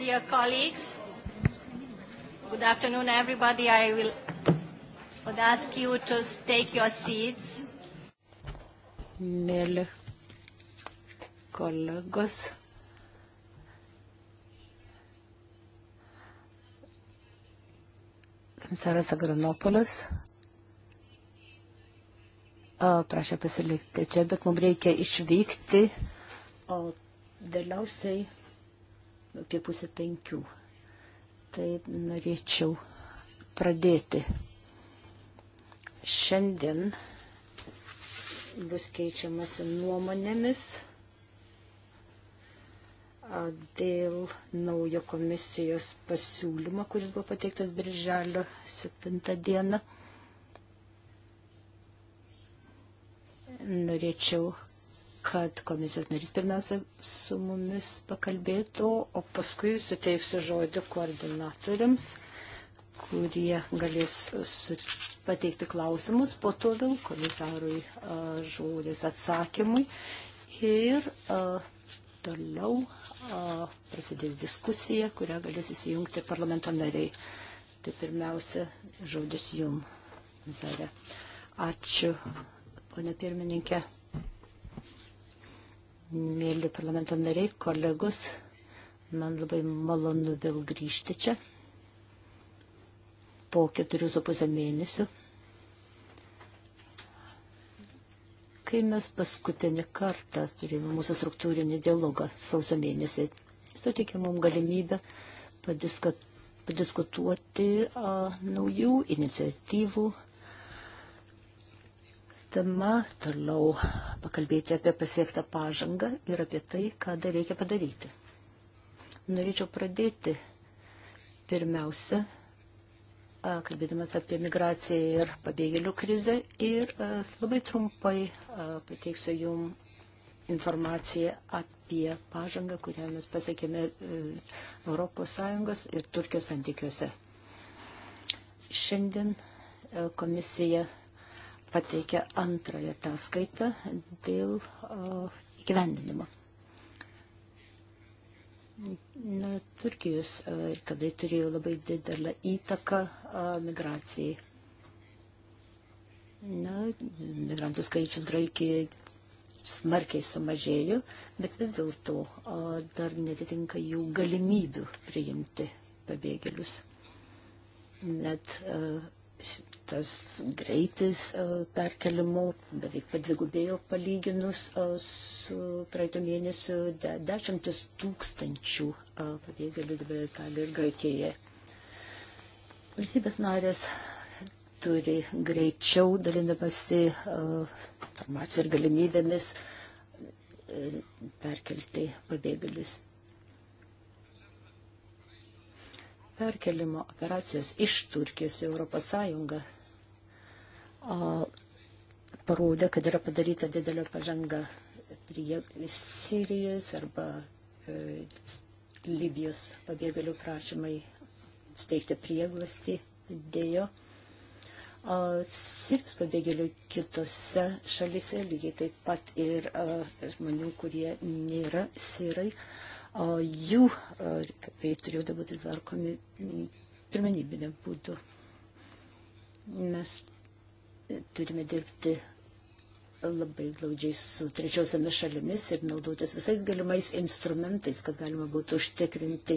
Dear colleagues, good afternoon, everybody. I will would ask you to take your seats. Mėly kolegos, komisaras Agranopolis prašė pasilikti čia, bet mums reikia išvykti, o vėliausiai apie pusę penkių. Tai norėčiau pradėti. Šiandien bus keičiamasi nuomonėmis dėl naujo komisijos pasiūlymo, kuris buvo pateiktas birželio 7 dieną. Norėčiau, kad komisijos narys pirmiausia su mumis pakalbėtų, o paskui suteiksiu žodį koordinatoriams, kurie galės pateikti klausimus, po to vėl komisarui žodis atsakymui ir a, toliau a, prasidės diskusija, kurią galės įsijungti parlamento nariai. Tai pirmiausia, žodis jum, Zare. Ačiū, ponė pirmininkė mėly parlamento nariai, kolegos, man labai malonu vėl grįžti čia po keturių su pusę mėnesių. Kai mes paskutinį kartą turėjome mūsų struktūrinį dialogą sausio mėnesį, suteikė mums galimybę padiska, padiskutuoti a, naujų iniciatyvų, tema toliau pakalbėti apie pasiektą pažangą ir apie tai, ką dar reikia padaryti. Norėčiau pradėti pirmiausia, kalbėdamas apie migraciją ir pabėgėlių krizę ir labai trumpai pateiksiu jum informaciją apie pažangą, kurią mes pasiekėme ES ir Turkijos santykiuose. Šiandien e, komisija pateikė antrąją ataskaitą dėl įgyvendinimo. Na, Turkijos ir kadai turėjo labai didelę įtaką migracijai. Na, migrantų skaičius Graikijoje smarkiai sumažėjo, bet vis dėlto dar netitinka jų galimybių priimti pabėgėlius. Net tas greitis e, perkelimo beveik padvigubėjo palyginus e, su praeitų mėnesių de, dešimtis tūkstančių e, pabėgėlių dabar Italijoje ir Graikijoje. Valstybės narės turi greičiau dalindamasi informaciją ir galimybėmis perkelti pabėgėlius. perkelimo operacijas iš Turkijos į Europos Sąjungą parodė, kad yra padaryta didelio pažanga prie Sirijos arba e, Libijos pabėgalių prašymai steigti prieglastį dėjo. O Sirijos pabėgėlių kitose šalise lygiai taip pat ir a, e, žmonių, kurie nėra sirai, o jų e, reikalai turėjo būti tvarkomi pirmenybinė būdu. Mes turime dirbti labai glaudžiai su trečiosiamis šalimis ir naudotis visais galimais instrumentais, kad galima būtų užtikrinti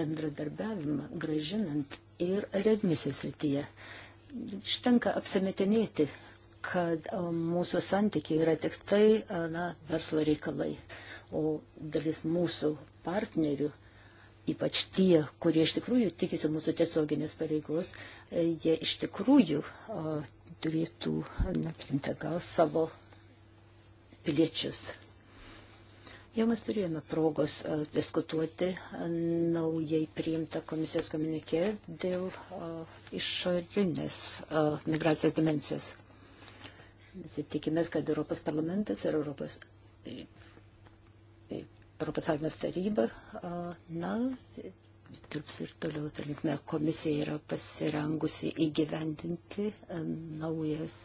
bendradarbiavimą, gražinant ir redmisės rytyje. Štenka apsimetinėti, kad mūsų santykiai yra tik tai na, verslo reikalai, o dalis mūsų partnerių ypač tie, kurie iš tikrųjų tikisi mūsų tiesioginės pareigos, e, jie iš tikrųjų o, turėtų apimti gal savo piliečius. Jau mes turėjome progos a, e, diskutuoti a, e, naujai priimtą komisijos komunikė dėl a, išorinės migracijos dimensijos. Mes tikimės, kad Europos parlamentas ir Europos Europos Sąjungos taryba, na, dirbs ir toliau, ta linkme komisija yra pasirengusi įgyvendinti naujas,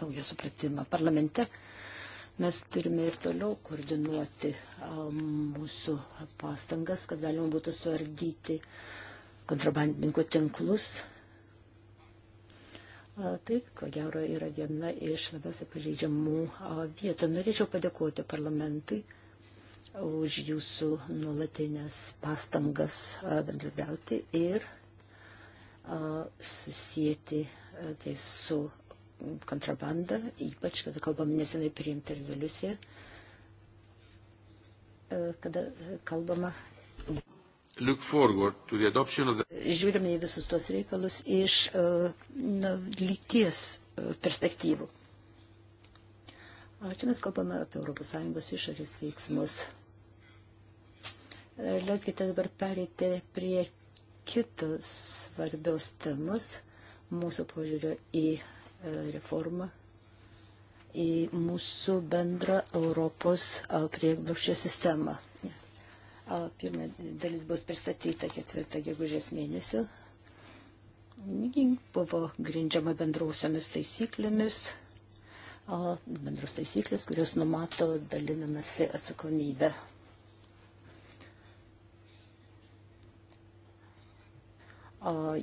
naują supratimą parlamente. Mes turime ir toliau koordinuoti mūsų pastangas, kad galima būtų suardyti kontrabandininkų tinklus Tai, ko gero, yra viena iš labiausiai pažeidžiamų vietų. Norėčiau padėkoti parlamentui už jūsų nuolatinės pastangas bendradarbiauti ir susijęti tai su kontrabanda, ypač, kada kalbam nesenai priimti rezoliuciją, kada kalbama The... Žiūrime į visus tuos reikalus iš e, na, lyties e, perspektyvų. O čia mes kalbame apie ES išorės veiksmus. E, leiskite dabar perėti prie kitos svarbios temos mūsų požiūrio į reformą, į mūsų bendrą Europos prieglobščio sistemą. Pirma dalis bus pristatyta ketvirtą gegužės mėnesio. Buvo grindžiama bendrausiamis taisyklėmis, bendrus taisyklės, kurios numato dalinamasi atsakomybę.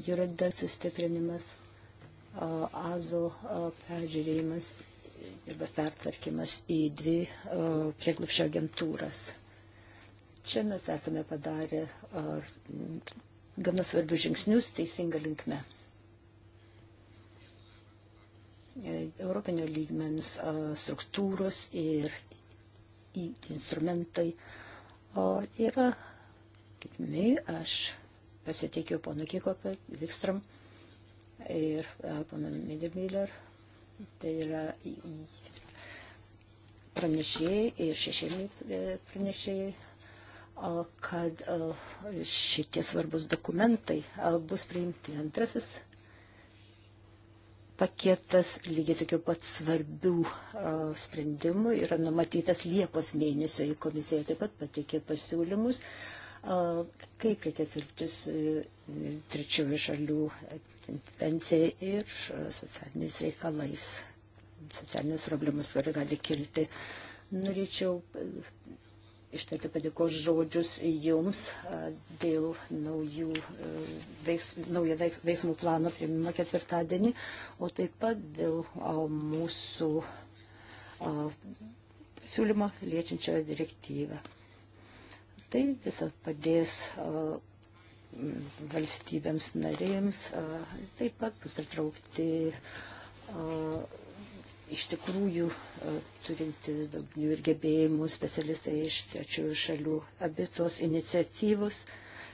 Jurada sustiprinimas, azo peržiūrėjimas ir pertvarkymas į dvi prieglupščio agentūras. Čia mes esame padarę gana svarbius žingsnius teisinga linkme. E, Europinio lygmens struktūros ir instrumentai yra kitimi. Aš pasiteikiau pono Kikopė, Vikstram ir pono Midemiller. Tai yra pranešėjai ir šešėliai e, pranešėjai kad šitie svarbus dokumentai bus priimti. Antrasis paketas lygiai tokių pat svarbių sprendimų yra numatytas Liepos mėnesio į komisiją taip pat pateikė pasiūlymus, kaip reikės elgtis trečiųjų šalių intervencija ir e, socialiniais reikalais, socialinės problemas, kurie gali kilti. Norėčiau ištarti padėkos žodžius jums dėl naujų, e, veiks, naujo veiks, veiksmų plano priimimo ketvirtadienį, o taip pat dėl mūsų siūlymo liečiančioje direktyvą. Tai visą padės valstybėms narėms, taip pat bus pritraukti iš tikrųjų e, turintis daugnių ir gebėjimų specialistai iš trečiųjų šalių. Abi tos iniciatyvos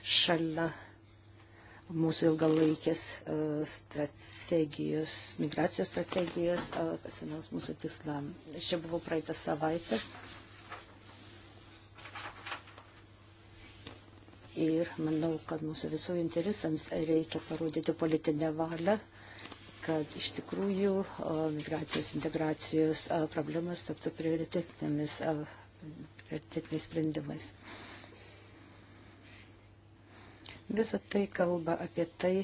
šalia mūsų ilgalaikės e, strategijos, migracijos strategijos, e, pasinaus mūsų tikslam. Aš čia buvau praeitą savaitę. Ir manau, kad mūsų visų interesams reikia parodyti politinę valią kad iš tikrųjų migracijos integracijos problemas taptų prioritetinėmis, prioritetiniais sprendimais. Visą tai kalba apie tai,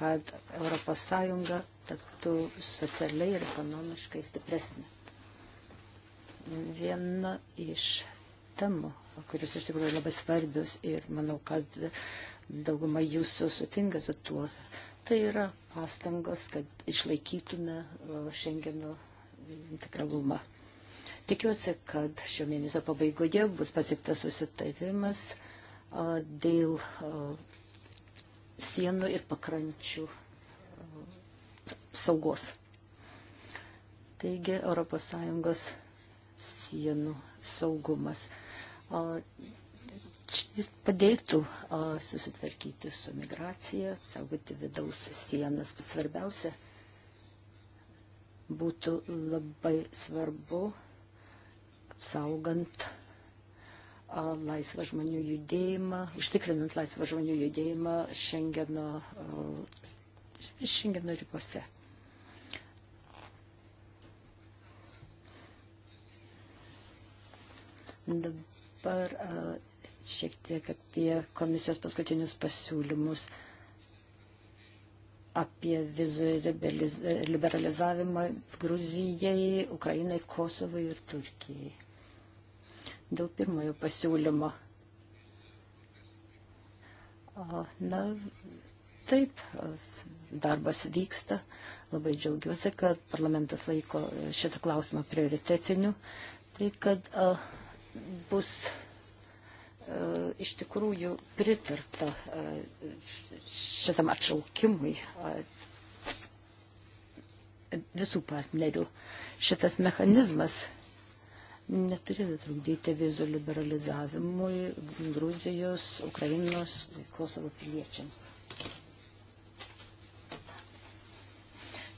kad ES taptų socialiai ir ekonomiškai stipresnė. Viena iš temų, kuris iš tikrųjų labai svarbios ir manau, kad dauguma jūsų sutinka su tuo, uh, Tai yra pastangos, kad išlaikytume Šengeno integralumą. Tikiuosi, kad šio mėnesio pabaigoje bus pasiektas susitarimas dėl sienų ir pakrančių saugos. Taigi ES sienų saugumas padėtų susitvarkyti su migracija, saugoti vidaus sienas. Bet svarbiausia būtų labai svarbu apsaugant laisvą žmonių judėjimą, užtikrinant laisvą žmonių judėjimą Šengeno, Šengeno ribose. Dabar šiek tiek apie komisijos paskutinius pasiūlymus, apie vizų liberalizavimą Gruzijai, Ukrainai, Kosovai ir Turkijai. Dėl pirmojo pasiūlymo. Na, taip, darbas vyksta. Labai džiaugiuosi, kad parlamentas laiko šitą klausimą prioritetiniu. Tai kad a, bus E, iš tikrųjų pritarta e, šitam atšaukimui e, visų partnerių. Šitas mechanizmas neturėtų trukdyti vizų liberalizavimui Gruzijos, Ukrainos, Kosovo piliečiams.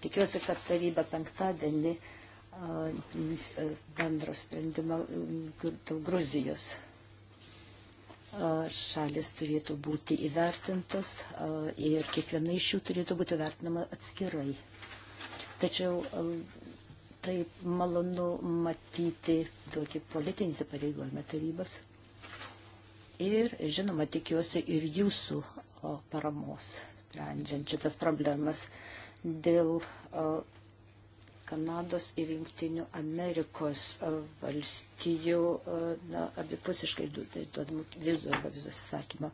Tikiuosi, kad taryba penktadienį bendro sprendimą dėl Gruzijos šalis turėtų būti įvertintos ir kiekviena iš jų turėtų būti vertinama atskirai. Tačiau taip malonu matyti tokį politinį įsipareigojimą tarybos. Ir, žinoma, tikiuosi ir jūsų paramos, sprendžiant šitas problemas dėl Kanados ir Junktinių Amerikos valstijų na, abipusiškai tai duodamų vizų arba vizų atsisakymą.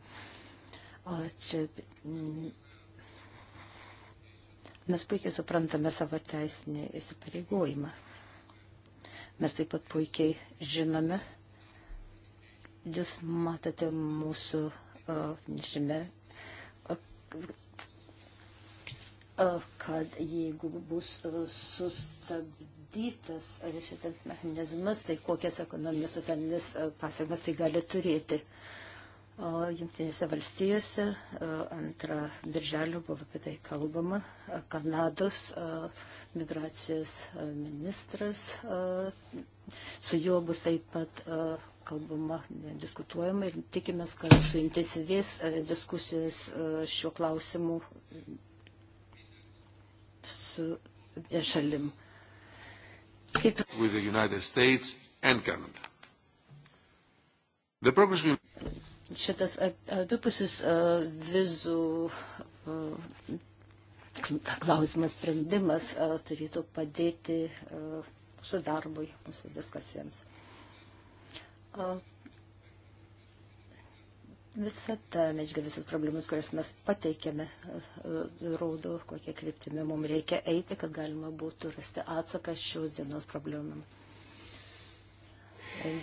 Čia mm, mes puikiai suprantame savo teisinį įsipareigojimą. Mes taip pat puikiai žinome, jūs matote mūsų žymę kad jeigu bus e, sustabdytas šitas mechanizmas, tai kokias ekonominės socialinės e, pasiekmes tai gali turėti. Junktinėse valstijose e, antrą birželio buvo apie tai kalbama. Kanados migracijos ministras, su juo bus taip pat kalbama, diskutuojama ir tikimės, kad suintensyvės diskusijos šiuo klausimu su šalim. Kaip... Progression... Šitas abipusis vizų klausimas sprendimas turėtų padėti mūsų darbui, mūsų diskusijams. Visa ta medžiaga, visos problemas, kurias mes pateikėme, e, e, rodo, kokie kryptimi mums reikia eiti, kad galima būtų rasti atsaką šios dienos problemam.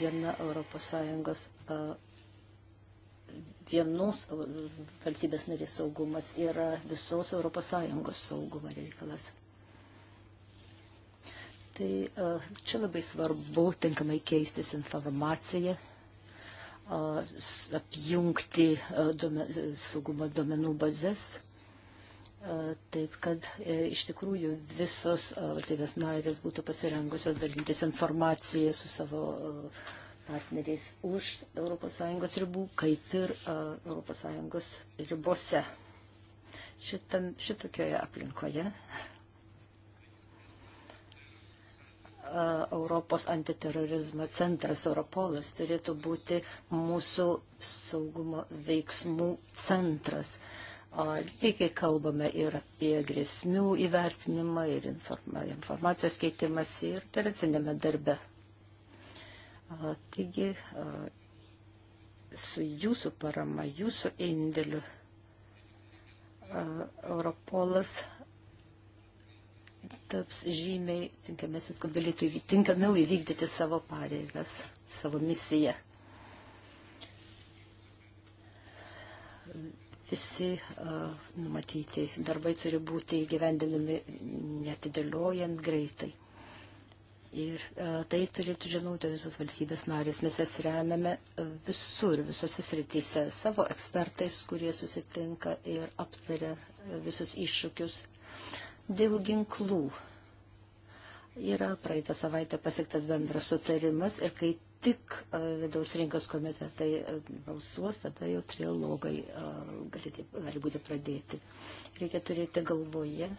Viena ES e, vienos valstybės narės saugumas yra visos ES saugumo reikalas. Tai čia labai svarbu tinkamai keistis informaciją apjungti duomen, saugumo duomenų bazės, taip kad e, iš tikrųjų visos valstybės narės būtų pasirengusios dalintis informaciją su savo partneriais už ES ribų, kaip ir ES ribose. Šitam, šitokioje aplinkoje Europos antiterorizmo centras Europolas turėtų būti mūsų saugumo veiksmų centras. Lygiai kalbame ir apie grėsmių įvertinimą, ir informacijos keitimas, ir operacinėme darbe. Taigi, su jūsų parama, jūsų indėliu Europolas taps žymiai tinkamesnis, kad galėtų tinkamiau įvykdyti savo pareigas, savo misiją. Visi uh, numatyti darbai turi būti įgyvendinami netidėliojant greitai. Ir uh, tai turėtų žinoti visos valstybės narės. Mes jas remiame visur, visose srityse, savo ekspertais, kurie susitinka ir aptaria visus iššūkius. Dėl ginklų yra praeitą savaitę pasiektas bendras sutarimas ir kai tik vidaus rinkos komitetai balsuos, tada jau trilogai gali, gali būti pradėti. Reikia turėti galvoje,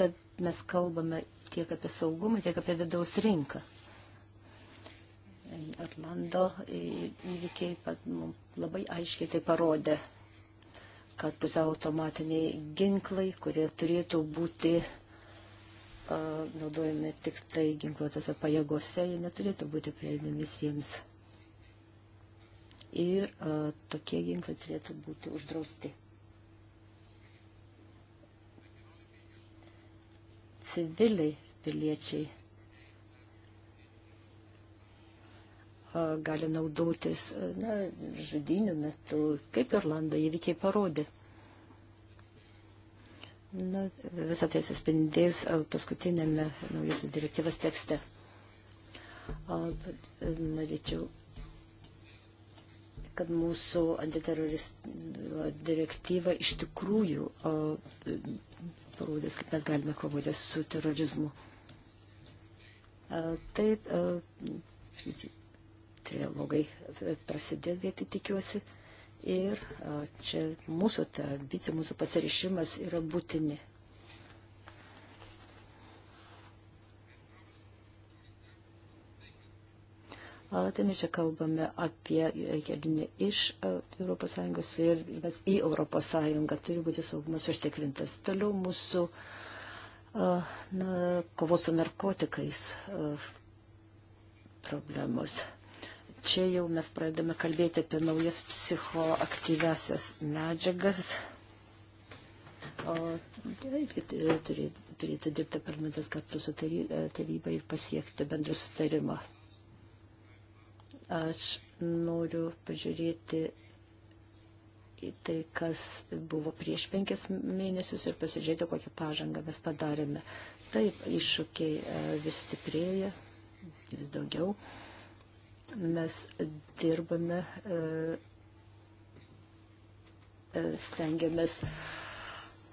kad mes kalbame tiek apie saugumą, tiek apie vidaus rinką. Orlando įvykiai labai aiškiai tai parodė kad pusiau automatiniai ginklai, kurie turėtų būti uh, naudojami tik tai ginkluotose pajėgose, jie neturėtų būti prieinami visiems. Ir uh, tokie ginklai turėtų būti uždrausti. Civiliai piliečiai gali naudotis na, žudinių metu, kaip Irlanda įvykiai parodė. Na, visą tai atsispindės paskutinėme naujosios direktyvos tekste. Norėčiau, kad mūsų antiteroristinė direktyva iš tikrųjų parodės, kaip mes galime kovoti su terorizmu. Taip, trilogai prasidės, greitai tikiuosi. Ir čia mūsų ta ambicija, mūsų pasirišimas yra būtini. Tai mes čia kalbame apie e, kelią iš ES ir mes į ES turi būti saugumas užtikrintas. Toliau mūsų na, kovos su narkotikais problemos čia jau mes pradedame kalbėti apie naujas psichoaktyvesias medžiagas. O turėtų, turėtų dirbti parlamentas kartu su e, taryba ir pasiekti bendrą sutarimą. Aš noriu pažiūrėti į tai, kas buvo prieš penkis mėnesius ir pasižiūrėti, kokią pažangą mes padarėme. Taip, iššūkiai e, vis stiprėja, vis daugiau. Mes dirbame, e, e, stengiamės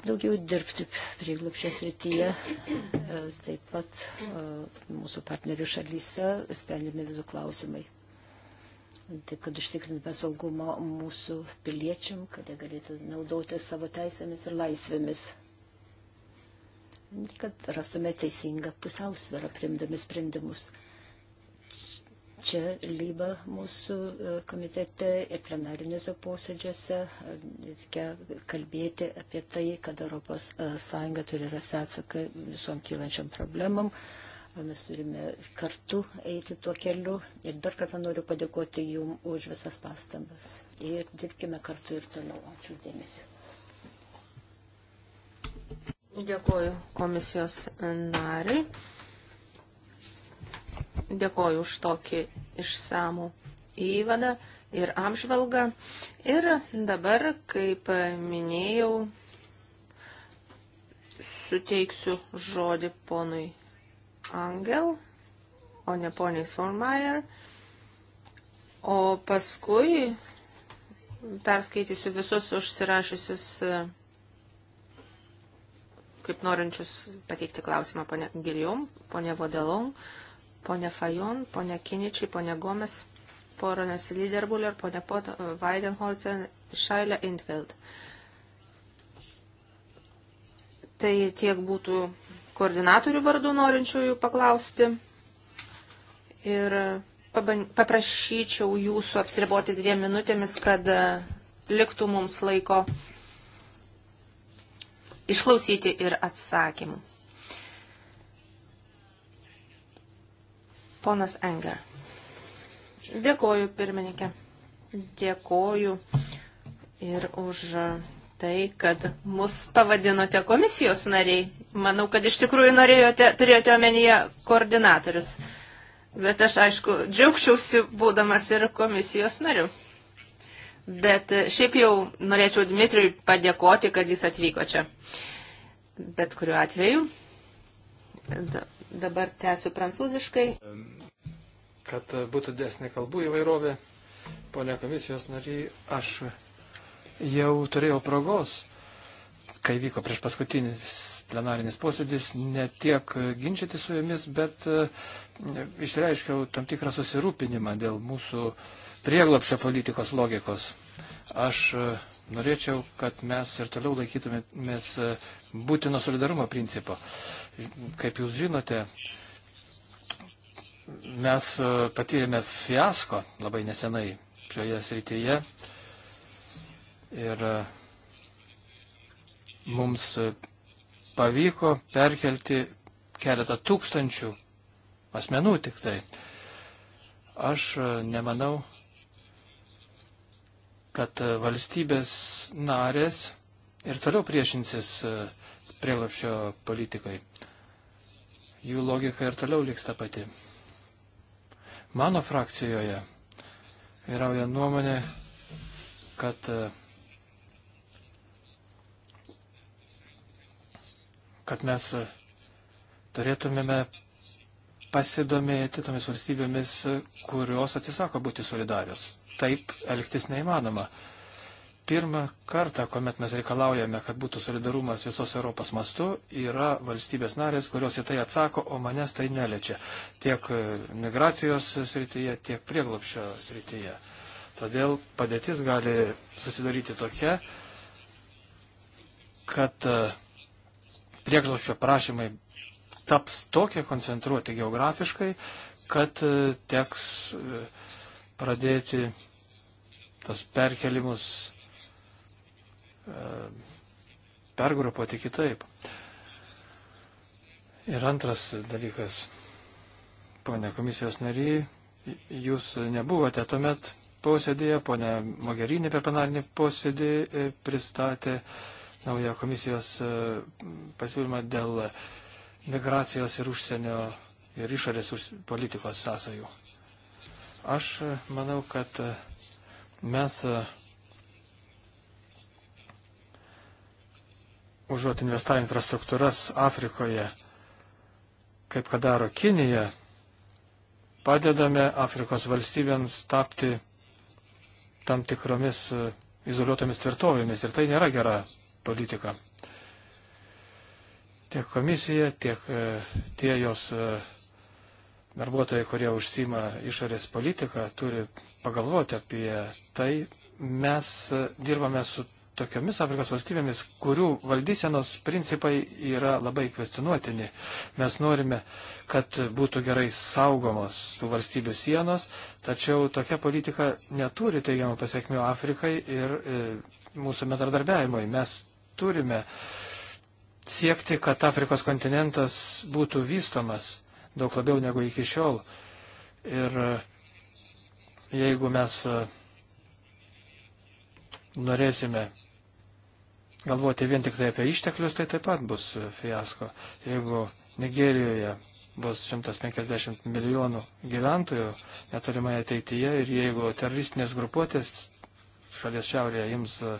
daugiau dirbti prieglapščio srityje, e, taip pat mūsų partnerių šalyse sprendžiami vizų klausimai. Tai kad užtikrintume saugumą mūsų piliečiam, kad jie galėtų naudoti savo teisėmis ir laisvėmis. Kad rastume teisingą pusiausvyrą primdami sprendimus čia lyba mūsų e, komitete ir plenariniuose posėdžiuose. E, reikia kalbėti apie tai, kad ES e, turi rasti atsaką visom kylančiam problemam. Mes turime kartu eiti tuo keliu. Ir dar kartą noriu padėkoti Jums už visas pastangas. Ir dirbkime kartu ir toliau. Ačiū dėmesį. Dėkuoju komisijos nariui. Dėkoju už tokį išsamų įvadą ir apžvalgą. Ir dabar, kaip minėjau, suteiksiu žodį ponui Angel, o ne poniai Svormajer. O paskui perskaitysiu visus užsirašysius, kaip norinčius pateikti klausimą, ponė Giljom, ponė Vodelong ponė Fajon, ponė Kiničiai, ponė Gomes, ponas Liderbuller, ponė Pot, Weidenholzen, Šailė Intveld. Tai tiek būtų koordinatorių vardų norinčiųjų paklausti. Ir paprašyčiau jūsų apsiriboti dviem minutėmis, kad e, liktų mums laiko išklausyti ir atsakymų. Ponas Enger. Dėkoju, pirmininkė. Dėkoju ir už tai, kad mus pavadinote komisijos nariai. Manau, kad iš tikrųjų norėjote, turėjote omenyje koordinatorius. Bet aš, aišku, džiaugčiausi būdamas ir komisijos nariu. Bet šiaip jau norėčiau Dmitriui padėkoti, kad jis atvyko čia. Bet kuriuo atveju. Dabar tęsiu prancūziškai. Um kad būtų desnė kalbų įvairovė. Pone komisijos nariai, aš jau turėjau progos, kai vyko prieš paskutinis plenarinis posėdis, ne tiek ginčyti su jumis, bet e, išreiškiau tam tikrą susirūpinimą dėl mūsų prieglopšio politikos logikos. Aš e, norėčiau, kad mes ir toliau laikytumės e, būtino solidarumo principo. Kaip jūs žinote, Mes e, patyrėme fiasko labai nesenai šioje srityje ir e, mums e, pavyko perkelti keletą tūkstančių asmenų tik tai. Aš nemanau, kad valstybės narės ir toliau priešinsis prieglapšio politikai. Jų logika ir toliau liks ta pati. Mano frakcijoje vyrauja nuomonė, kad, kad mes turėtumėme pasidomėti tomis valstybėmis, kurios atsisako būti solidarios. Taip elgtis neįmanoma pirmą kartą, kuomet mes reikalaujame, kad būtų solidarumas visos Europos mastu, yra valstybės narės, kurios į tai atsako, o manęs tai neliečia. Tiek e, migracijos srityje, tiek prieglopščio srityje. Todėl padėtis gali susidaryti tokia, kad e, prieglopščio prašymai taps tokie koncentruoti geografiškai, kad e, teks pradėti tas perkelimus pergrupuoti kitaip. Ir antras dalykas, ponė komisijos nariai, jūs nebuvote tuomet posėdėje, ponė Mogerinė per plenarinį posėdį pristatė naują komisijos e, pasiūlymą dėl migracijos ir užsienio ir išorės už politikos sąsajų. Aš e, manau, kad e, mes užuot investavę infrastruktūras Afrikoje, kaip kad daro Kinija, padedame Afrikos valstybėms tapti tam tikromis e, izoliuotomis tvirtovėmis ir tai nėra gera politika. Tiek komisija, tiek e, tie jos e, darbuotojai, kurie užsima išorės politiką, turi pagalvoti apie tai. Mes dirbame su tokiomis Afrikos valstybėmis, kurių valdysenos principai yra labai kvestinuotini. Mes norime, kad būtų gerai saugomos tų valstybių sienos, tačiau tokia politika neturi teigiamų pasiekmių Afrikai ir e, mūsų metardarbiavimui. Mes turime siekti, kad Afrikos kontinentas būtų vystomas daug labiau negu iki šiol. Ir e, jeigu mes e, norėsime galvoti vien tik tai apie išteklius, tai taip pat bus fiasko. Jeigu Nigerijoje bus 150 milijonų gyventojų netolimai ateityje ir jeigu teroristinės grupuotės šalies šiaurėje jums e,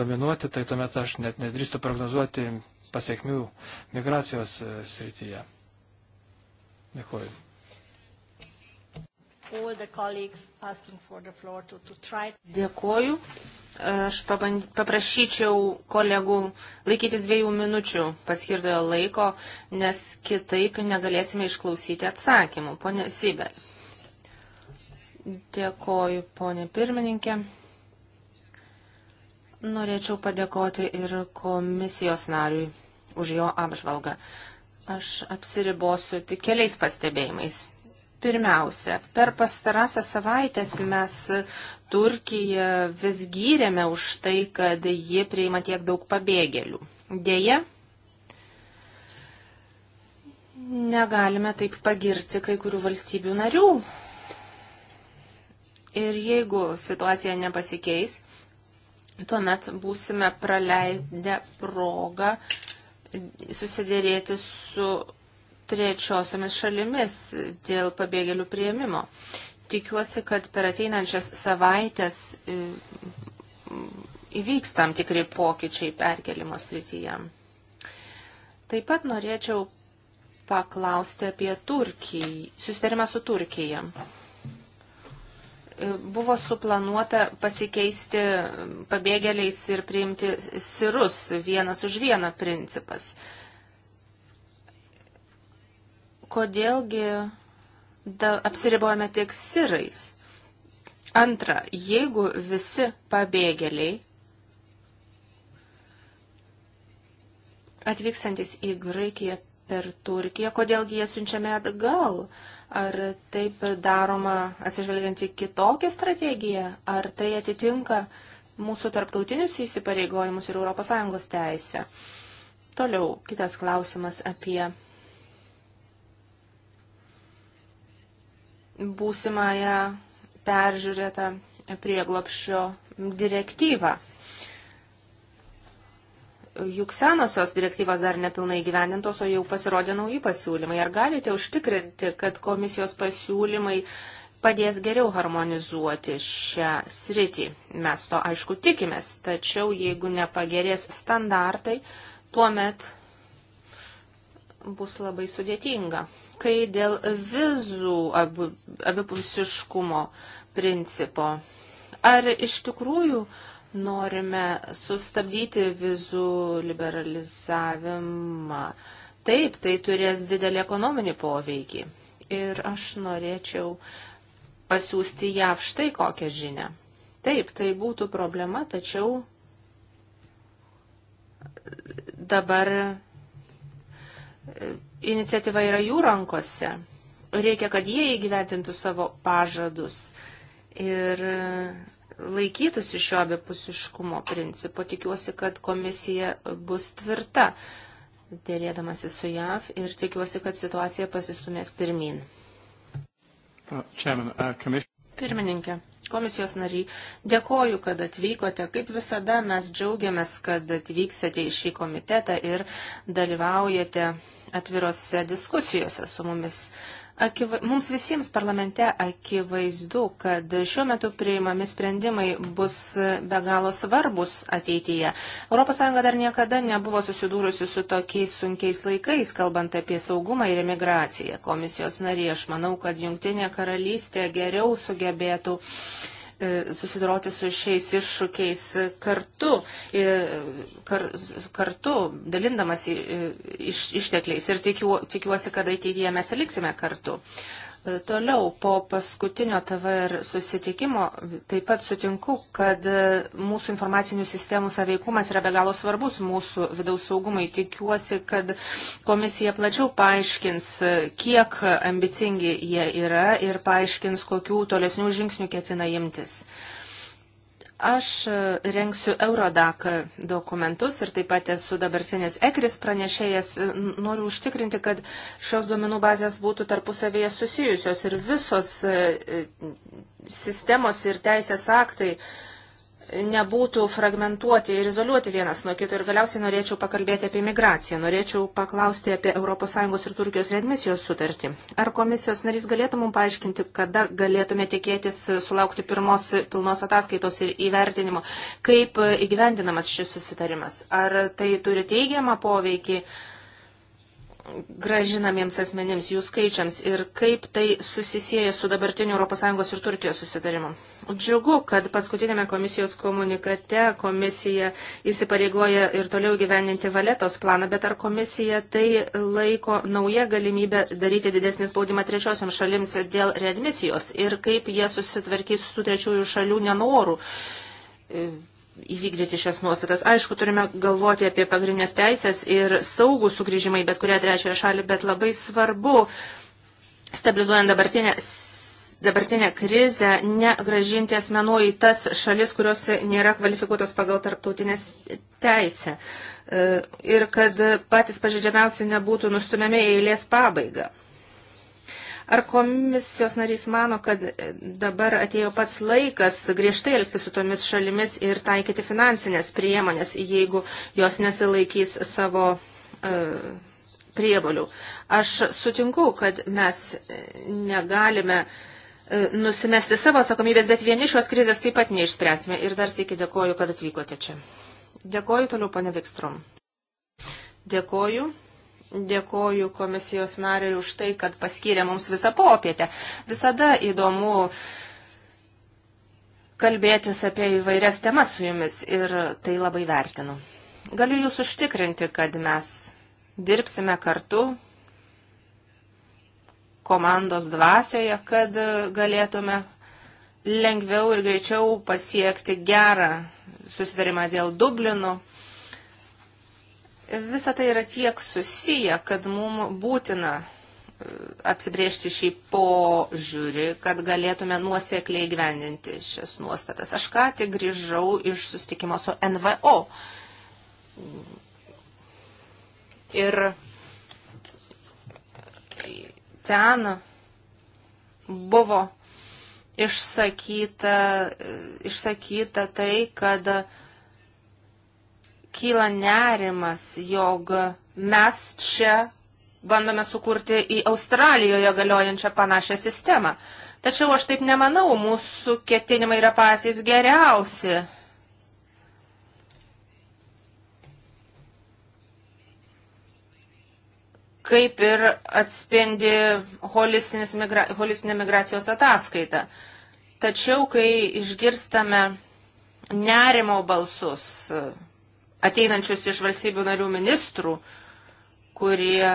dominuoti, tai tuomet aš net nedrįstu prognozuoti pasiekmių migracijos e, srityje. Dėkuoju. Dėkuoju. Aš paprašyčiau kolegų laikytis dviejų minučių paskirtojo laiko, nes kitaip negalėsime išklausyti atsakymų. Pone Sibel. Dėkoju, ponė pirmininkė. Norėčiau padėkoti ir komisijos nariui už jo apžvalgą. Aš apsiribosiu tik keliais pastebėjimais. Pirmiausia, per pastarąsią savaitęs mes Turkiją vis gyrėme už tai, kad ji priima tiek daug pabėgėlių. Deja, negalime taip pagirti kai kurių valstybių narių. Ir jeigu situacija nepasikeis, tuomet būsime praleidę progą susidėrėti su trečiosiomis šalimis dėl pabėgėlių prieimimo tikiuosi, kad per ateinančias savaitės e, įvyks tam tikri pokyčiai perkelimo srityje. Taip pat norėčiau paklausti apie Turkiją, susitarimą su Turkija. E, buvo suplanuota pasikeisti pabėgėliais ir priimti sirus vienas už vieną principas. Kodėlgi da, apsiribojame tik sirais. Antra, jeigu visi pabėgėliai atvykstantis į Graikiją per Turkiją, kodėlgi jie siunčiami atgal? Ar taip daroma atsižvelgiant į kitokią strategiją? Ar tai atitinka mūsų tarptautinius įsipareigojimus ir ES teisę? Toliau kitas klausimas apie būsimąją peržiūrėtą prieglopščio direktyvą. Juk senosios direktyvos dar nepilnai gyvendintos, o jau pasirodė nauji pasiūlymai. Ar galite užtikrinti, kad komisijos pasiūlymai padės geriau harmonizuoti šią sritį? Mes to aišku tikimės, tačiau jeigu nepagerės standartai, tuomet bus labai sudėtinga kai dėl vizų abipusiškumo principo. Ar iš tikrųjų norime sustabdyti vizų liberalizavimą? Taip, tai turės didelį ekonominį poveikį. Ir aš norėčiau pasiūsti JAV štai kokią žinę. Taip, tai būtų problema, tačiau dabar iniciatyva yra jų rankose. Reikia, kad jie įgyventintų savo pažadus ir laikytųsi šio abipusiškumo principo. Tikiuosi, kad komisija bus tvirta dėrėdamasi su JAV ir tikiuosi, kad situacija pasistumės pirmin. Uh, uh, Pirmininkė, komisijos nariai, dėkoju, kad atvykote. Kaip visada mes džiaugiamės, kad atvykstate į šį komitetą ir dalyvaujate atvirose diskusijose su mumis. Akiva... Mums visiems parlamente akivaizdu, kad šiuo metu priimami sprendimai bus be galo svarbus ateityje. ES dar niekada nebuvo susidūrusi su tokiais sunkiais laikais, kalbant apie saugumą ir imigraciją. Komisijos narė, aš manau, kad Junktinė karalystė geriau sugebėtų uh, E, susidoroti su šiais iššūkiais kartu, e, kar, kartu dalindamas e, iš, ištekliais ir tikiu, tikiuosi, kad ateityje mes liksime kartu. Toliau po paskutinio TVR susitikimo taip pat sutinku, kad mūsų informacinių sistemų saveikumas yra be galo svarbus mūsų vidaus saugumai. Tikiuosi, kad komisija plačiau paaiškins, kiek ambicingi jie yra ir paaiškins, kokių tolesnių žingsnių ketina imtis. Aš e, renksiu Eurodak dokumentus ir taip pat esu dabartinis ekris pranešėjas. E, noriu užtikrinti, kad šios duomenų bazės būtų tarpusavėje susijusios ir visos e, sistemos ir teisės aktai nebūtų fragmentuoti ir izoliuoti vienas nuo kito. Ir galiausiai norėčiau pakalbėti apie migraciją. Norėčiau paklausti apie ES ir Turkijos readmisijos sutartį. Ar komisijos narys galėtų mums paaiškinti, kada galėtume tikėtis sulaukti pirmos pilnos ataskaitos ir įvertinimo, kaip įgyvendinamas šis susitarimas? Ar tai turi teigiamą poveikį gražinamiems asmenims, jų skaičiams ir kaip tai susisieja su dabartiniu ES ir Turkijos susitarimu. Džiugu, kad paskutinėme komisijos komunikate komisija įsipareigoja ir toliau gyveninti valetos planą, bet ar komisija tai laiko nauja galimybė daryti didesnį spaudimą trečiosiam šalims dėl readmisijos ir kaip jie susitvarkys su trečiųjų šalių nenorų e, įvykdyti šias nuostatas. Aišku, turime galvoti apie pagrindinės teisės ir saugų sugrįžimai bet kurią trečiąją šalį, bet labai svarbu, stabilizuojant dabartinę, dabartinę krizę, negražinti asmenų į tas šalis, kurios nėra kvalifikuotos pagal tarptautinės teisę. E, ir kad patys pažydžiamiausi nebūtų nustumiami eilės pabaiga. Ar komisijos narys mano, kad dabar atėjo pats laikas griežtai elgti su tomis šalimis ir taikyti finansinės priemonės, jeigu jos nesilaikys savo uh, e, prievalių? Aš sutinku, kad mes negalime uh, nusimesti savo atsakomybės, bet vieni šios krizės taip pat neišspręsime. Ir dar sėki dėkoju, kad atvykote čia. Dėkoju toliau, pane Vikstrom. Dėkoju. Dėkoju komisijos nariui už tai, kad paskyrė mums visą popietę. Visada įdomu kalbėtis apie įvairias temas su jumis ir tai labai vertinu. Galiu jūs užtikrinti, kad mes dirbsime kartu komandos dvasioje, kad galėtume lengviau ir greičiau pasiekti gerą susitarimą dėl Dublino Visa tai yra tiek susiję, kad mums būtina e, apsibriežti šį požiūrį, kad galėtume nuosekliai gyvendinti šias nuostatas. Aš ką tik grįžau iš sustikimo su NVO. Ir ten buvo išsakyta, išsakyta tai, kad kyla nerimas, jog mes čia bandome sukurti į Australijoje galiojančią panašią sistemą. Tačiau aš taip nemanau, mūsų ketinimai yra patys geriausi. kaip ir atspindi migra holistinė migracijos ataskaita. Tačiau, kai išgirstame nerimo balsus, ateinančius iš valstybių narių ministrų, kurie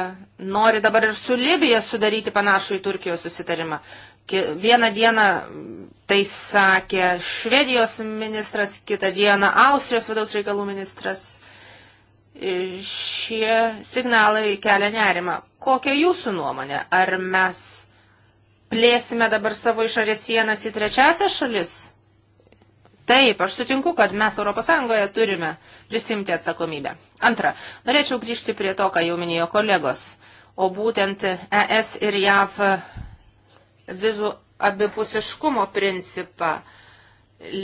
nori dabar ir su Libija sudaryti panašų į Turkijos susitarimą. Vieną dieną tai sakė Švedijos ministras, kitą dieną Austrijos vidaus reikalų ministras. E, šie signalai kelia nerimą. Kokia jūsų nuomonė? Ar mes plėsime dabar savo išorės sienas į trečiasią šalis? Taip, aš sutinku, kad mes ES turime prisimti atsakomybę. Antra, norėčiau grįžti prie to, ką jau minėjo kolegos, o būtent ES ir JAV vizų abipusiškumo principą.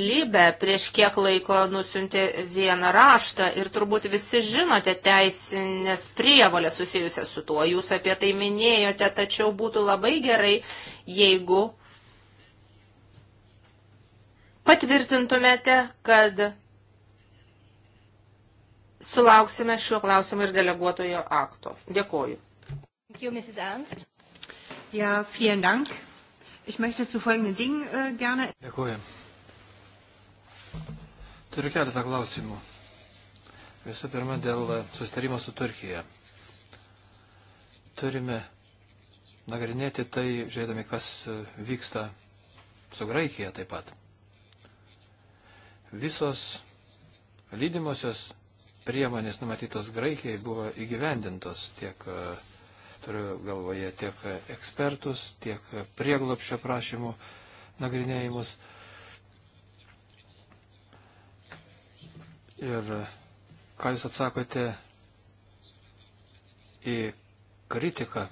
Libė prieš kiek laiko nusiuntė vieną raštą ir turbūt visi žinote teisinės prievolės susijusias su tuo. Jūs apie tai minėjote, tačiau būtų labai gerai, jeigu patvirtintumėte, kad sulauksime šiuo klausimu ir deleguotojo akto. Dėkoju. Thank you, Mrs. Ernst. Ja, vielen Dank. Ich möchte zu folgenden Dingen äh, gerne. Dėkoju. Turiu keletą klausimų. Visų pirma, dėl äh, susitarimo su Turkija. Turime nagrinėti tai, žiūrėdami, kas äh, vyksta su Graikija taip pat. Visos lydimosios priemonės numatytos Graikijai buvo įgyvendintos tiek, e, turiu galvoje, tiek ekspertus, tiek prieglopščio prašymų nagrinėjimus. Ir e, ką Jūs atsakote į kritiką,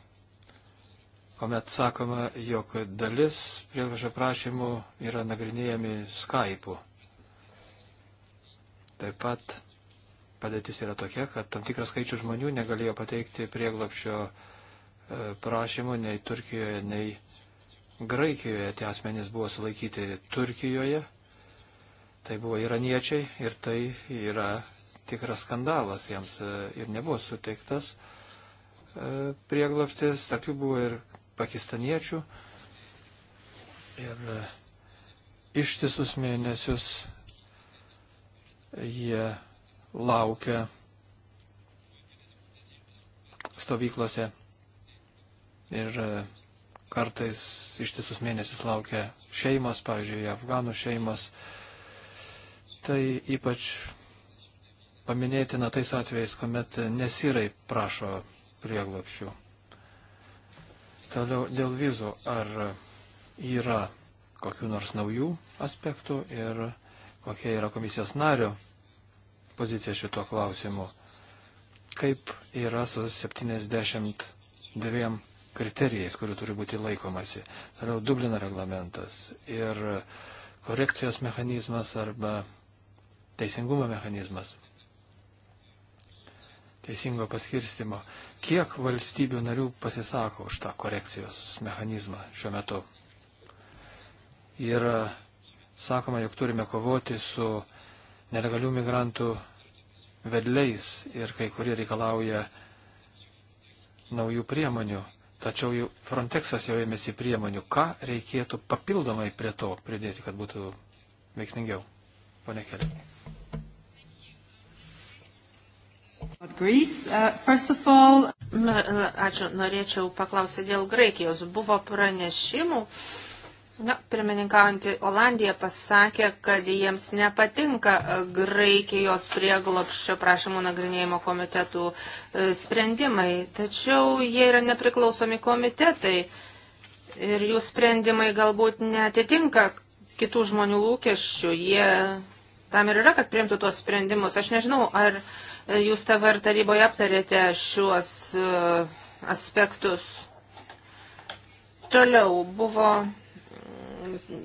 kuomet sakoma, jog dalis prieglašio prašymų yra nagrinėjami Skype'u. Taip pat padėtis yra tokia, kad tam tikras skaičius žmonių negalėjo pateikti prieglapšio e, prašymų nei Turkijoje, nei Graikijoje. Tie asmenys buvo sulaikyti Turkijoje. Tai buvo iraniečiai ir tai yra tikras skandalas. Jiems e, ir nebuvo suteiktas e, prieglapstis, tarp jų buvo ir pakistaniečių. Ir ištisus mėnesius Jie laukia stovyklose ir e, kartais ištisus mėnesius laukia šeimos, pavyzdžiui, afganų šeimos. Tai ypač paminėtina tais atvejais, kuomet nesirai prašo prieglopšių. Toliau dėl vizų, ar yra kokiu nors naujų aspektų ir kokia yra komisijos nario pozicija šituo klausimu. Kaip yra su 72 kriterijais, kurių turi būti laikomasi. Toliau Dublino reglamentas ir korekcijos mechanizmas arba teisingumo mechanizmas. Teisingo paskirstimo. Kiek valstybių narių pasisako už tą korekcijos mechanizmą šiuo metu? Yra sakoma, jog turime kovoti su nelegalių migrantų vedliais ir kai kurie reikalauja naujų priemonių. Tačiau jau Frontexas jau ėmėsi priemonių. Ką reikėtų papildomai prie to pridėti, kad būtų veiksmingiau? Pone Keli. Uh, ačiū. Norėčiau paklausyti dėl Graikijos. Buvo pranešimų, uh, Na, pirmininkaujantį Olandiją pasakė, kad jiems nepatinka e, Graikijos prieglopščio prašymų nagrinėjimo komitetų e, sprendimai, tačiau jie yra nepriklausomi komitetai ir jų sprendimai galbūt netitinka kitų žmonių lūkesčių. Jie tam ir yra, kad priimtų tuos sprendimus. Aš nežinau, ar e, jūs TVR taryboje aptarėte šiuos aspektus. Toliau buvo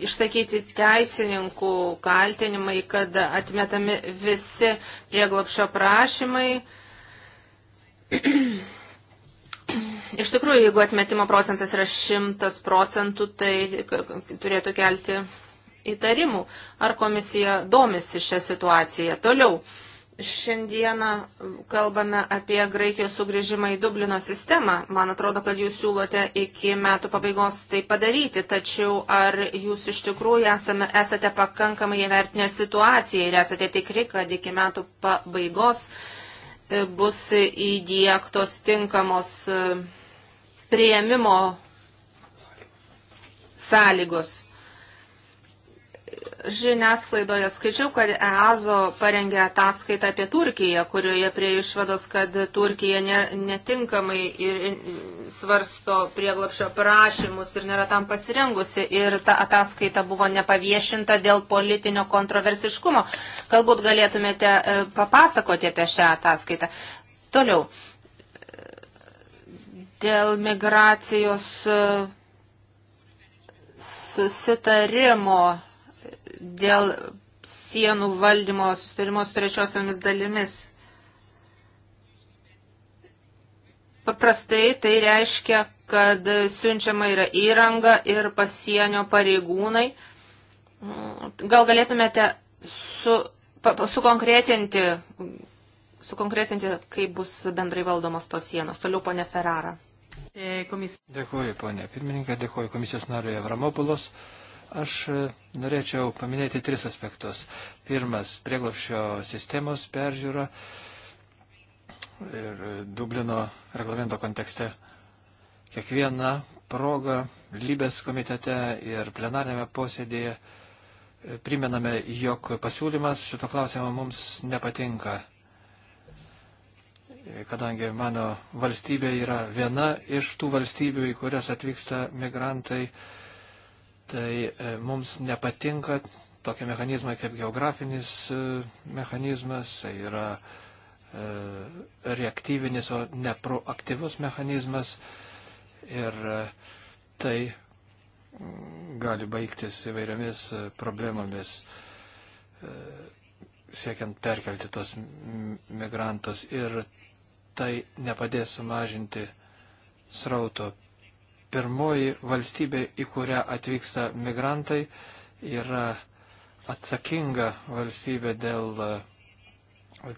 išsakyti teisininkų kaltinimai, kad atmetami visi prieglopšio prašymai. Iš tikrųjų, jeigu atmetimo procentas yra šimtas procentų, tai turėtų kelti įtarimų, ar komisija domisi šią situaciją. Toliau, Šiandieną kalbame apie Graikijos sugrįžimą į Dublino sistemą. Man atrodo, kad jūs siūlote iki metų pabaigos tai padaryti, tačiau ar jūs iš tikrųjų esame, esate pakankamai įvertinę situaciją ir esate tikri, kad iki metų pabaigos e, bus įdėktos tinkamos e, prieimimo sąlygos? Žiniasklaidoje skaičiau, kad EASO parengė ataskaitą apie Turkiją, kurioje prie išvados, kad Turkija netinkamai ir svarsto prieglapšio prašymus ir nėra tam pasirengusi. Ir ta ataskaita buvo nepaviešinta dėl politinio kontroversiškumo. Galbūt galėtumėte e, papasakoti apie šią ataskaitą. Toliau. Dėl migracijos e, susitarimo dėl sienų valdymo susitarimo su trečiosiomis dalimis. Paprastai tai reiškia, kad siunčiama yra įranga ir pasienio pareigūnai. Gal galėtumėte su, pa, sukonkretinti, sukonkretinti, kaip bus bendrai valdomos tos sienos. Toliau ponė Ferrara. E, dėkuoju, ponė pirmininkė, dėkuoju komisijos nariui Avramopulos. Uh, Aš e, norėčiau paminėti tris aspektus. Pirmas - prieglopščio sistemos peržiūra ir Dublino reglamento kontekste. Kiekviena proga lybės komitete ir plenarėme posėdėje e, primename, jog pasiūlymas šito klausimo mums nepatinka, kadangi mano valstybė yra viena iš tų valstybių, į kurias atvyksta migrantai tai e, mums nepatinka tokie mechanizmai kaip geografinis e, mechanizmas, tai yra e, reaktyvinis, o ne proaktyvus mechanizmas ir tai mm, gali baigtis įvairiomis problemomis siekiant perkelti tos migrantus ir tai nepadės sumažinti srauto pirmoji valstybė, į kurią atvyksta migrantai, yra atsakinga valstybė dėl e,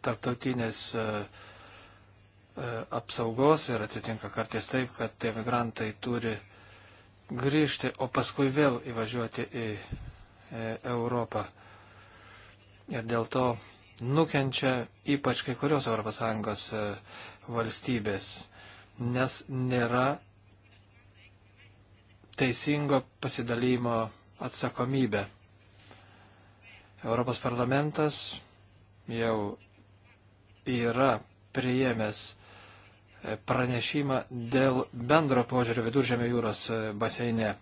tarptautinės e, e, apsaugos ir atsitinka kartais taip, kad tie migrantai turi grįžti, o paskui vėl įvažiuoti į Europą. Ir dėl to nukenčia ypač kai kurios ES valstybės, nes nėra teisingo pasidalymo atsakomybę. Europos parlamentas jau yra priėmęs e, pranešimą dėl bendro požiūrio viduržėmio jūros e, baseine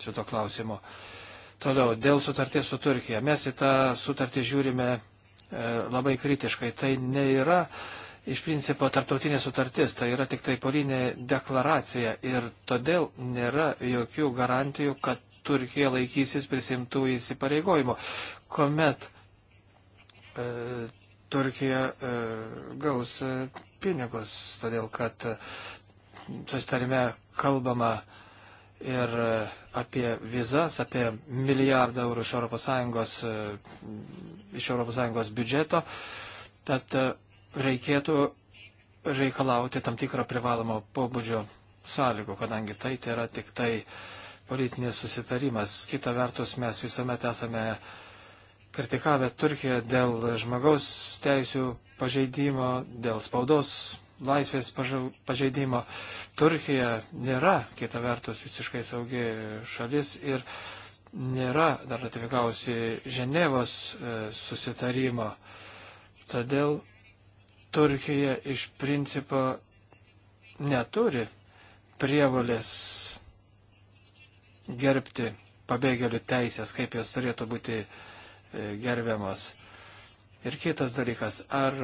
šito klausimo. Toliau, dėl sutarties su Turkija. Mes į tą sutartį žiūrime e, labai kritiškai. Tai nėra e, iš principo tarptautinė sutartis, tai yra tik tai porinė deklaracija ir todėl nėra jokių garantijų, kad Turkija laikysis prisimtų įsipareigojimų, kuomet e, Turkija e, gaus e, pinigus, todėl kad e, susitarime kalbama ir e, apie vizas, apie milijardą eurų iš ES, e, iš ES biudžeto. Tad e, reikėtų reikalauti tam tikrą privalomą pobūdžio sąlygų, kadangi tai, tai yra tik tai politinis susitarimas. Kita vertus, mes visuomet esame kritikavę Turkiją dėl žmogaus teisų pažeidimo, dėl spaudos laisvės pažeidimo. Turkija nėra, kita vertus, visiškai saugi šalis ir nėra dar ratifikavusi Ženevos e, susitarimo. Todėl Turkija iš principo neturi prievalės gerbti pabėgėlių teisės, kaip jos turėtų būti e, gerbiamos. Ir kitas dalykas, ar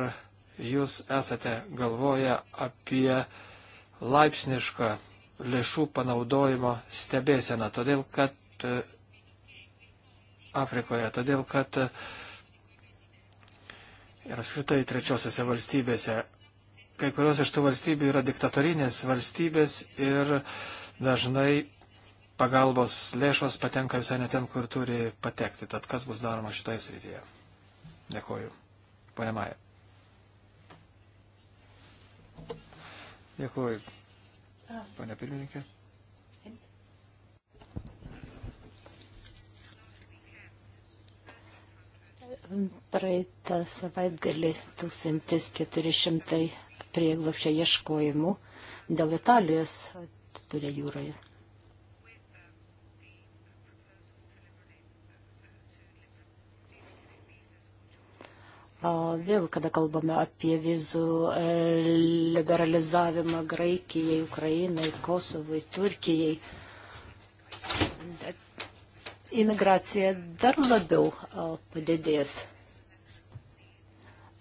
jūs esate galvoję apie laipsnišką lėšų panaudojimo stebėseną, todėl kad e, Afrikoje, todėl kad uh, ir apskritai trečiosiose valstybėse. Kai kurios iš tų valstybių yra diktatorinės valstybės ir dažnai pagalbos lėšos patenka visai ne ten, kur turi patekti. Tad kas bus daroma šitoje srityje? Dėkoju. Pane Maja. Dėkoju. Pane pirmininkė. Praeitą savaitgalį 1400 prieglopščio ieškojimų dėl Italijos atsidūrė jūroje. Vėl, kada kalbame apie vizų e, liberalizavimą Graikijai, Ukrainai, Kosovui, Turkijai, imigracija dar labiau padidės.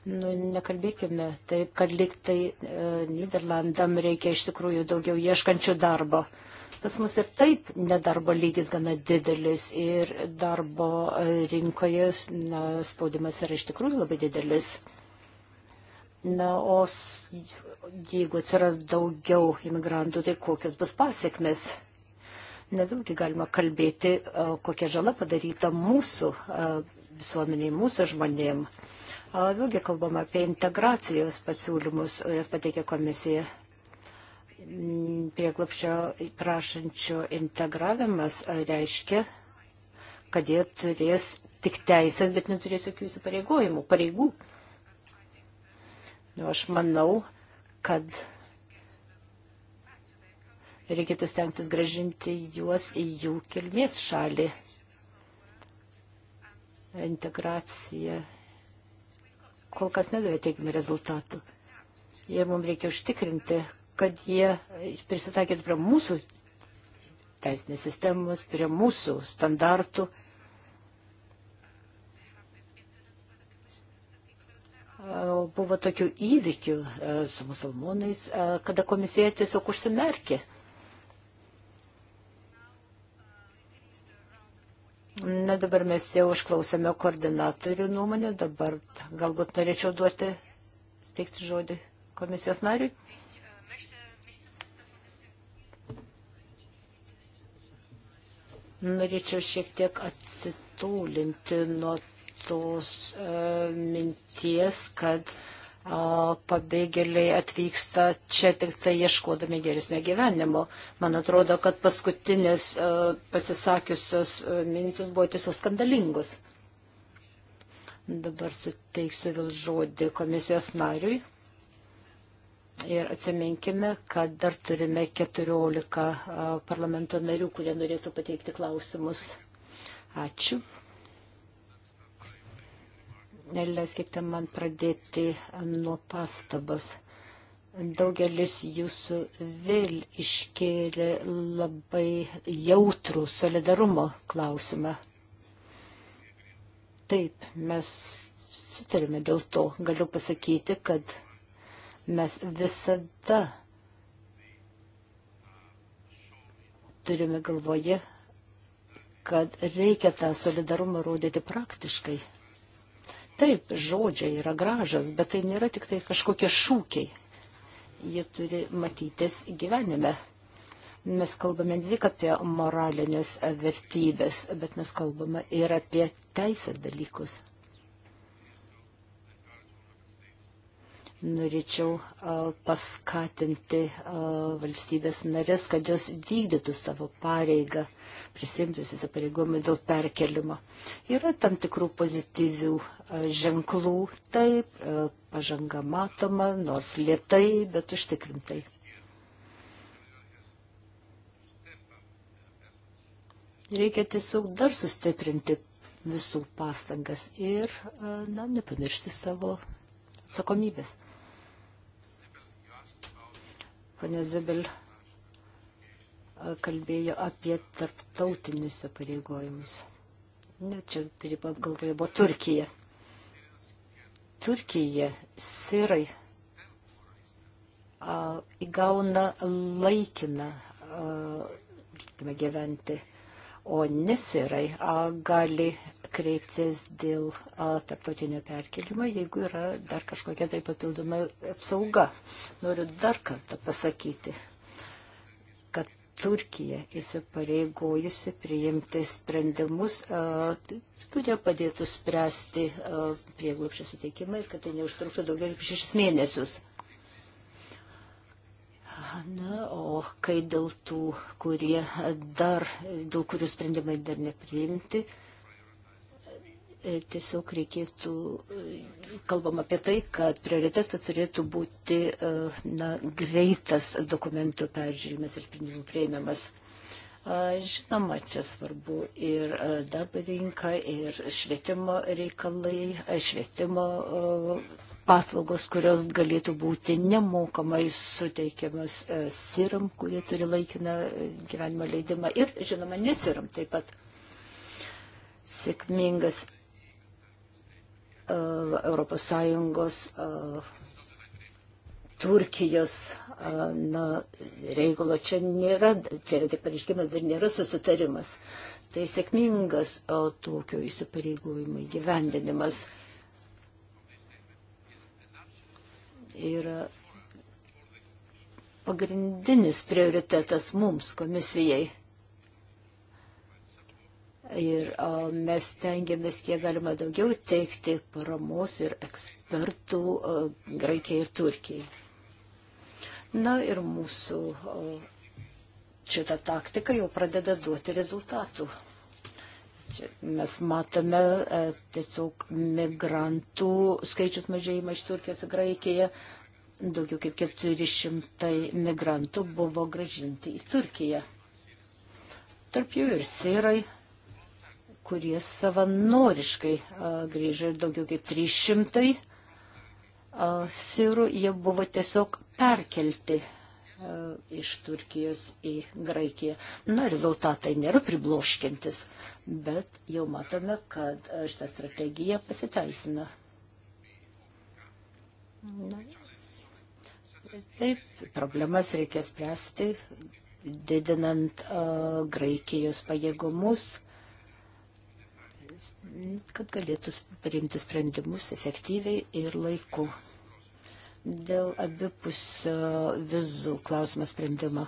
Nu, nekalbėkime taip, kad liktai e, Niderlandam reikia iš tikrųjų daugiau ieškančių darbo. Pas mus ir taip nedarbo lygis gana didelis ir darbo e, rinkoje na, spaudimas yra iš tikrųjų labai didelis. Na, o jeigu atsiras daugiau imigrantų, tai kokios bus pasiekmes? Na vėlgi galima kalbėti, kokia žala padaryta mūsų visuomeniai, mūsų žmonėm. Vėlgi kalbama apie integracijos pasiūlymus, kurias pateikė komisija mm, prieglapščio prašančio integravimas reiškia, kad jie turės tik teisės, bet neturės jokių įsipareigojimų, pareigų. Nu, aš manau, kad reikėtų stengtis gražinti juos į jų kilmės šalį. Integracija kol kas nedavė teigiamų rezultatų. Ir mums reikia užtikrinti, kad jie prisitaikytų prie mūsų teisinės sistemos, prie mūsų standartų. buvo tokių įvykių e, su musulmonais, e, kada komisija tiesiog užsimerkė. Na dabar mes jau išklausėme koordinatorių nuomonę, dabar galbūt norėčiau duoti, steigti žodį komisijos nariui. Norėčiau šiek tiek atsitūlinti nuo tos uh, minties, kad uh, pabėgėliai atvyksta čia tik tai ieškodami geresnio gyvenimo. Man atrodo, kad paskutinės e, pasisakiusios e, mintis buvo tiesiog skandalingos. Dabar suteiksiu vėl žodį komisijos nariui. Ir atsiminkime, kad dar turime 14 e, parlamento narių, kurie norėtų pateikti klausimus. Ačiū leiskite man pradėti nuo pastabos. Daugelis jūsų vėl iškėlė labai jautrų solidarumo klausimą. Taip, mes sutarėme dėl to. Galiu pasakyti, kad mes visada turime galvoje, kad reikia tą solidarumą rodyti praktiškai. Taip, žodžiai yra gražas, bet tai nėra tik tai kažkokie šūkiai. Jie turi matytis gyvenime. Mes kalbame ne tik apie moralinės vertybės, bet mes kalbame ir apie teisės dalykus. norėčiau paskatinti valstybės narės, kad jos vykdytų savo pareigą, prisimtus įsipareigomis dėl perkelimo. Yra tam tikrų pozityvių ženklų, taip, pažanga matoma, nors lietai, bet užtikrintai. Reikia tiesiog dar sustiprinti visų pastangas ir, na, nepamiršti savo atsakomybės. Pane Zibel kalbėjo apie tarptautinius apareigojimus. Ne, čia taryba galvoje buvo Turkija. Turkija, sirai a, įgauna laikiną a, gyventi, o nesirai a, gali kreiptis dėl tarptautinio perkelimo, jeigu yra dar kažkokia tai papildoma apsauga. Noriu dar kartą pasakyti, kad Turkija įsipareigojusi priimti sprendimus, kurie padėtų spręsti prieglupščio suteikimą ir kad tai neužtruktų daugiau kaip šešis mėnesius. Na, o kai dėl tų, kurie dar, dėl kurių sprendimai dar nepriimti, uh, E, tiesiog reikėtų, e, kalbam apie tai, kad prioritetas turėtų būti e, na, greitas dokumentų peržiūrimas ir sprendimų prieimimas. Žinoma, čia svarbu ir darbo rinka, ir švietimo reikalai, švietimo paslaugos, kurios galėtų būti nemokamai suteikiamas siram, kurie turi laikiną gyvenimo leidimą ir, žinoma, nesiram taip pat sėkmingas ES e, Turkijos e, na, reikalo čia nėra, čia yra tik pareiškimas, dar nėra susitarimas. Tai sėkmingas tokio įsipareigojimo įgyvendinimas. Ir pagrindinis prioritetas mums komisijai Ir o, mes tengiamės kiek galima daugiau teikti paramos ir ekspertų o, Graikijai ir Turkijai. Na ir mūsų o, šita taktika jau pradeda duoti rezultatų. Čia mes matome e, tiesiog migrantų skaičius mažėjimą iš Turkijos į Graikiją. Daugiau kaip 400 migrantų buvo gražinti į Turkiją. Tarp jų ir sirai, kurie savanoriškai grįžo ir daugiau kaip 300 sirų, jie buvo tiesiog perkelti iš Turkijos į Graikiją. Na, rezultatai nėra pribloškintis, bet jau matome, kad šitą strategiją pasiteisina. Na, taip, problemas reikia spręsti, didinant uh, Graikijos pajėgumus kad galėtų priimti sprendimus efektyviai ir laiku. Dėl abipusio vizų klausimo sprendimo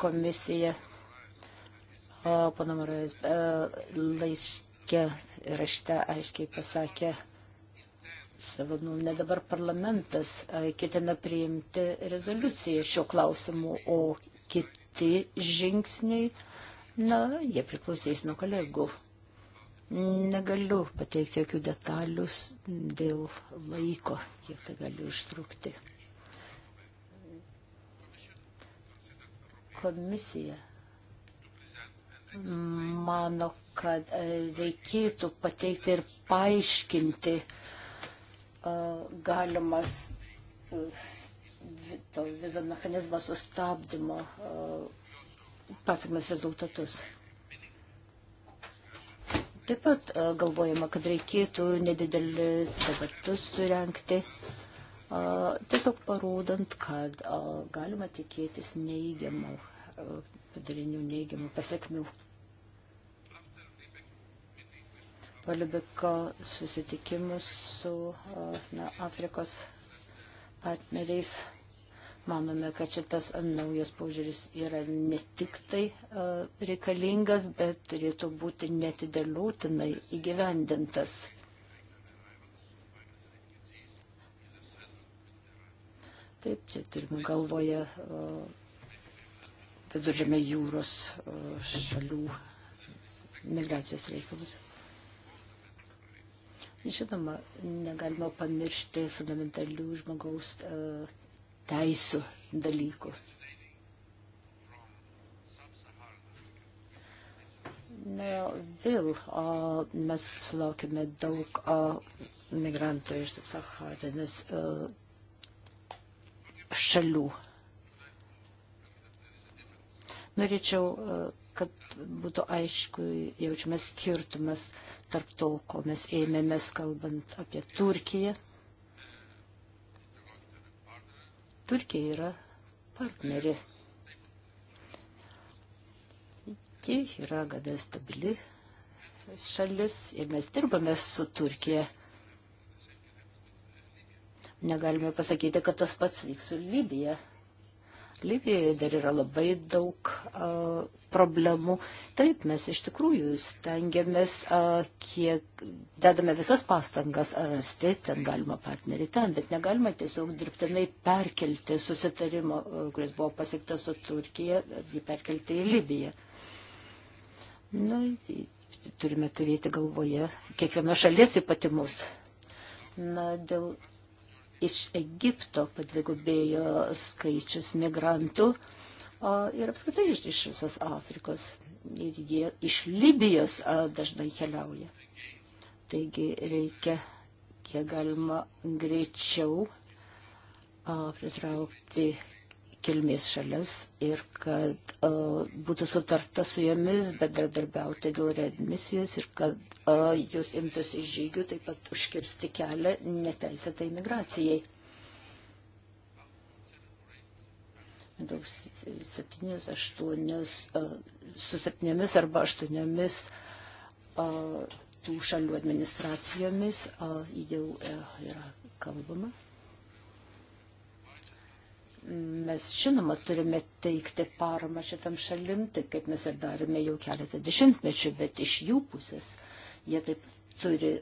komisija panomarais e, laiškė rašte aiškiai pasakė savo nuomonę. Dabar parlamentas e, ketina priimti rezoliuciją šiuo klausimu, o kiti žingsniai, na, jie priklausys nuo kolegų. Negaliu pateikti jokių detalių dėl laiko, kiek tai gali užtrukti. Komisija mano, kad e, reikėtų pateikti ir paaiškinti e, galimas e, to vizo mechanizmo sustabdymo pasiekmes rezultatus. Taip pat e, galvojama, kad reikėtų nedidelis debatus surenkti, e, tiesiog parodant, kad e, galima tikėtis neįgiamų padarinių, neįgiamų pasiekmių. Palibiko susitikimus su na, Afrikos partneriais Manome, kad šitas naujas požiūris yra ne tik tai e, reikalingas, bet turėtų būti netidėliotinai įgyvendintas. Taip, čia turime galvoje e, viduržėme jūros e, šalių migracijos reikalus. Žinoma, negalima pamiršti fundamentalių žmogaus teisų dalykų. Na, vėl o, mes sulaukime daug o, migrantų iš Saharinės e, šalių. Norėčiau, o, e, kad būtų aišku, jaučiamas skirtumas tarp to, ko mes ėmėmės, kalbant apie Turkiją Turkija yra partneri. Ji yra gana stabili šalis ir mes dirbame su Turkija. Negalime pasakyti, kad tas pats vyks su Libija. Libijoje dar yra labai daug a, problemų. Taip, mes iš tikrųjų stengiamės, a, kiek dedame visas pastangas rasti, ten galima partnerį ten, bet negalima tiesiog dirbtinai perkelti susitarimo, a, kuris buvo pasiektas su Turkija, jį perkelti į Libiją. Na, turime turėti galvoje kiekvienos šalies ypatimus. Na, dėl iš Egipto padvigubėjo skaičius migrantų o, ir apskritai iš, iš visos Afrikos. Ir jie iš Libijos a, dažnai keliauja. Taigi reikia kiek galima greičiau pritraukti kilmės šalis ir kad uh, būtų sutarta su jomis bendradarbiauti dėl readmisijos ir kad uh, e, jūs imtųsi žygių taip pat užkirsti kelią neteisėtai imigracijai. Daug septynios, aštuonios, uh, su septyniomis arba aštuoniomis uh, tų šalių administracijomis uh, jau uh, yra kalbama. Mes žinoma turime teikti paramą šitam šalim, taip kaip mes ir darėme jau keletą dešimtmečių, bet iš jų pusės jie taip turi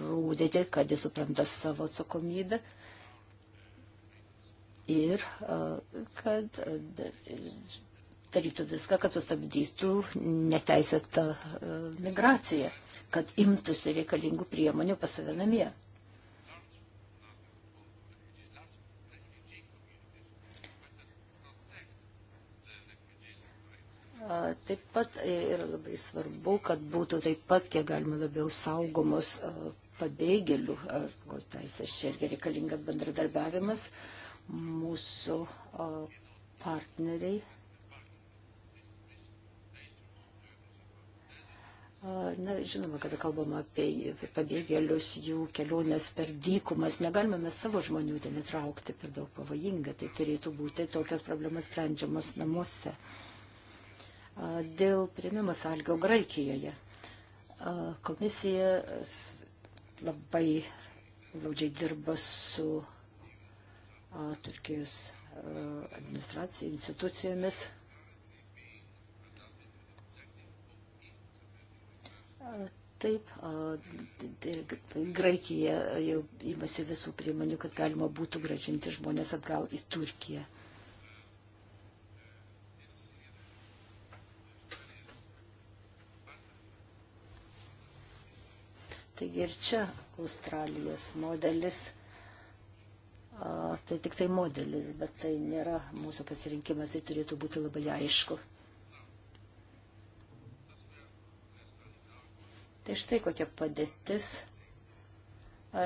rūdyti, kad jis supranta savo atsakomybę ir kad darytų viską, kad sustabdytų neteisėtą migraciją, kad imtųsi reikalingų priemonių pas save namie. Taip pat ir labai svarbu, kad būtų taip pat, kiek galima labiau saugomos pabėgėlių žmogaus teisės. Čia irgi reikalingas bendradarbiavimas. Mūsų partneriai Na, žinoma, kada kalbama apie pabėgėlius, jų keliones per dykumas, negalime mes savo žmonių ten įtraukti per daug pavojinga, tai turėtų būti tokios problemas sprendžiamos namuose dėl primimo sąlygio Graikijoje. Komisija labai glaudžiai dirba su Turkijos administracija, institucijomis. Taip, Graikija jau įmasi visų priemonių, kad galima būtų gražinti žmonės atgal į Turkiją. Taigi ir čia Australijos modelis, a, tai tik tai modelis, bet tai nėra mūsų pasirinkimas, tai turėtų būti labai aišku. Tai štai kokia padėtis.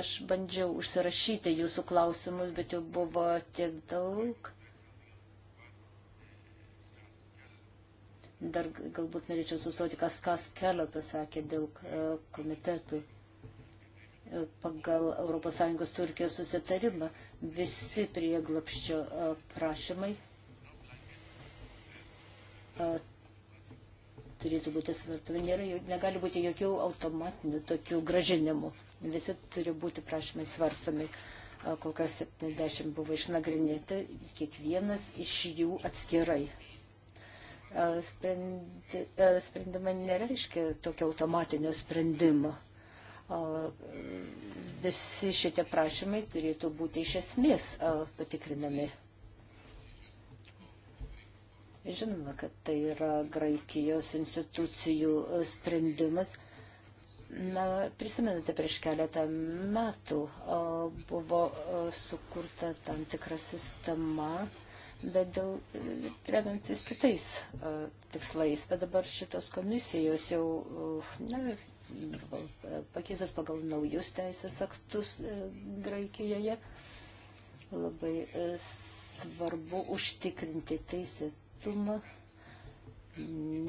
Aš bandžiau užsirašyti jūsų klausimus, bet jau buvo tiek daug. Dar galbūt norėčiau sustoti, kas kas kelio pasakė dėl e, komitetų pagal ES Turkijos susitarimą. Visi prieglapščio e, prašymai e, turėtų būti svartami. Nėra, negali būti jokių automatinių tokių gražinimų. Visi turi būti prašymai svarstami. E, kol kas 70 buvo išnagrinėti, kiekvienas iš jų atskirai. Sprendi, sprendimai nereiškia tokio automatinio sprendimo visi šitie prašymai turėtų būti iš esmės patikrinami. Žinoma, kad tai yra Graikijos institucijų sprendimas. Na, prisimenate, prieš keletą metų buvo sukurta tam tikra sistema, bet dėl remiantis kitais tikslais. Bet dabar šitos komisijos jau na, pakeistas pagal naujus teisės aktus e, Graikijoje. Labai e, svarbu užtikrinti teisėtumą,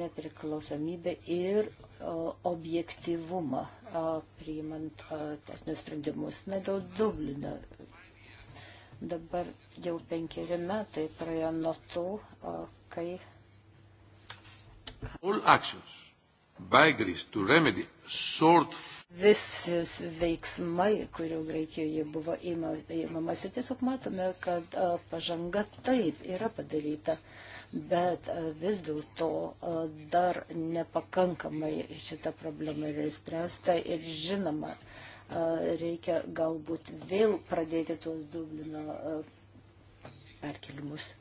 nepriklausomybę ir objektivumą priimant tesnius sprendimus. Na, dėl Dublino. Dabar jau penkeri metai praėjo nuo to, kai. All actions to remedy short Visi veiksmai, kurių Graikijoje buvo įmamasi, tiesiog matome, kad a, pažanga taip yra padaryta, bet a, vis dėlto dar nepakankamai šita problema yra įspręsta ir žinoma, a, reikia galbūt vėl pradėti tuos Dublino perkelimus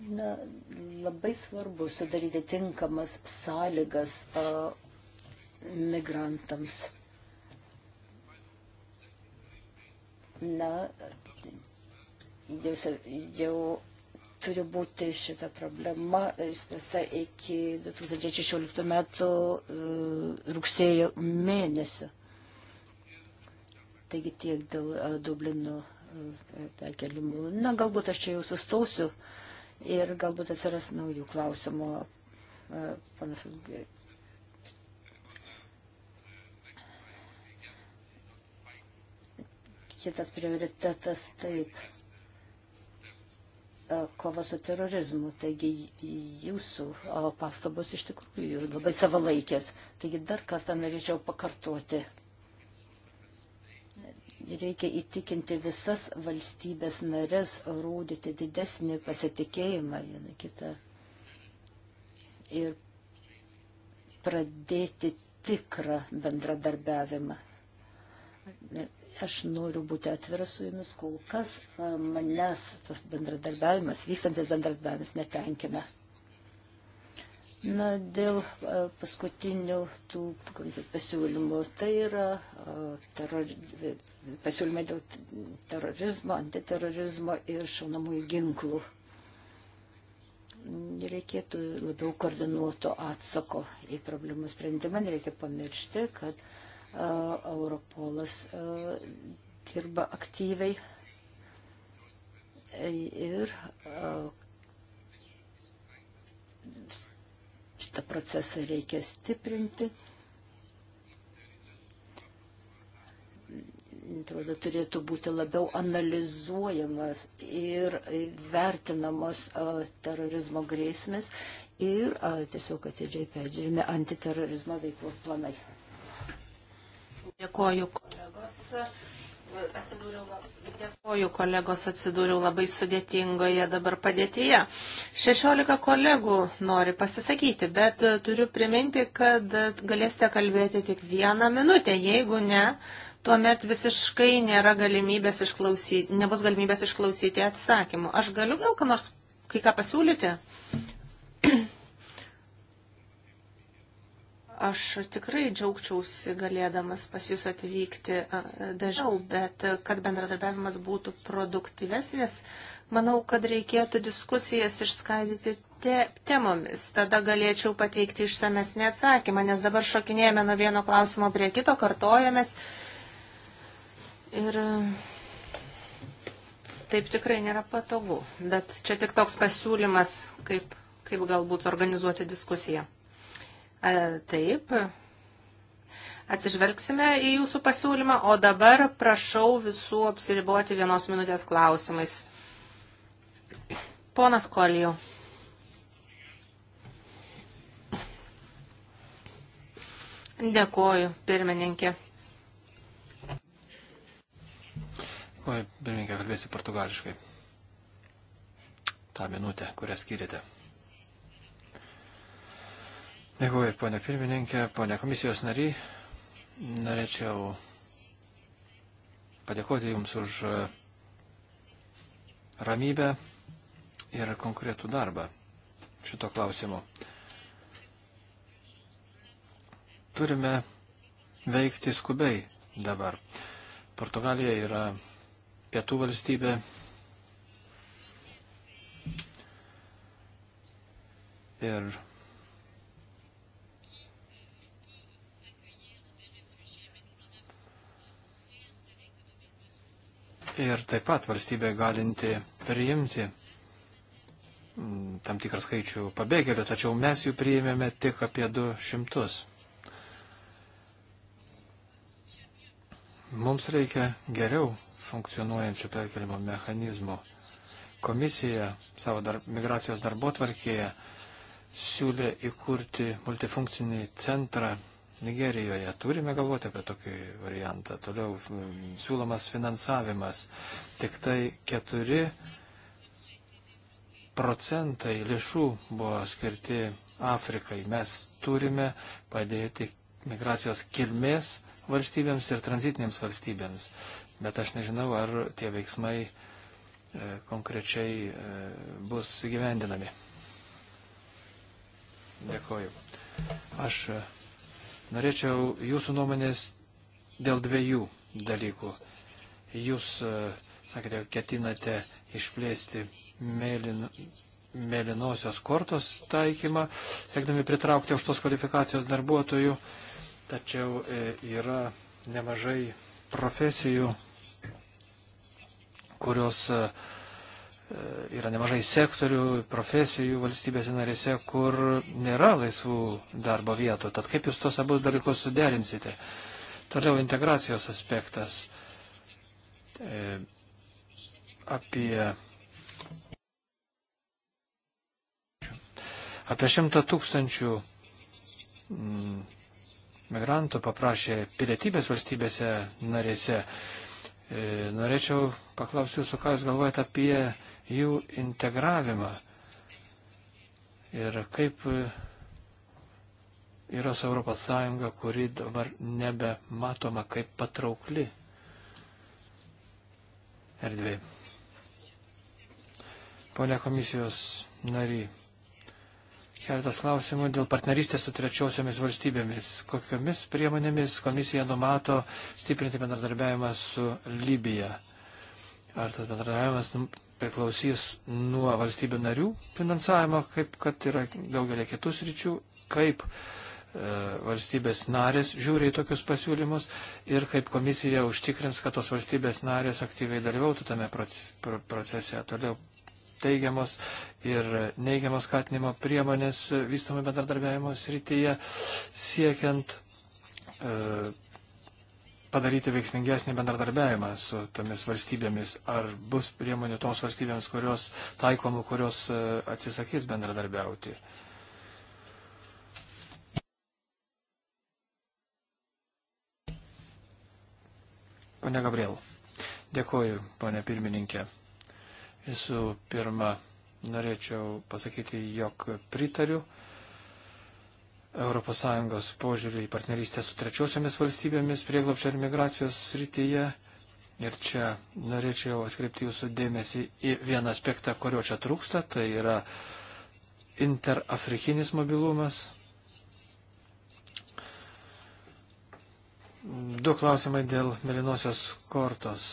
na, labai svarbu sudaryti tinkamas sąlygas a, migrantams. Na, jau, jau turi būti šita problema išspręsta iki 2016 metų e, rugsėjo mėnesio. Taigi tiek dėl Dublino e, perkelimų. Na, galbūt aš čia jau sustausiu. Uh, ir galbūt atsiras naujų klausimų. E, panas Kitas prioritetas taip e, kova su terorizmu. Taigi jūsų e, pastabos iš tikrųjų labai savalaikės. Taigi dar kartą norėčiau pakartoti reikia įtikinti visas valstybės narės rodyti didesnį pasitikėjimą vieną kitą ir pradėti tikrą bendradarbiavimą. Aš noriu būti atviras su jumis, kol kas manęs tos bendradarbiavimas, vykstantis bendradarbiavimas netenkina. Na, dėl paskutinių tų pasiūlymų, tai yra teror, pasiūlymai dėl terorizmo, antiterorizmo ir šaunamųjų ginklų. Reikėtų labiau koordinuoto atsako į problemų sprendimą. Nereikia pamiršti, kad uh, Europolas uh, dirba aktyviai e, ir uh, tą procesą reikia stiprinti. atrodo, turėtų būti labiau analizuojamas ir vertinamos terorizmo grėsmės ir tiesiog atidžiai peržiūrime antiterorizmo veiklos planai. Dėkoju kolegos atsidūriau, dėkoju kolegos, atsidūriau labai sudėtingoje dabar padėtyje. 16 kolegų nori pasisakyti, bet turiu priminti, kad galėsite kalbėti tik vieną minutę. Jeigu ne, tuomet visiškai nėra galimybės išklausyti, nebus galimybės išklausyti atsakymų. Aš galiu gal ką nors kai ką pasiūlyti? Aš tikrai džiaugčiausi galėdamas pas jūs atvykti dažniau, bet kad bendradarbiavimas būtų produktyvesnis, manau, kad reikėtų diskusijas išskaidyti te temomis. Tada galėčiau pateikti išsamesnį atsakymą, nes dabar šokinėjame nuo vieno klausimo prie kito, kartojamės. Ir e, taip tikrai nėra patogu, bet čia tik toks pasiūlymas, kaip, kaip galbūt organizuoti diskusiją. Taip, atsižvelgsime į jūsų pasiūlymą, o dabar prašau visų apsiriboti vienos minutės klausimais. Ponas Kolijų. Dėkuoju, pirmininkė. Dėkuoju, pirmininkė, kalbėsiu portugališkai. Ta minutė, kurią skirite. Dėkuoju, ponia pirmininkė, ponia komisijos nariai. Norėčiau padėkoti Jums už e, ramybę ir konkretų darbą šito klausimu. Turime veikti skubiai dabar. Portugalija yra pietų valstybė. Ir ir taip pat valstybė galinti priimti mm, tam tikrą skaičių pabėgėlių, tačiau mes jų priėmėme tik apie 200. Mums reikia geriau funkcionuojančių perkelimo mechanizmų. Komisija savo dar, migracijos darbo tvarkėje siūlė įkurti multifunkcinį centrą Nigerijoje. Turime galvoti apie tokį variantą. Toliau mm, siūlomas finansavimas. Tik tai 4 procentai lėšų buvo skirti Afrikai. Mes turime padėti migracijos kilmės valstybėms ir tranzitinėms valstybėms. Bet aš nežinau, ar tie veiksmai e, konkrečiai e, bus įgyvendinami. Dėkoju. Aš e, Norėčiau jūsų nuomonės dėl dviejų dalykų. Jūs, e, sakėte, ketinate išplėsti mėlyn, mėlynosios kortos taikymą, siekdami pritraukti aukštos kvalifikacijos darbuotojų, tačiau e, yra nemažai profesijų, kurios uh, yra nemažai sektorių, profesijų valstybėse narėse, kur nėra laisvų darbo vietų. Tad kaip jūs tos abu dalykus suderinsite? Toliau integracijos aspektas. E, apie, apie šimtą tūkstančių m, mm, migrantų paprašė pilietybės valstybėse narėse. E, norėčiau paklausti jūsų, ką jūs galvojate apie jų integravimą ir kaip yra su Europos Sąjunga, kuri dabar nebematoma kaip patraukli erdvė. Pone komisijos nary, keletas klausimų dėl partnerystės su trečiosiomis valstybėmis. Kokiomis priemonėmis komisija numato stiprinti bendradarbiavimą su Libija? Ar tas bendradarbiavimas priklausys nuo valstybių narių finansavimo, kaip kad yra daugelį kitų sričių, kaip e, valstybės narės žiūri į tokius pasiūlymus ir kaip komisija užtikrins, kad tos valstybės narės aktyviai dalyvautų tame procese. Toliau teigiamos ir neigiamos skatinimo priemonės vystomai bendradarbiavimo srityje, siekiant e, padaryti veiksmingesnį bendradarbiavimą su tomis valstybėmis? Ar bus priemonių toms valstybėms, kurios taikomų, kurios e, atsisakys bendradarbiauti? Pane Gabriel, dėkoju, pane pirmininkė. Visų pirma, norėčiau pasakyti, jog pritariu ES požiūrį į partnerystę su trečiosiomis valstybėmis prieglopščio ir migracijos srityje. Ir čia norėčiau atkreipti jūsų dėmesį į vieną aspektą, kurio čia trūksta, tai yra interafrikinis mobilumas. Du klausimai dėl melinosios kortos.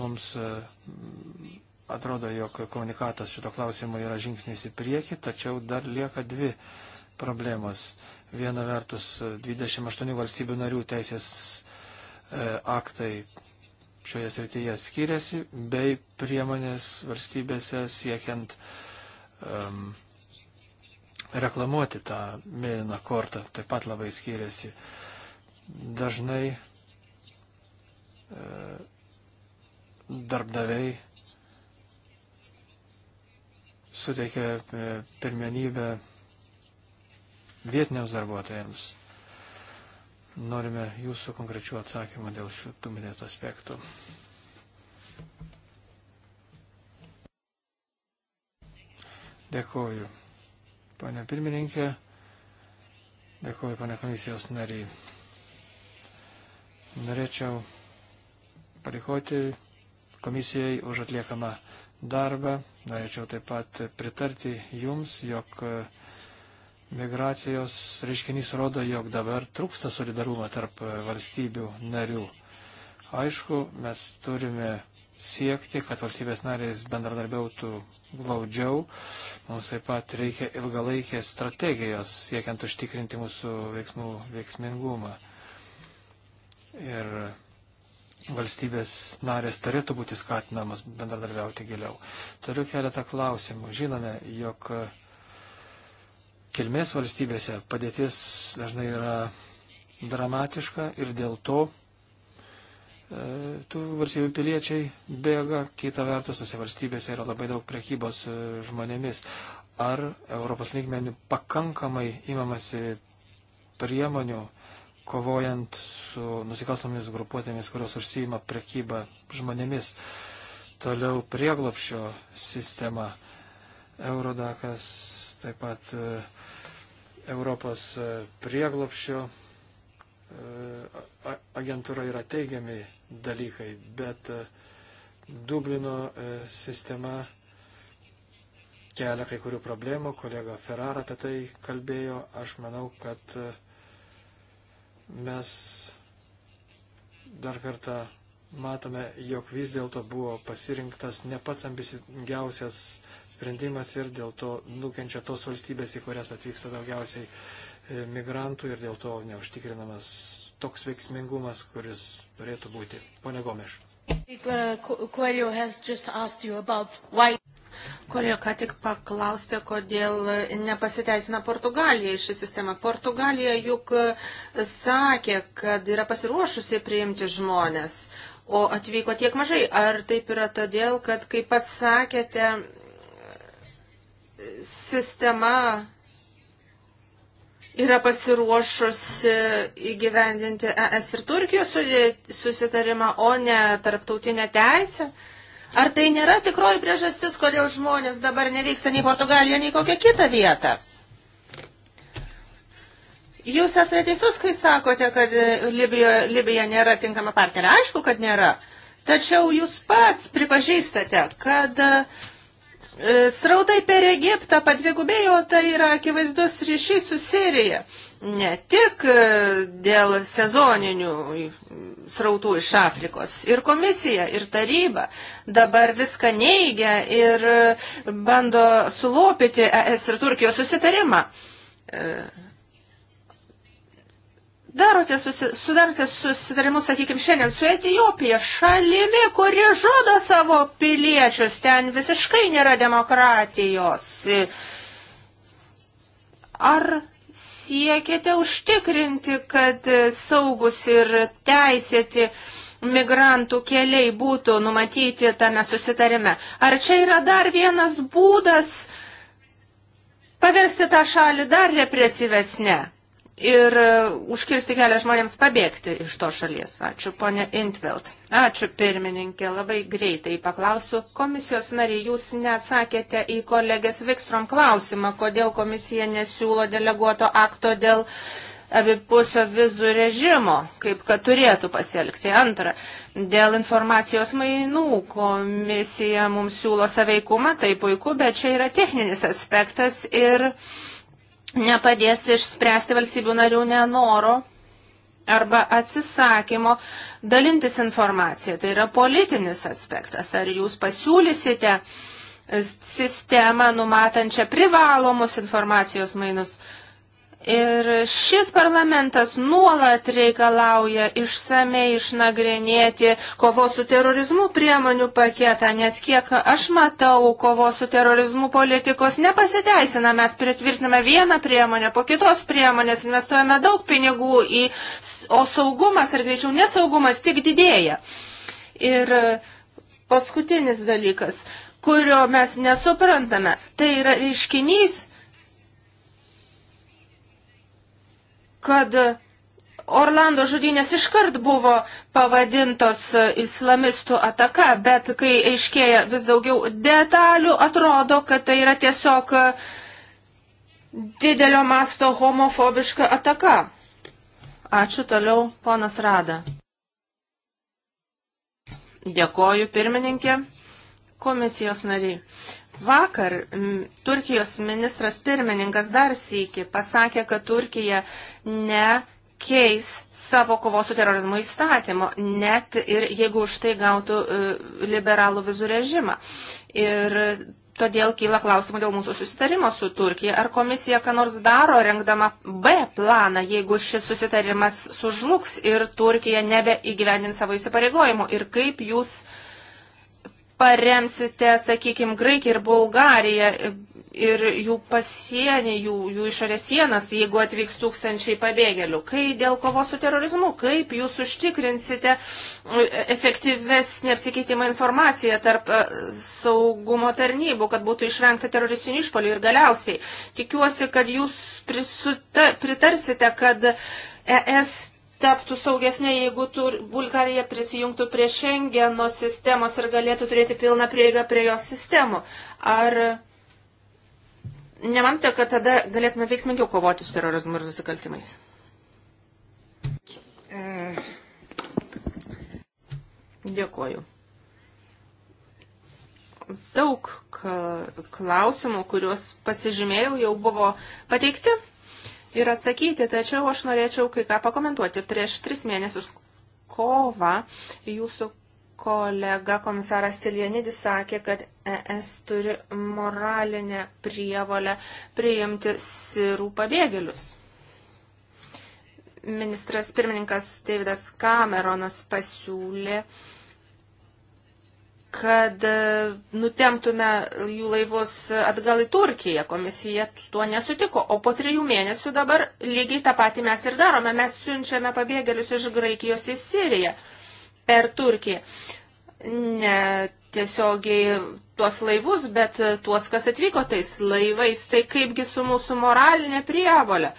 Mums e, atrodo, jog komunikatas šito klausimo yra žingsnis į priekį, tačiau dar lieka dvi problemos. Viena vertus 28 valstybių narių teisės e, aktai šioje srityje skiriasi, bei priemonės valstybėse siekiant um, reklamuoti tą mėlyną kortą taip pat labai skiriasi. Dažnai e, darbdaviai suteikia e, pirmenybę vietiniams darbuotojams. Norime jūsų konkrečių atsakymų dėl šitų minėtų aspektų. Dėkuoju, pane pirmininkė, dėkuoju, pane komisijos nariai. Norėčiau padėkoti komisijai už atliekamą darbą. Norėčiau taip pat pritarti jums, jog migracijos reiškinys rodo, jog dabar trūksta solidarumo tarp valstybių narių. Aišku, mes turime siekti, kad valstybės narės bendradarbiautų glaudžiau. Mums taip pat reikia ilgalaikės strategijos, siekiant užtikrinti mūsų veiksmų veiksmingumą. Ir valstybės narės turėtų būti skatinamas bendradarbiauti giliau. Turiu keletą klausimų. Žinome, jog kilmės valstybėse padėtis dažnai yra dramatiška ir dėl to e, tų valstybių piliečiai bėga, kita vertus, tose valstybėse yra labai daug prekybos e, žmonėmis. Ar Europos lygmenių pakankamai imamasi priemonių, kovojant su nusikalstamomis grupuotėmis, kurios užsijima prekybą žmonėmis. Toliau prieglopšio sistema. Eurodakas taip pat e, Europos e, prieglopščio e, agentūra yra teigiami dalykai, bet Dublino sistema kelia kai kurių problemų, kolega Ferrara apie tai kalbėjo, aš manau, kad mes dar kartą matome, jog vis dėlto buvo pasirinktas ne pats ambicingiausias sprendimas ir dėl to nukenčia tos valstybės, į kurias atvyksta daugiausiai e, migrantų ir dėl to neužtikrinamas toks veiksmingumas, kuris turėtų būti. Pone Gomeš. Kurio ką tik paklausė, kodėl nepasiteisina Portugalija į šį sistemą. Portugalija juk e, sakė, kad yra pasiruošusi priimti žmonės, o atvyko tiek mažai. Ar taip yra todėl, kad, kaip pats sakėte, sistema yra pasiruošusi įgyvendinti ES ir Turkijos susitarimą, o ne tarptautinę teisę? Ar tai nėra tikroji priežastis, kodėl žmonės dabar nevyksta nei Portugaliją, nei kokią kitą vietą? Jūs esate teisus, kai sakote, kad e, Libijo, Libija nėra tinkama partnerė. Aišku, kad nėra. Tačiau jūs pats pripažįstate, kad e, srautai per Egiptą padvigubėjo, tai yra akivaizdus ryšys su Sirija. Ne tik e, dėl sezoninių srautų iš Afrikos. Ir komisija, ir taryba dabar viską neigia ir bando sulopyti ES ir Turkijos susitarimą darote, susi, sudarote susidarimus, sakykime, šiandien su Etijopija, šalimi, kuri žudo savo piliečius, ten visiškai nėra demokratijos. Ar siekiate užtikrinti, kad saugus ir teisėti migrantų keliai būtų numatyti tame susitarime? Ar čia yra dar vienas būdas paversti tą šalį dar represyvesnę? ir e, užkirsti kelią žmonėms pabėgti iš to šalies. Ačiū, ponė Intveld. Ačiū, pirmininkė. Labai greitai paklausiu. Komisijos nariai, jūs neatsakėte į kolegės Vikstrom klausimą, kodėl komisija nesiūlo deleguoto akto dėl abipusio vizų režimo, kaip kad turėtų pasielgti. Antra, dėl informacijos mainų komisija mums siūlo saveikumą, tai puiku, bet čia yra techninis aspektas ir. Uh, nepadės išspręsti valstybių narių nenoro arba atsisakymo dalintis informaciją. Tai yra politinis aspektas. Ar jūs pasiūlysite sistemą numatančią privalomus informacijos mainus? Ir šis parlamentas nuolat reikalauja išsamei išnagrinėti kovos su terorizmu priemonių paketą, nes kiek aš matau, kovos su terorizmu politikos nepasiteisina. Mes pritvirtiname vieną priemonę po kitos priemonės, investuojame daug pinigų į, o saugumas ar greičiau nesaugumas tik didėja. Ir paskutinis dalykas, kurio mes nesuprantame, tai yra reiškinys, kad Orlando žudynės iškart buvo pavadintos islamistų ataka, bet kai aiškėja vis daugiau detalių, atrodo, kad tai yra tiesiog didelio masto homofobiška ataka. Ačiū toliau, ponas Rada. Dėkoju, pirmininkė, komisijos nariai. Vakar mm, Turkijos ministras pirmininkas dar sėki pasakė, kad Turkija ne keis savo kovos su terorizmu įstatymo, net ir jeigu už tai gautų e, liberalų vizų režimą. Ir todėl kyla klausimų dėl mūsų susitarimo su Turkija. Ar komisija ką nors daro, rengdama B planą, jeigu šis susitarimas sužlugs ir Turkija nebeįgyvendins savo įsipareigojimų? Ir kaip jūs uh, paremsite, sakykime, Graikiją ir Bulgariją ir jų pasienį, jų, jų išorės sienas, jeigu atvyks tūkstančiai pabėgėlių. Kai dėl kovos su terorizmu, kaip jūs užtikrinsite e, efektyvesnį apsikeitimą informaciją tarp e, saugumo tarnybų, kad būtų išvengta teroristinių išpolių ir galiausiai. Tikiuosi, kad jūs prisuta, pritarsite, kad ES taptų saugesnė, jeigu tur, Bulgarija prisijungtų prie Schengeno sistemos ir galėtų turėti pilną prieigą prie jos sistemų. Ar nemanote, kad tada galėtume veiksmingiau kovoti su terorizmu ir nusikaltimais? Dėkoju. Daug klausimų, kuriuos pasižymėjau, jau buvo pateikti ir atsakyti, tačiau aš norėčiau kai ką pakomentuoti. Prieš tris mėnesius kovą jūsų kolega komisaras Tilienidis sakė, kad ES turi moralinę prievolę priimti sirų pabėgėlius. Ministras pirmininkas Davidas Cameronas pasiūlė uh, kad e, nutemtume jų laivus atgal į Turkiją. Komisija tuo nesutiko. O po trijų mėnesių dabar lygiai tą patį mes ir darome. Mes siunčiame pabėgėlius iš Graikijos į Siriją per Turkiją. Ne tiesiogiai tuos laivus, bet tuos, kas atvyko tais laivais. Tai kaipgi su mūsų moralinė prievalė.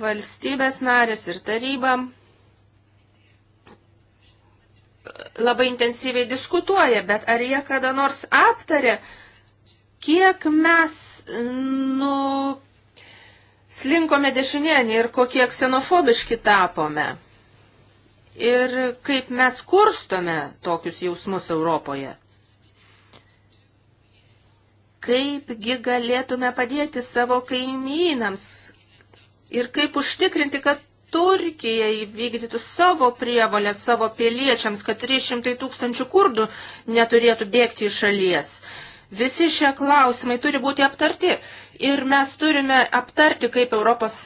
Valstybės narės ir taryba labai intensyviai diskutuoja, bet ar jie kada nors aptarė, kiek mes nu, slinkome dešinienį ir kokie ksenofobiški tapome. Ir kaip mes kurstome tokius jausmus Europoje. Kaipgi galėtume padėti savo kaimynams ir kaip užtikrinti, kad Turkija įvykdytų savo prievalę savo piliečiams, kad 300 tūkstančių kurdų neturėtų bėgti iš šalies. Visi šie klausimai turi būti aptarti ir mes turime aptarti, kaip ES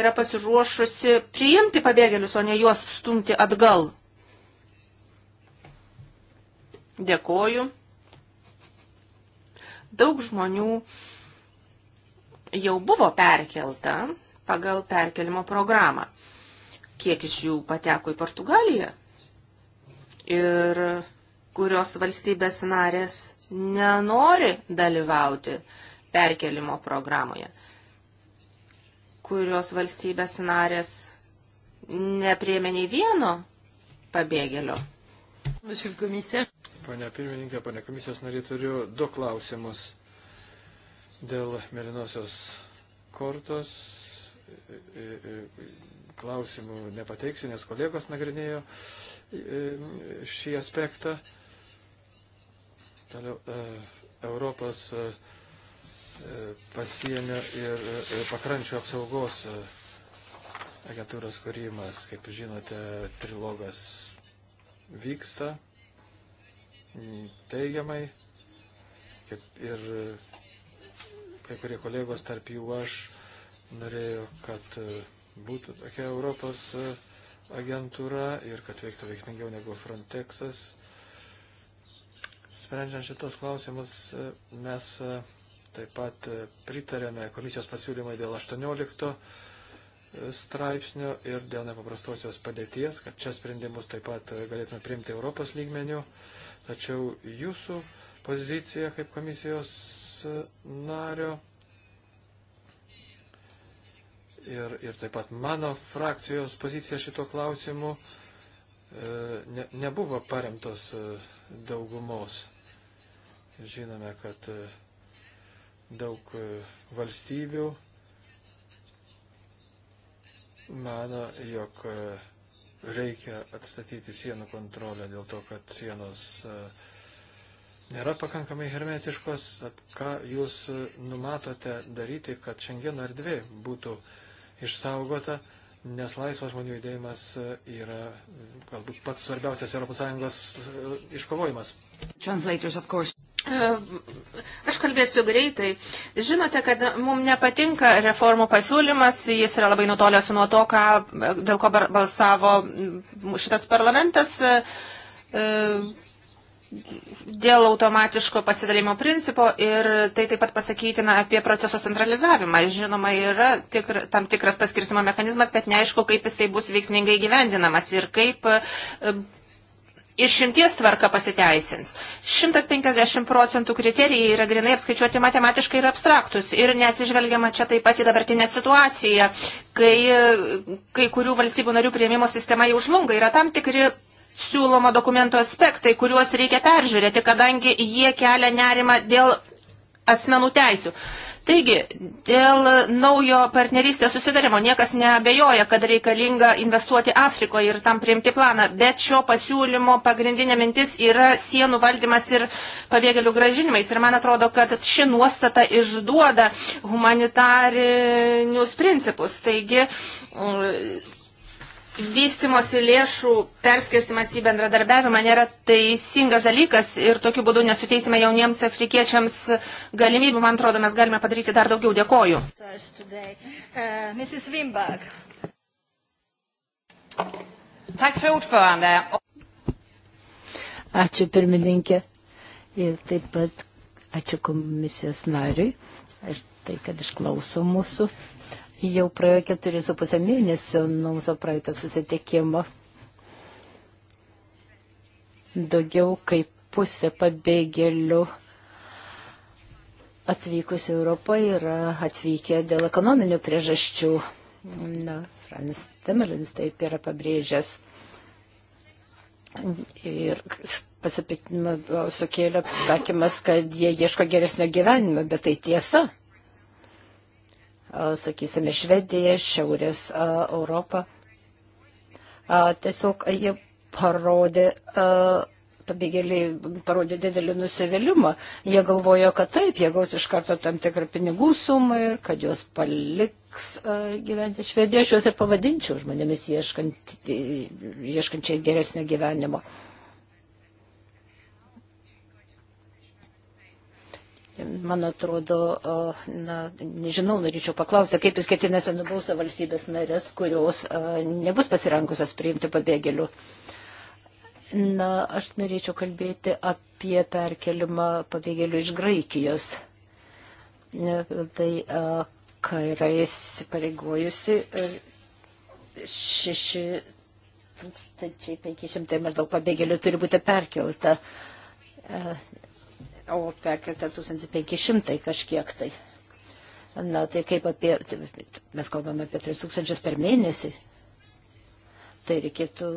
yra pasiruošusi priimti pabėgėlius, o ne juos stumti atgal. Dėkoju. Daug žmonių jau buvo perkelta pagal perkelimo programą. Kiek iš jų pateko į Portugaliją ir kurios valstybės narės nenori dalyvauti perkelimo programoje, kurios valstybės narės nepriemė nei vieno pabėgėlio. Pane pirmininkė, pane komisijos nariai, turiu du klausimus dėl mėlynosios kortos klausimų nepateiksiu, nes kolegos nagrinėjo e, šį aspektą. Toliau e, Europos e, pasienio ir pakrančio apsaugos agentūros kūrimas, kaip žinote, trilogas vyksta teigiamai, kaip ir kai kurie kolegos, tarp jų aš, norėjo, kad e, būtų tokia Europos e, agentūra ir kad veiktų veiksmingiau negu Frontexas. Sprendžiant šitos klausimus, e, mes taip pat pritarėme komisijos pasiūlymai dėl 18 straipsnio ir dėl nepaprastosios padėties, kad čia sprendimus taip pat galėtume priimti Europos lygmenių. Tačiau jūsų pozicija kaip komisijos nario ir, ir taip pat mano frakcijos pozicija šito klausimu e, ne, nebuvo paremtos e, daugumos. Žinome, kad e, daug valstybių mano, jog reikia atstatyti sienų kontrolę dėl to, kad sienos nėra pakankamai hermetiškos. Ką jūs numatote daryti, kad šiandieno erdvė būtų uh, išsaugota, nes laisvas žmonių judėjimas e, yra e, galbūt pats svarbiausias ES e, iškovojimas. Aš kalbėsiu greitai. Žinote, kad mums nepatinka reformų pasiūlymas, jis yra labai nutolęs nuo to, ką, dėl ko balsavo šitas parlamentas. E, dėl automatiško pasidalimo principo ir tai taip pat pasakytina apie proceso centralizavimą. Žinoma, yra tikr, tam tikras paskirsimo mechanizmas, bet neaišku, kaip jisai bus veiksmingai gyvendinamas ir kaip e, išimties tvarka pasiteisins. 150 procentų kriterijai yra grinai apskaičiuoti matematiškai ir abstraktus. Ir neatsižvelgiama čia taip pat į dabartinę situaciją, kai e, kai kurių valstybių narių prieimimo sistema jau žlunga. Yra tam tikri siūloma dokumento aspektai, kuriuos reikia peržiūrėti, kadangi jie kelia nerimą dėl asmenų teisių. Taigi, dėl naujo partnerystės susidarimo niekas neabejoja, kad reikalinga investuoti Afrikoje ir tam priimti planą, bet šio pasiūlymo pagrindinė mintis yra sienų valdymas ir pabėgėlių gražinimais. Ir man atrodo, kad ši nuostata išduoda humanitarinius principus. Taigi, vystimosi lėšų perskirstimas į bendradarbiavimą nėra teisingas dalykas ir tokiu būdu nesuteisime jauniems afrikiečiams galimybių. Man atrodo, mes galime padaryti dar daugiau. Dėkoju. Ačiū pirmininkė ir taip pat ačiū komisijos nariui. Aš tai, kad išklauso mūsų Jau praėjo keturi su pusę mėnesio nuo mūsų praeito susitikimo. Daugiau kaip pusė pabėgėlių atvykusių Europą yra atvykę dėl ekonominių priežasčių. Na, Franis Temelins taip yra pabrėžęs. Ir pasipiktinimą sukėlė sakymas, kad jie ieško geresnio gyvenimo, bet tai tiesa sakysime, Švediją, Šiaurės Europą. Tiesiog jie parodė, pabėgėliai parodė didelį nusivylimą. Jie galvojo, kad taip, jie gaus iš karto tam tikrą pinigų sumą ir kad juos paliks gyventi Švediją. Aš juos ir pavadinčiau žmonėmis ieškant, ieškančiais geresnio gyvenimo. Uh, Man atrodo, na, nežinau, norėčiau paklausti, kaip jūs ketinate nubausti valstybės narės, kurios nebus pasirengusios priimti pabėgėlių. Na, aš norėčiau kalbėti apie perkelimą pabėgėlių iš Graikijos. Tai, kai yra įsipareigojusi 6500 e, maždaug pabėgėlių turi būti perkelta. E, o perkelta 1500 kažkiek tai. Na, tai kaip apie, mes kalbame apie 3000 per mėnesį. Tai reikėtų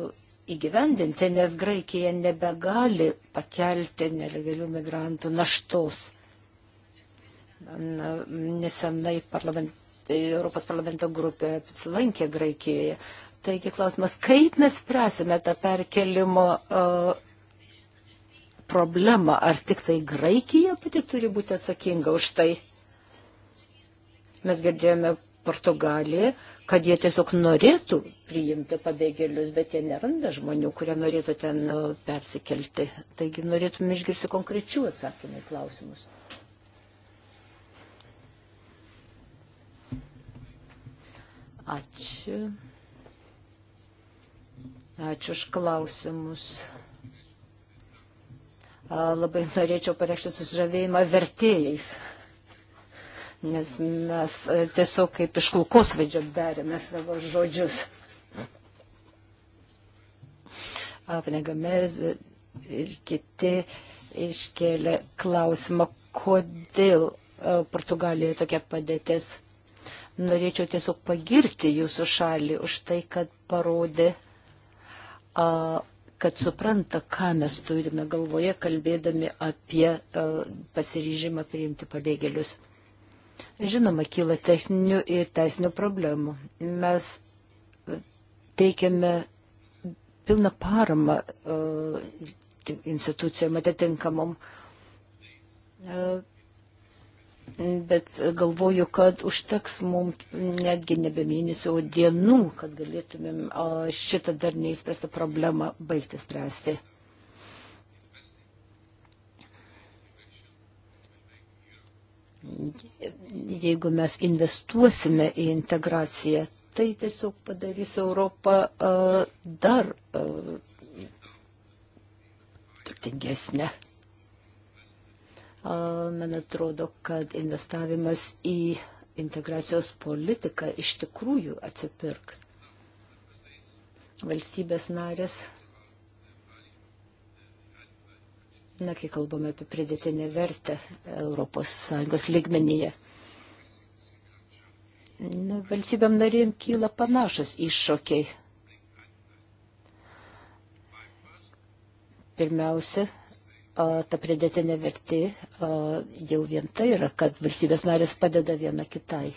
įgyvendinti, nes Graikija nebegali pakelti nelegalių migrantų naštos. Na, nesenai parlament, Europos parlamento grupė apsilankė Graikijoje. Taigi klausimas, kaip mes spręsime tą perkelimo uh, problemą. Ar tik tai Graikija pati turi būti atsakinga už tai? Mes girdėjome Portugaliją, kad jie tiesiog norėtų priimti pabėgėlius, bet jie neranda žmonių, kurie norėtų ten nu, persikelti. Taigi norėtume išgirsti konkrečių atsakymų į klausimus. Ačiū. Ačiū už klausimus labai norėčiau pareikšti susižavėjimą vertėjais, nes mes e, tiesiog kaip iš kulkosvedžio darėme savo žodžius. Apnegamės ir kiti iškėlė klausimą, kodėl e, Portugalijoje tokia padėtis. Norėčiau tiesiog pagirti jūsų šalį už tai, kad parodė kad supranta, ką mes turime galvoje, kalbėdami apie e, pasiryžimą priimti pabėgėlius. Žinoma, kyla techninių ir teisinių problemų. Mes e, teikiame pilną paramą e, institucijom atitinkamom bet galvoju, kad užteks mums netgi nebe mėnesio, o dienų, kad galėtumėm šitą dar neįspręstą problemą baigti spręsti. Jeigu mes investuosime į integraciją, tai tiesiog padarys Europą uh, dar uh, turtingesnę man atrodo, kad investavimas į integracijos politiką iš tikrųjų atsipirks. Valstybės narės, na, kai kalbame apie pridėtinę vertę ES lygmenyje, na, valstybėm narėm kyla panašus iššūkiai. Pirmiausia, ta pridėtinė vertė jau vien tai yra, kad valstybės narės padeda viena kitai.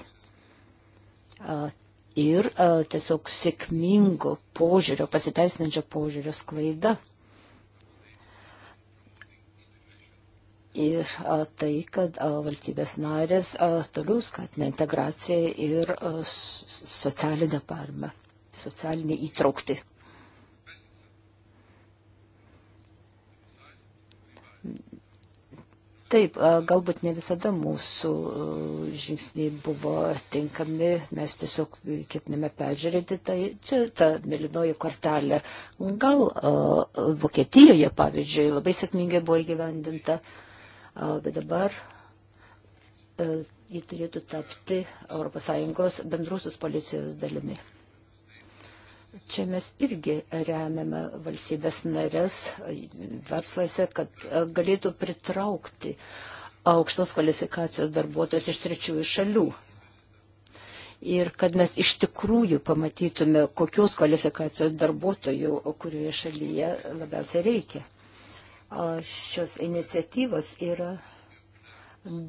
Ir tiesiog sėkmingo požiūrio, pasiteisinančio požiūrio sklaida. Ir tai, kad valstybės narės toliau skatina integraciją ir socialinę parmą, socialinę įtraukti. Taip, galbūt ne visada mūsų žingsniai buvo tinkami, mes tiesiog ketiname peržiūrėti tai, čia ta melinoji kortelė. Gal Vokietijoje, pavyzdžiui, labai sėkmingai buvo įgyvendinta, bet dabar ji turėtų tapti ES bendrusios policijos dalimi čia mes irgi remiame valstybės narės versluose, kad e, galėtų pritraukti aukštos kvalifikacijos darbuotojus iš trečiųjų šalių. Ir kad mes iš tikrųjų pamatytume, kokios kvalifikacijos darbuotojų, kurioje šalyje labiausiai reikia. Šios iniciatyvos yra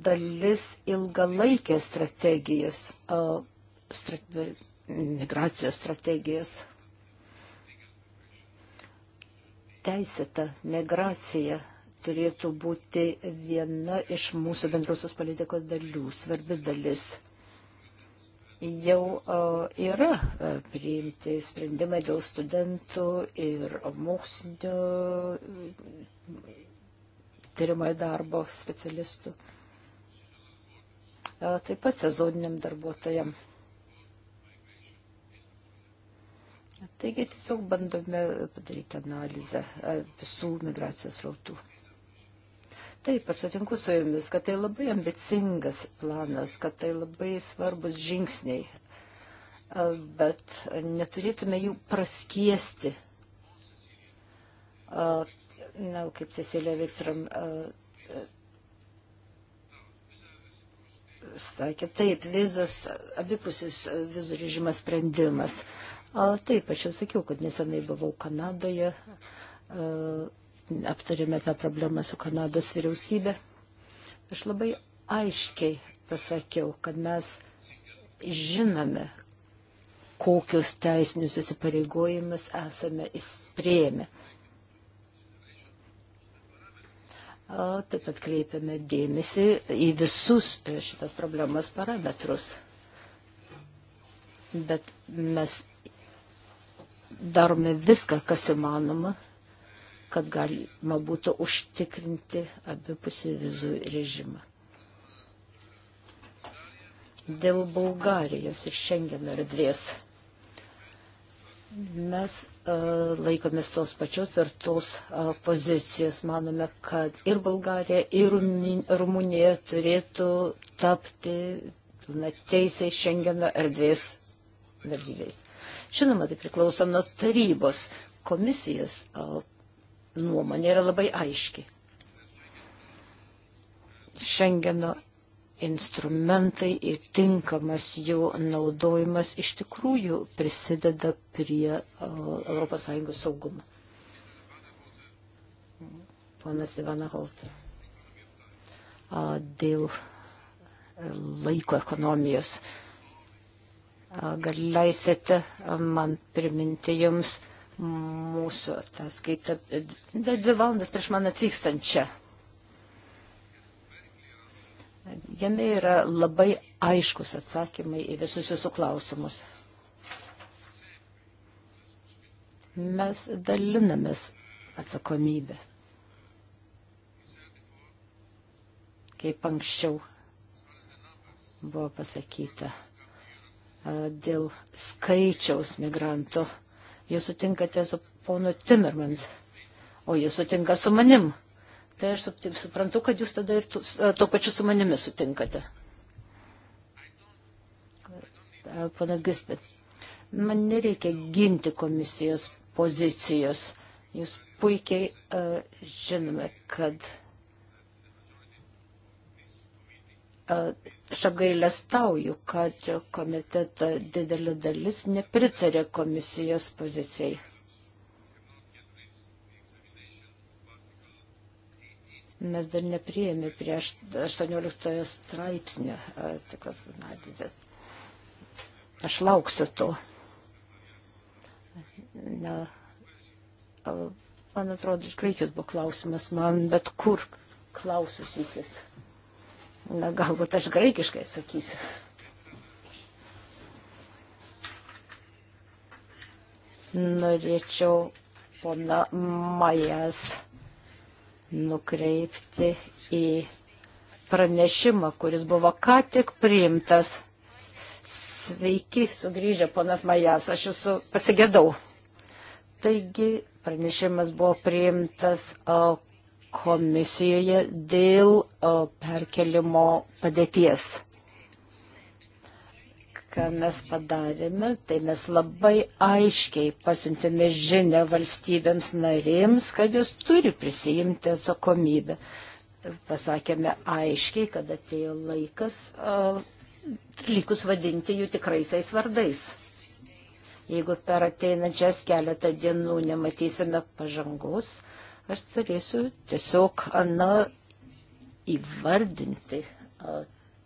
dalis ilgalaikės strategijos, strate, migracijos strategijos teisėta migracija turėtų būti viena iš mūsų bendrosios politikos dalių, svarbi dalis. Jau yra priimti sprendimai dėl studentų ir mokslinio tyrimoje darbo specialistų. Taip pat sezoniniam darbuotojam. Taigi tiesiog bandome padaryti analizę e, visų migracijos rautų. Taip, aš sutinku su jumis, kad tai labai ambicingas planas, kad tai labai svarbus žingsniai, e, bet neturėtume jų praskiesti. Na, kaip Cecilija Vikstrom sakė, taip, vizas, abipusis vizų režimas sprendimas. Taip, aš jau sakiau, kad nesenai buvau Kanadoje, aptarėme tą problemą su Kanados vyriausybė. Aš labai aiškiai pasakiau, kad mes žinome, kokius teisinius įsipareigojimus esame įsprėmę. Taip pat kreipiame dėmesį į visus šitas problemas parametrus. Bet mes darome viską, kas įmanoma, kad galima būtų užtikrinti abipusį vizų režimą. Dėl Bulgarijos ir Šengeno erdvės mes uh, laikomės tos pačios tvirtos uh, e, pozicijos. Manome, kad ir Bulgarija, ir Rumunija turėtų tapti pilnateisiai Šengeno erdvės dalyviais. Žinoma, tai priklauso nuo tarybos. Komisijos nuomonė yra labai aiški. Šengeno instrumentai ir tinkamas jų naudojimas iš tikrųjų prisideda prie ES saugumo. Ponas Ivana Holtė. Dėl e, laiko ekonomijos. Uh, Gal leisite man priminti jums mūsų ataskaitą dvi valandas prieš man atvykstant čia. Jame yra labai aiškus atsakymai į visus jūsų klausimus. Mes dalinamės atsakomybę. Kaip anksčiau buvo pasakyta dėl skaičiaus migrantų. Jūs sutinkate su ponu Timmermans, o jis sutinka su manim. Tai aš suprantu, kad jūs tada ir tu, tuo pačiu su manimi sutinkate. Panas Gispet, man nereikia ginti komisijos pozicijos. Jūs puikiai uh, žinome, kad uh, Aš apgailestauju, kad komiteto didelė dalis nepritarė komisijos pozicijai. Mes dar nepriėmė prie 18 straipsnio tikros analizės. Aš lauksiu to. Na, man atrodo, iš Graikijos buvo klausimas, man bet kur klaususysis. Na, galbūt aš graikiškai atsakysiu. Norėčiau pona Majas nukreipti į pranešimą, kuris buvo ką tik priimtas. Sveiki, sugrįžę ponas Majas, aš jūsų pasigėdau. Taigi, pranešimas buvo priimtas komisijoje dėl perkelimo padėties. Ką mes padarėme, tai mes labai aiškiai pasiuntėme žinę valstybėms narėms, kad jūs turi prisijimti atsakomybę. Pasakėme aiškiai, kad atėjo laikas dalykus vadinti jų tikraisiais vardais. Jeigu per ateinančias keletą dienų nematysime pažangos, uh, Aš turėsiu tiesiog na, įvardinti a,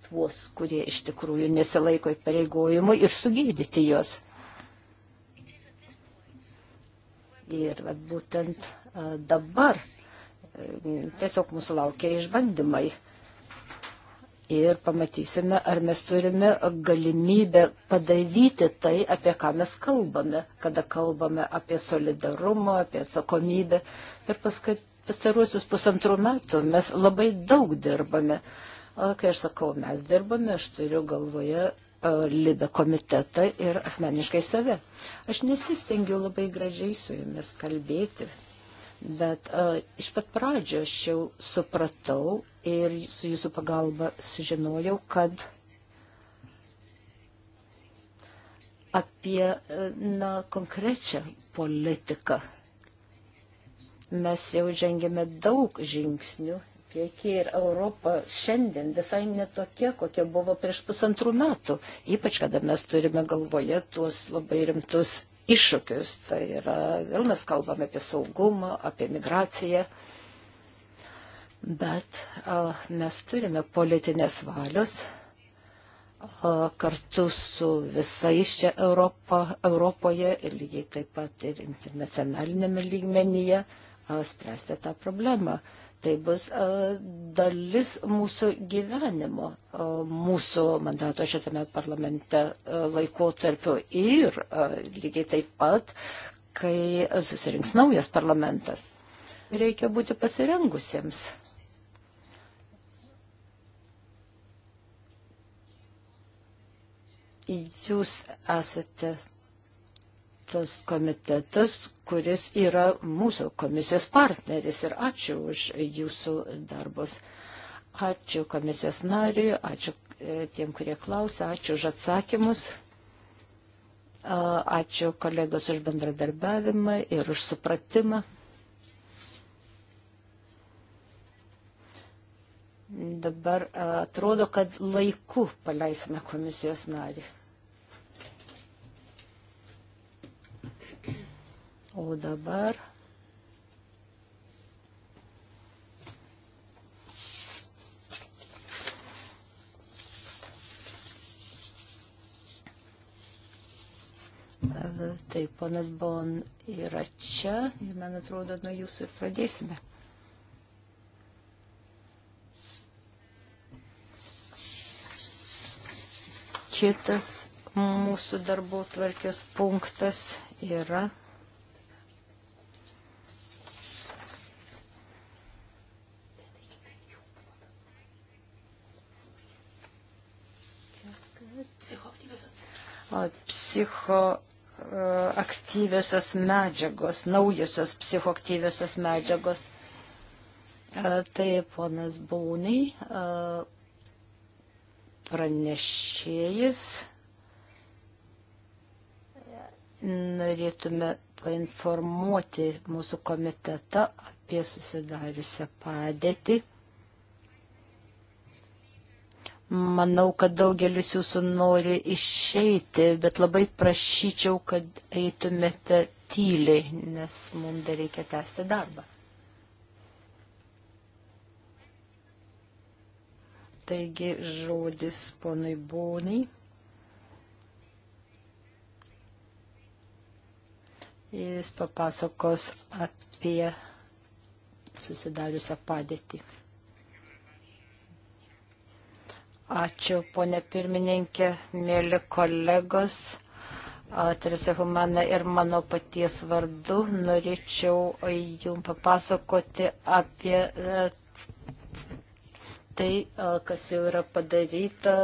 tuos, kurie iš tikrųjų nesilaiko įpareigojimų ir sugėdyti juos. Ir va, būtent a, dabar a, e, tiesiog mūsų laukia išbandymai. A, ir pamatysime, ar mes turime galimybę padaryti tai, apie ką mes kalbame, kada kalbame apie solidarumą, apie atsakomybę. Per pastaruosius pusantrų metų mes labai daug dirbame. O kai aš sakau, mes dirbame, aš turiu galvoje e, Libe komitetą ir asmeniškai save. Aš nesistengiu labai gražiai su jumis kalbėti, Bet uh, iš pat pradžio aš jau supratau ir su jūsų pagalba sužinojau, kad apie na, konkrečią politiką mes jau žengėme daug žingsnių priekį ir Europa šiandien visai netokia, kokia buvo prieš pusantrų metų, ypač kada mes turime galvoje tuos labai rimtus iššūkius. Tai yra, vėl mes kalbame apie saugumą, apie migraciją. Bet a, mes turime politinės valios a, kartu su visais čia Europa, Europoje ir lygiai taip pat ir internacionalinėme lygmenyje a, spręsti tą problemą tai bus e, dalis mūsų gyvenimo, e, mūsų mandato šitame parlamente e, laikotarpiu ir lygiai taip pat, kai susirinks naujas parlamentas. Reikia būti pasirengusiems. Jūs esate tas komitetas, kuris yra mūsų komisijos partneris. Ir ačiū už jūsų darbus. Ačiū komisijos nariui, ačiū e, tiem, kurie klausė, ačiū už atsakymus. Ačiū kolegos už bendradarbiavimą ir už supratimą. Dabar atrodo, kad laiku paleisime komisijos narį. O dabar Taip, ponas Bon yra čia ir, man atrodo, nuo jūsų ir pradėsime. Kitas mūsų darbo tvarkės punktas yra psichoaktyviosios e, medžiagos, naujosios psichoaktyviosios medžiagos. E, tai ponas Baunai, e, pranešėjas, norėtume painformuoti mūsų komitetą apie susidariusią padėtį Manau, kad daugelis jūsų nori išeiti, bet labai prašyčiau, kad eitumėte tyliai, nes mums dar reikia tęsti darbą. Taigi žodis ponui Bonai. Jis papasakos apie susidariusią padėtį. Ačiū, ponė pirmininkė, mėly kolegos. Terese Humana ir mano paties vardu norėčiau jums papasakoti apie e, tai, kas jau yra padaryta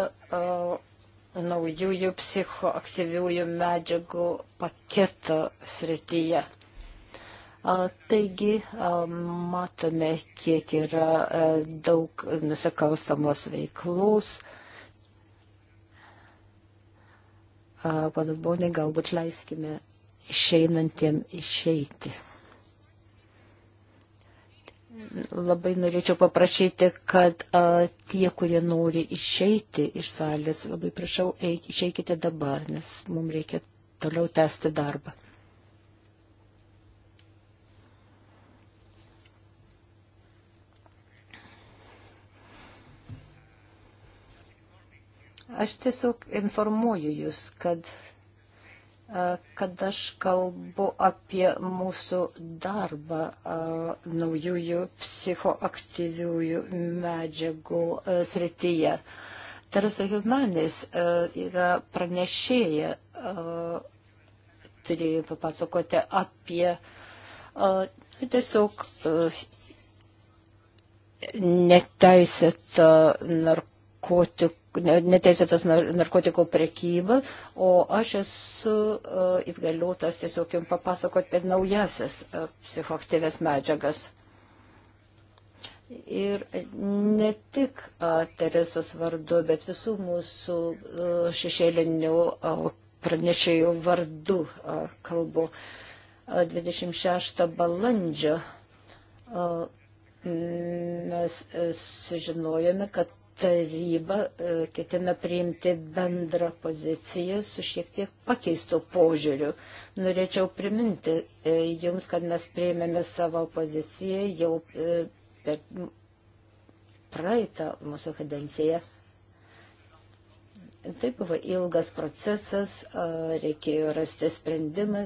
naujųjų psichoaktyviųjų medžiagų paketo srityje. Taigi matome, kiek yra daug nusikalstamos veiklos. Panas Bonai, galbūt leiskime išeinantiem išeiti. Labai norėčiau paprašyti, kad a, tie, kurie nori išeiti iš salės, labai prašau, eik, išeikite dabar, nes mums reikia toliau tęsti darbą. Aš tiesiog informuoju Jūs, kad, kad aš kalbu apie mūsų darbą naujųjų psichoaktyviųjų medžiagų srityje. Teresa Humanis yra pranešėja, turėjau papasakoti apie tiesiog neteisėtą narkotikų neteisėtas narkotikų prekyba, o aš esu e, įgaliotas tiesiog jums papasakoti apie naujasis e, psichoktyves medžiagas. Ir ne tik e, Teresos vardu, bet visų mūsų šešėlinių pranešėjų vardu kalbu. 26 balandžio mes sužinojome, kad taryba e, ketina priimti bendrą poziciją su šiek tiek pakeistu požiūriu. Norėčiau priminti e, jums, kad mes priėmėme savo poziciją jau e, per praeitą mūsų kadenciją. Tai buvo ilgas procesas, reikėjo rasti sprendimą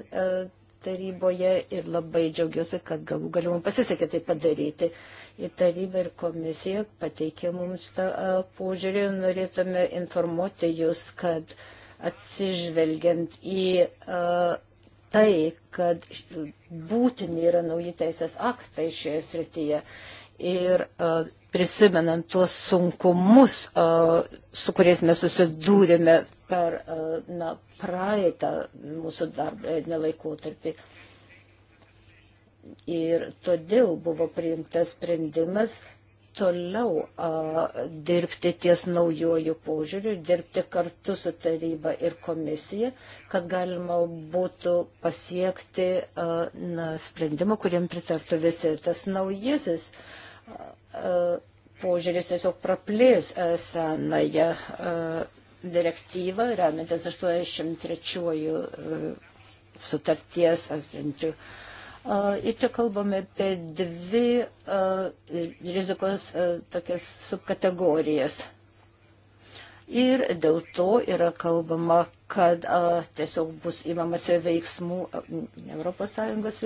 taryboje ir labai džiaugiuosi, kad galų galima pasisekė tai padaryti. Ir taryba ir komisija pateikė mums tą požiūrį, norėtume informuoti jūs, kad atsižvelgiant į a, tai, kad būtini yra nauji teisės aktai šioje srityje. Ir a, prisimenant tuos sunkumus, a, su kuriais mes susidūrėme per e, na, praeitą mūsų darbinę e, laikotarpį. Ir todėl buvo priimtas sprendimas toliau a, dirbti ties naujojų požiūrių, dirbti kartu su taryba ir komisija, kad galima būtų pasiekti a, na, sprendimą, kuriam pritartų visi. Tas naujasis a, a, požiūris tiesiog praplės e, senąją. A, direktyvą, remiantis 803 e, sutarties atsprinčių. E, ir čia kalbame apie dvi e, rizikos tokias subkategorijas. Ir dėl to yra kalbama, kad a, tiesiog bus įmamasi veiksmų ES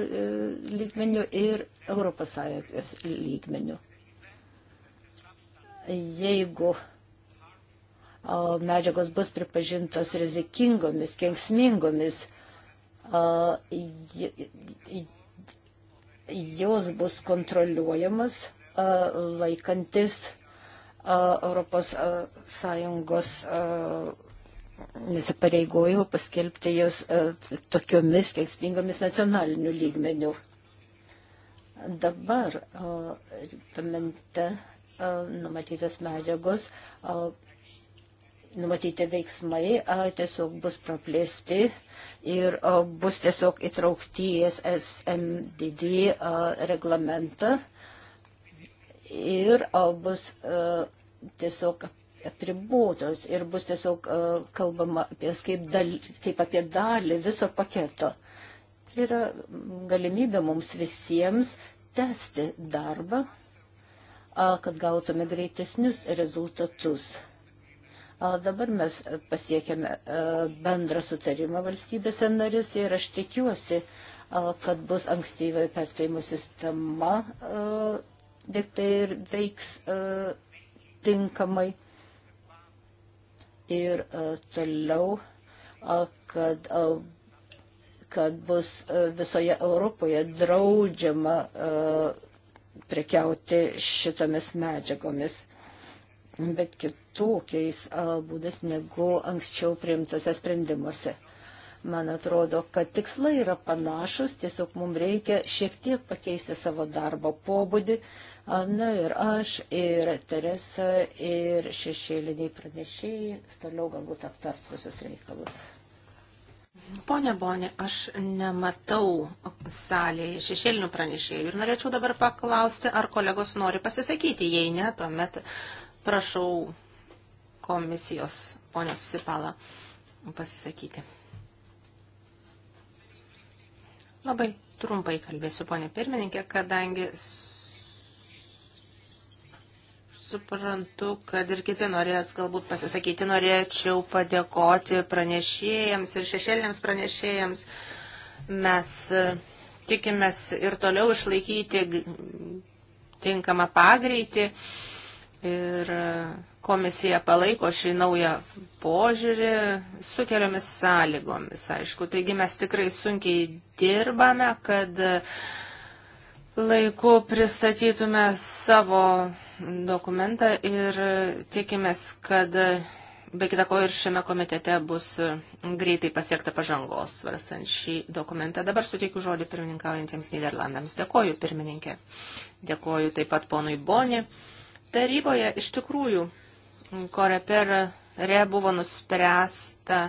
lygmenių ir ES lygmenių. Jeigu a, medžiagos bus pripažintos rizikingomis, kengsmingomis, jos bus kontroliuojamos laikantis Europos Sąjungos nesipareigojimų paskelbti jos tokiomis kengsmingomis nacionaliniu lygmeniu. Dabar parlamente numatytos medžiagos numatyti veiksmai a, tiesiog bus praplėsti ir a, bus tiesiog įtraukti į SMDD a, reglamentą ir a, bus a, tiesiog apribotos ir bus tiesiog a, kalbama apie kaip, dal, kaip apie dalį viso paketo. Tai yra galimybė mums visiems tęsti darbą, a, kad gautume greitesnius rezultatus. Dabar mes pasiekėme e, bendrą sutarimą valstybėse narys ir aš tikiuosi, kad bus ankstyvai perspėjimo sistema, tik e, tai ir veiks e, tinkamai. Ir toliau, kad kad bus visoje Europoje draudžiama prekiauti šitomis medžiagomis. Bet kit, kitokiais būdais negu anksčiau priimtose sprendimuose. Man atrodo, kad tikslai yra panašus, tiesiog mums reikia šiek tiek pakeisti savo darbo pobūdį. Na ir aš, ir Teresa, ir šešėliniai pranešėjai toliau galbūt aptars visus reikalus. Pone Bonė, aš nematau salėje šešėlinių pranešėjų ir norėčiau dabar paklausti, ar kolegos nori pasisakyti. Jei ne, tuomet prašau komisijos ponios Sipala pasisakyti. Labai trumpai kalbėsiu, ponė pirmininkė, kadangi suprantu, kad ir kiti norės galbūt pasisakyti, norėčiau padėkoti pranešėjams ir šešėlėms pranešėjams. Mes e, tikimės ir toliau išlaikyti tinkamą pagreitį ir Komisija palaiko šį naują požiūrį su keliomis sąlygomis, aišku. Taigi mes tikrai sunkiai dirbame, kad laiku pristatytume savo dokumentą ir tikimės, kad be kita ko ir šiame komitete bus greitai pasiekta pažangos, svarstant šį dokumentą. Dabar suteikiu žodį pirmininkaujantiems Niderlandams. Dėkoju, pirmininkė. Dėkoju taip pat ponui Boni. Taryboje iš tikrųjų Koreper re buvo nuspręsta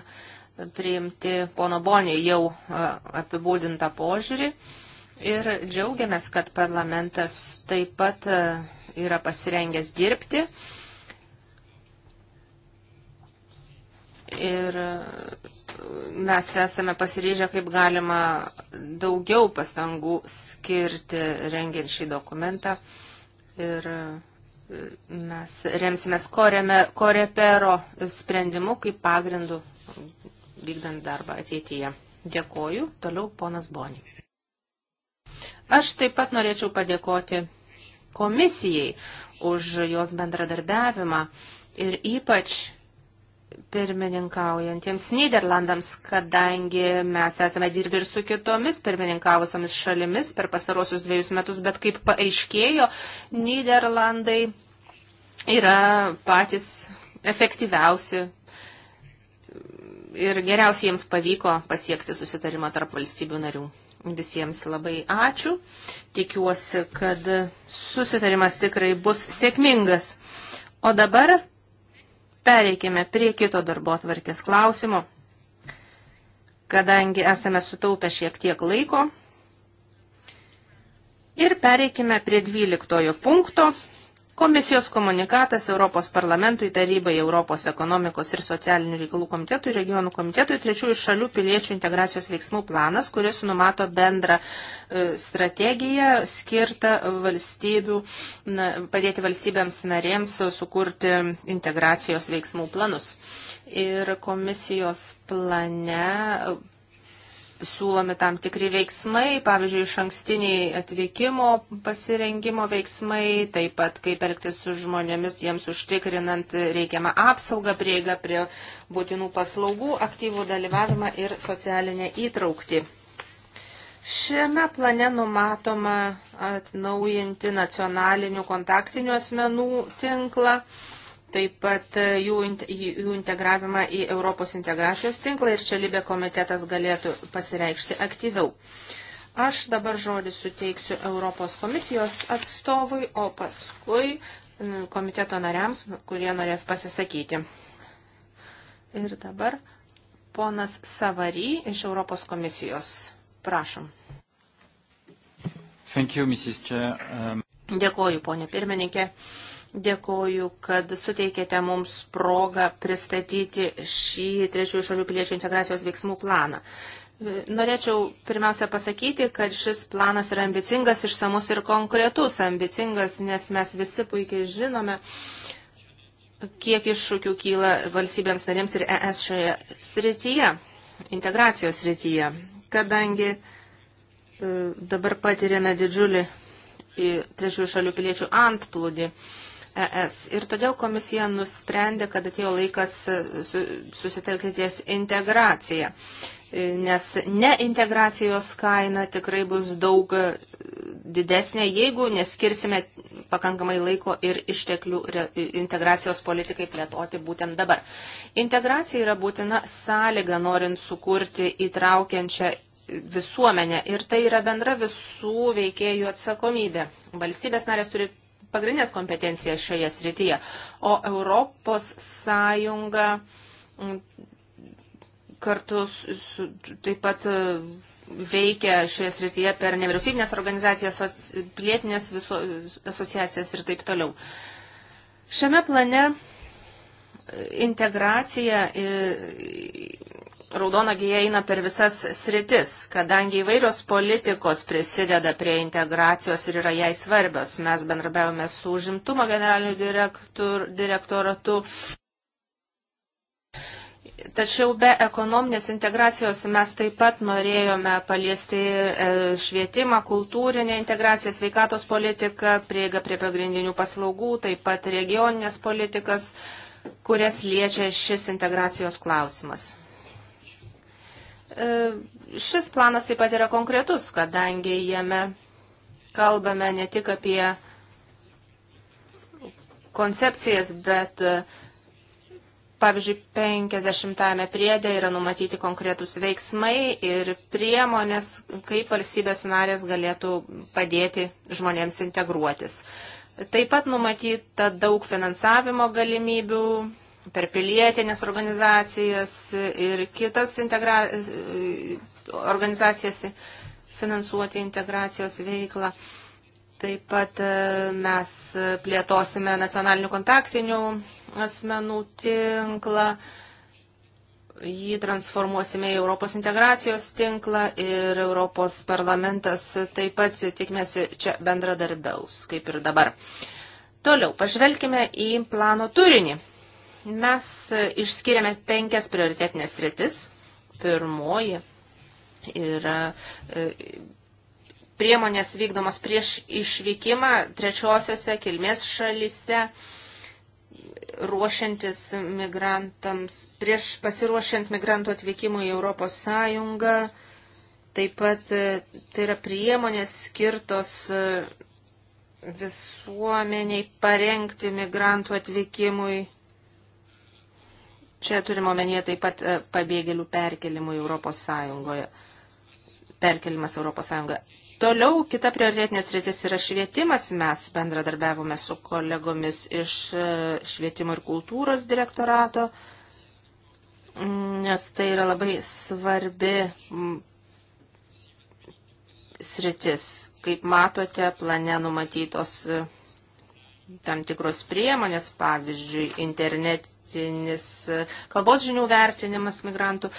priimti pono Bonį jau e, apibūdintą požiūrį ir džiaugiamės, kad parlamentas taip pat e, yra pasirengęs dirbti. Ir e, mes esame pasiryžę, kaip galima daugiau pastangų skirti rengiant šį dokumentą. Ir Mes remsimės korepero sprendimu kaip pagrindu vykdant darbą ateityje. Dėkoju. Toliau ponas Boni. Aš taip pat norėčiau padėkoti komisijai už jos bendradarbiavimą ir ypač pirmininkaujantiems Niderlandams, kadangi mes esame dirbę ir su kitomis pirmininkavusiomis šalimis per pasarosius dviejus metus, bet kaip paaiškėjo, Niderlandai yra patys efektyviausi ir geriausiai jiems pavyko pasiekti susitarimą tarp valstybių narių. Visiems labai ačiū. Tikiuosi, kad susitarimas tikrai bus sėkmingas. O dabar Pereikime prie kito darbo atvarkės klausimo. Kadangi esame sutaupę šiek tiek laiko. Ir pereikime prie 12 punkto Komisijos komunikatas Europos parlamentui, tarybai, Europos ekonomikos ir socialinių reikalų komitetui, regionų komitetui, trečiųjų šalių piliečių integracijos veiksmų planas, kuris numato bendrą e, strategiją skirtą valstybių, padėti valstybėms narėms sukurti integracijos veiksmų planus. Ir komisijos plane siūlomi tam tikri veiksmai, pavyzdžiui, iš ankstiniai atvykimo pasirengimo veiksmai, taip pat kaip elgtis su žmonėmis, jiems užtikrinant reikiamą apsaugą, prieigą prie būtinų paslaugų, aktyvų dalyvavimą ir socialinę įtraukti. Šiame plane numatoma atnaujinti nacionalinių kontaktinių asmenų tinklą taip pat e, jų, jų integravimą į Europos integracijos tinklą ir čia Libė komitetas galėtų pasireikšti aktyviau. Aš dabar žodį suteiksiu Europos komisijos atstovui, o paskui komiteto nariams, kurie norės pasisakyti. Ir dabar ponas Savary iš Europos komisijos. Prašom. Thank you, Mrs. Chair. Um... Dėkoju, ponė pirmininkė. Uh, Dėkoju, kad suteikėte mums progą pristatyti šį trečiųjų šalių piliečių integracijos veiksmų planą. Norėčiau pirmiausia pasakyti, kad šis planas yra ambicingas, išsamus ir konkretus ambicingas, nes mes visi puikiai žinome, kiek iššūkių kyla valstybėms narėms ir ES šioje srityje, integracijos srityje, kadangi e, dabar patirėme didžiulį trečiųjų šalių piliečių antplūdį. ES. Ir todėl komisija nusprendė, kad atėjo laikas e, susitelkti ties integraciją, e, nes neintegracijos kaina tikrai bus daug e, didesnė, jeigu neskirsime pakankamai laiko ir išteklių integracijos politikai plėtoti būtent dabar. Integracija yra būtina sąlyga, norint sukurti įtraukiančią visuomenę ir tai yra bendra visų veikėjų atsakomybė. Valstybės narės turi pagrindinės kompetencijas šioje srityje, o Europos Sąjunga mm, kartu su, taip pat e, veikia šioje srityje per nevyriausybinės organizacijas, pilietinės viso, asociacijas ir taip toliau. Šiame plane integracija e, raudona gyja eina per visas sritis, kadangi įvairios politikos prisideda prie integracijos ir yra jai svarbios. Mes bendrabiavome su užimtumo generaliniu direktor, direktoratu. Tačiau be ekonominės integracijos mes taip pat norėjome paliesti e, švietimą, kultūrinę integraciją, sveikatos politiką, prieigą prie pagrindinių paslaugų, taip pat regioninės politikas, kurias liečia šis integracijos klausimas. E, šis planas taip pat yra konkretus, kadangi jame kalbame ne tik apie koncepcijas, bet e, Pavyzdžiui, 50-ame priedė yra numatyti konkretus veiksmai ir priemonės, kaip valstybės narės galėtų padėti žmonėms integruotis. Taip pat numatyta daug finansavimo galimybių, per pilietinės organizacijas ir kitas integra... organizacijas finansuoti integracijos veiklą. Taip pat e, mes plėtosime nacionalinių kontaktinių asmenų tinklą, jį transformuosime į Europos integracijos tinklą ir Europos parlamentas taip pat tikmėsi čia bendradarbiaus, kaip ir dabar. Toliau, pažvelkime į plano turinį. Mes išskiriame penkias prioritetinės rytis. Pirmoji yra e, priemonės vykdomos prieš išvykimą trečiosiose kilmės šalyse ruošiantis migrantams, prieš pasiruošiant migrantų atvykimui į Europos Sąjungą, taip pat e, tai yra priemonės skirtos e, visuomeniai parengti migrantų atvykimui Čia turime omenyje taip pat e, pabėgėlių perkelimų į Europos Sąjungoje. Perkelimas Europos Sąjungoje. Toliau kita prioritetinė sritis yra švietimas. Mes bendradarbiavome su kolegomis iš e, švietimo ir kultūros direktorato, nes tai yra labai svarbi sritis. Kaip matote, plane numatytos e, tam tikros priemonės, pavyzdžiui, internet, nuolatinis e, kalbos žinių vertinimas migrantų,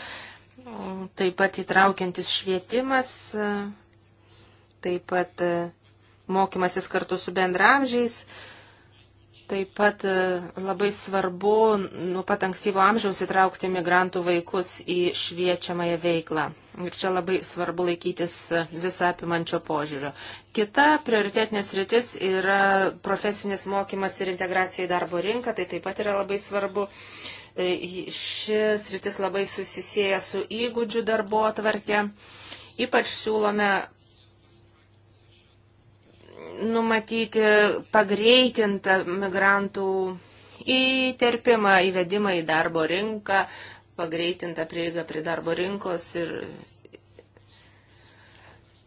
taip pat įtraukiantis švietimas, e, taip pat e, mokymasis kartu su bendramžiais, Taip pat e, labai svarbu nuo pat ankstyvo amžiaus įtraukti migrantų vaikus į šviečiamąją veiklą. Ir čia labai svarbu laikytis e, visą apimančio požiūrio. Kita prioritetinės rytis yra profesinis mokymas ir integracija į darbo rinką, tai taip pat yra labai svarbu. E, Šis rytis labai susisėja su įgūdžių darbo atvarkė. Ypač siūlome numatyti pagreitintą migrantų įterpimą, įvedimą į darbo rinką, pagreitintą prieigą prie darbo rinkos ir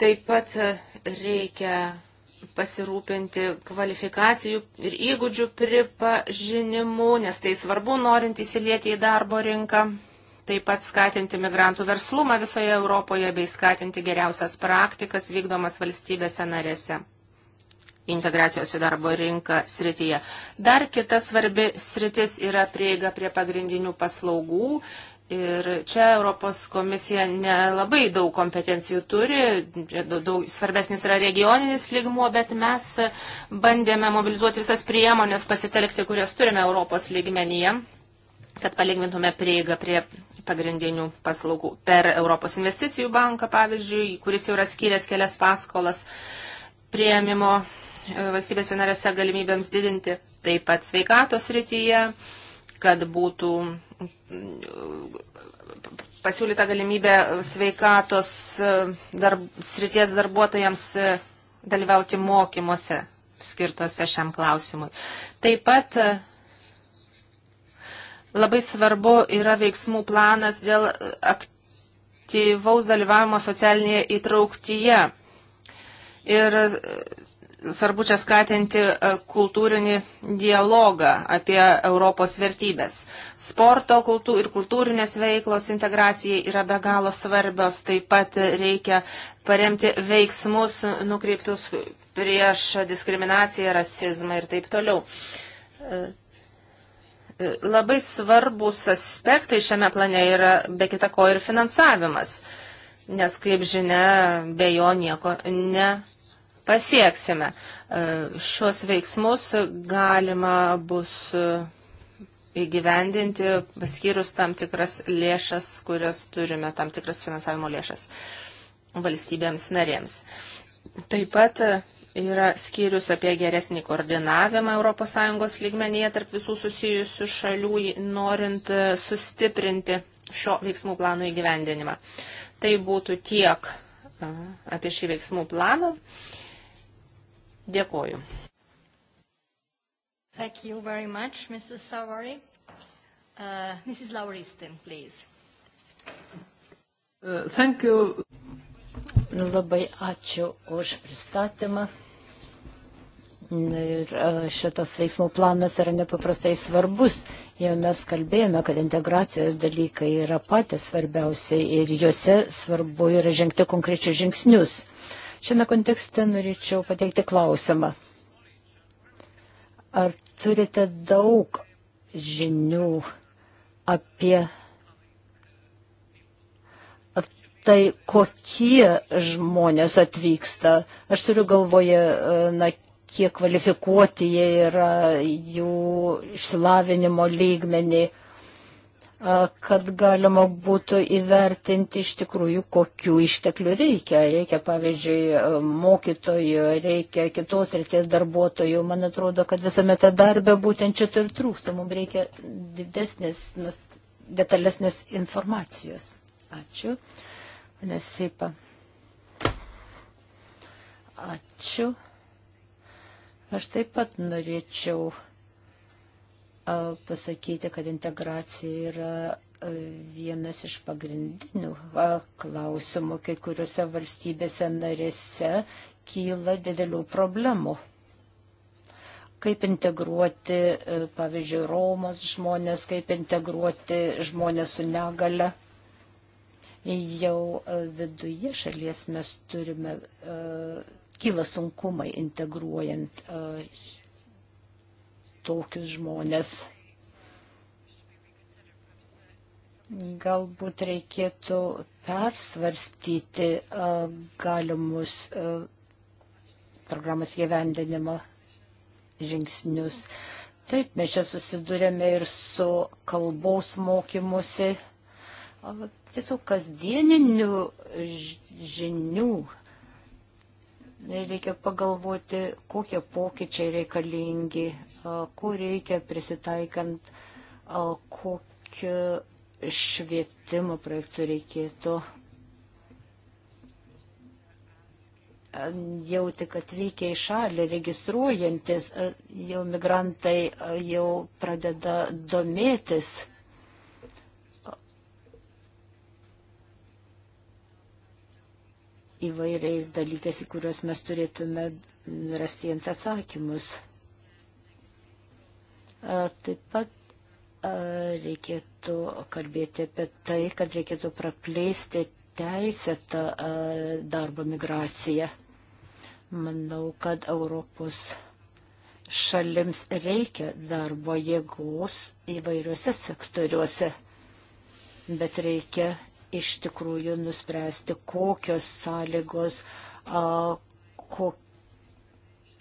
taip pat reikia pasirūpinti kvalifikacijų ir įgūdžių pripažinimu, nes tai svarbu norint įsilieti į darbo rinką taip pat skatinti migrantų verslumą visoje Europoje bei skatinti geriausias praktikas vykdomas valstybėse narėse integracijos į darbo rinką srityje. Dar kita svarbi sritis yra prieiga prie pagrindinių paslaugų. Ir čia Europos komisija nelabai daug kompetencijų turi, daug, svarbesnis yra regioninis lygmuo, bet mes bandėme mobilizuoti visas priemonės pasitelkti, kurias turime Europos lygmenyje, kad palengvintume prieigą prie pagrindinių paslaugų. Per Europos investicijų banką, pavyzdžiui, kuris jau yra skyręs kelias paskolas prieimimo valstybėse narėse galimybėms didinti, taip pat sveikatos rytyje, kad būtų mm, pasiūlyta galimybė sveikatos e, darb, srities darbuotojams e, dalyvauti mokymuose skirtose šiam klausimui. Taip pat e, labai svarbu yra veiksmų planas dėl aktyvaus dalyvavimo socialinėje įtrauktyje. Ir svarbu čia skatinti e, kultūrinį dialogą apie Europos vertybės. Sporto kultūr ir kultūrinės veiklos integracijai yra be galo svarbios. Taip pat reikia paremti veiksmus nukreiptus prieš diskriminaciją, rasizmą ir taip toliau. E, e, labai svarbus aspektai šiame plane yra be kita ko ir finansavimas, nes, kaip žinia, be jo nieko ne pasieksime. E, šios veiksmus galima bus e, įgyvendinti, paskyrus tam tikras lėšas, kurias turime, tam tikras finansavimo lėšas valstybėms narėms. Taip pat e, yra skyrius apie geresnį koordinavimą ES lygmenyje tarp visų susijusių šalių, norint sustiprinti šio veiksmų plano įgyvendinimą. Tai būtų tiek apie šį veiksmų planą. Uh, Dėkoju. Thank you very much, Mrs. Savary. Uh, Mrs. Lauristin, please. Uh, thank you. Labai ačiū už pristatymą. Ir uh, šitas veiksmų planas yra nepaprastai svarbus. Jau mes kalbėjome, kad integracijos dalykai yra patys svarbiausi ir juose svarbu yra žengti konkrečius žingsnius. Šiame kontekste norėčiau pateikti klausimą. Ar turite daug žinių apie tai, kokie žmonės atvyksta? Aš turiu galvoje, na, kiek kvalifikuoti jie yra, jų išsilavinimo lygmenį. Uh, kad galima būtų įvertinti iš tikrųjų, kokių išteklių reikia. Reikia, pavyzdžiui, mokytojų, reikia kitos ryties darbuotojų. Man atrodo, kad visame tą darbę būtent čia ir trūksta. Mums reikia didesnės, detalesnės informacijos. Ačiū. Nesipa. Ačiū. Aš taip pat norėčiau pasakyti, kad integracija yra vienas iš pagrindinių klausimų, kai kuriuose valstybėse narėse kyla didelių problemų. Kaip integruoti, pavyzdžiui, Romos žmonės, kaip integruoti žmonės su negale. Jau viduje šalies mes turime, kyla sunkumai integruojant tokius žmonės. Galbūt reikėtų persvarstyti galimus programos gyvendinimo žingsnius. Taip, mes čia susidurėme ir su kalbos mokymusi, tiesiog kasdieninių žinių reikia pagalvoti, kokie pokyčiai reikalingi ko reikia prisitaikant, kokiu švietimo projektu reikėtų. Jau tik atvykę į šalį, registruojantis, jau migrantai jau pradeda domėtis įvairiais dalykais, į kuriuos mes turėtume rasti jiems atsakymus. Taip pat reikėtų kalbėti apie tai, kad reikėtų praplėsti teisėtą darbo migraciją. Manau, kad Europos šalims reikia darbo jėgos įvairiuose sektoriuose, bet reikia iš tikrųjų nuspręsti, kokios sąlygos, a, ko,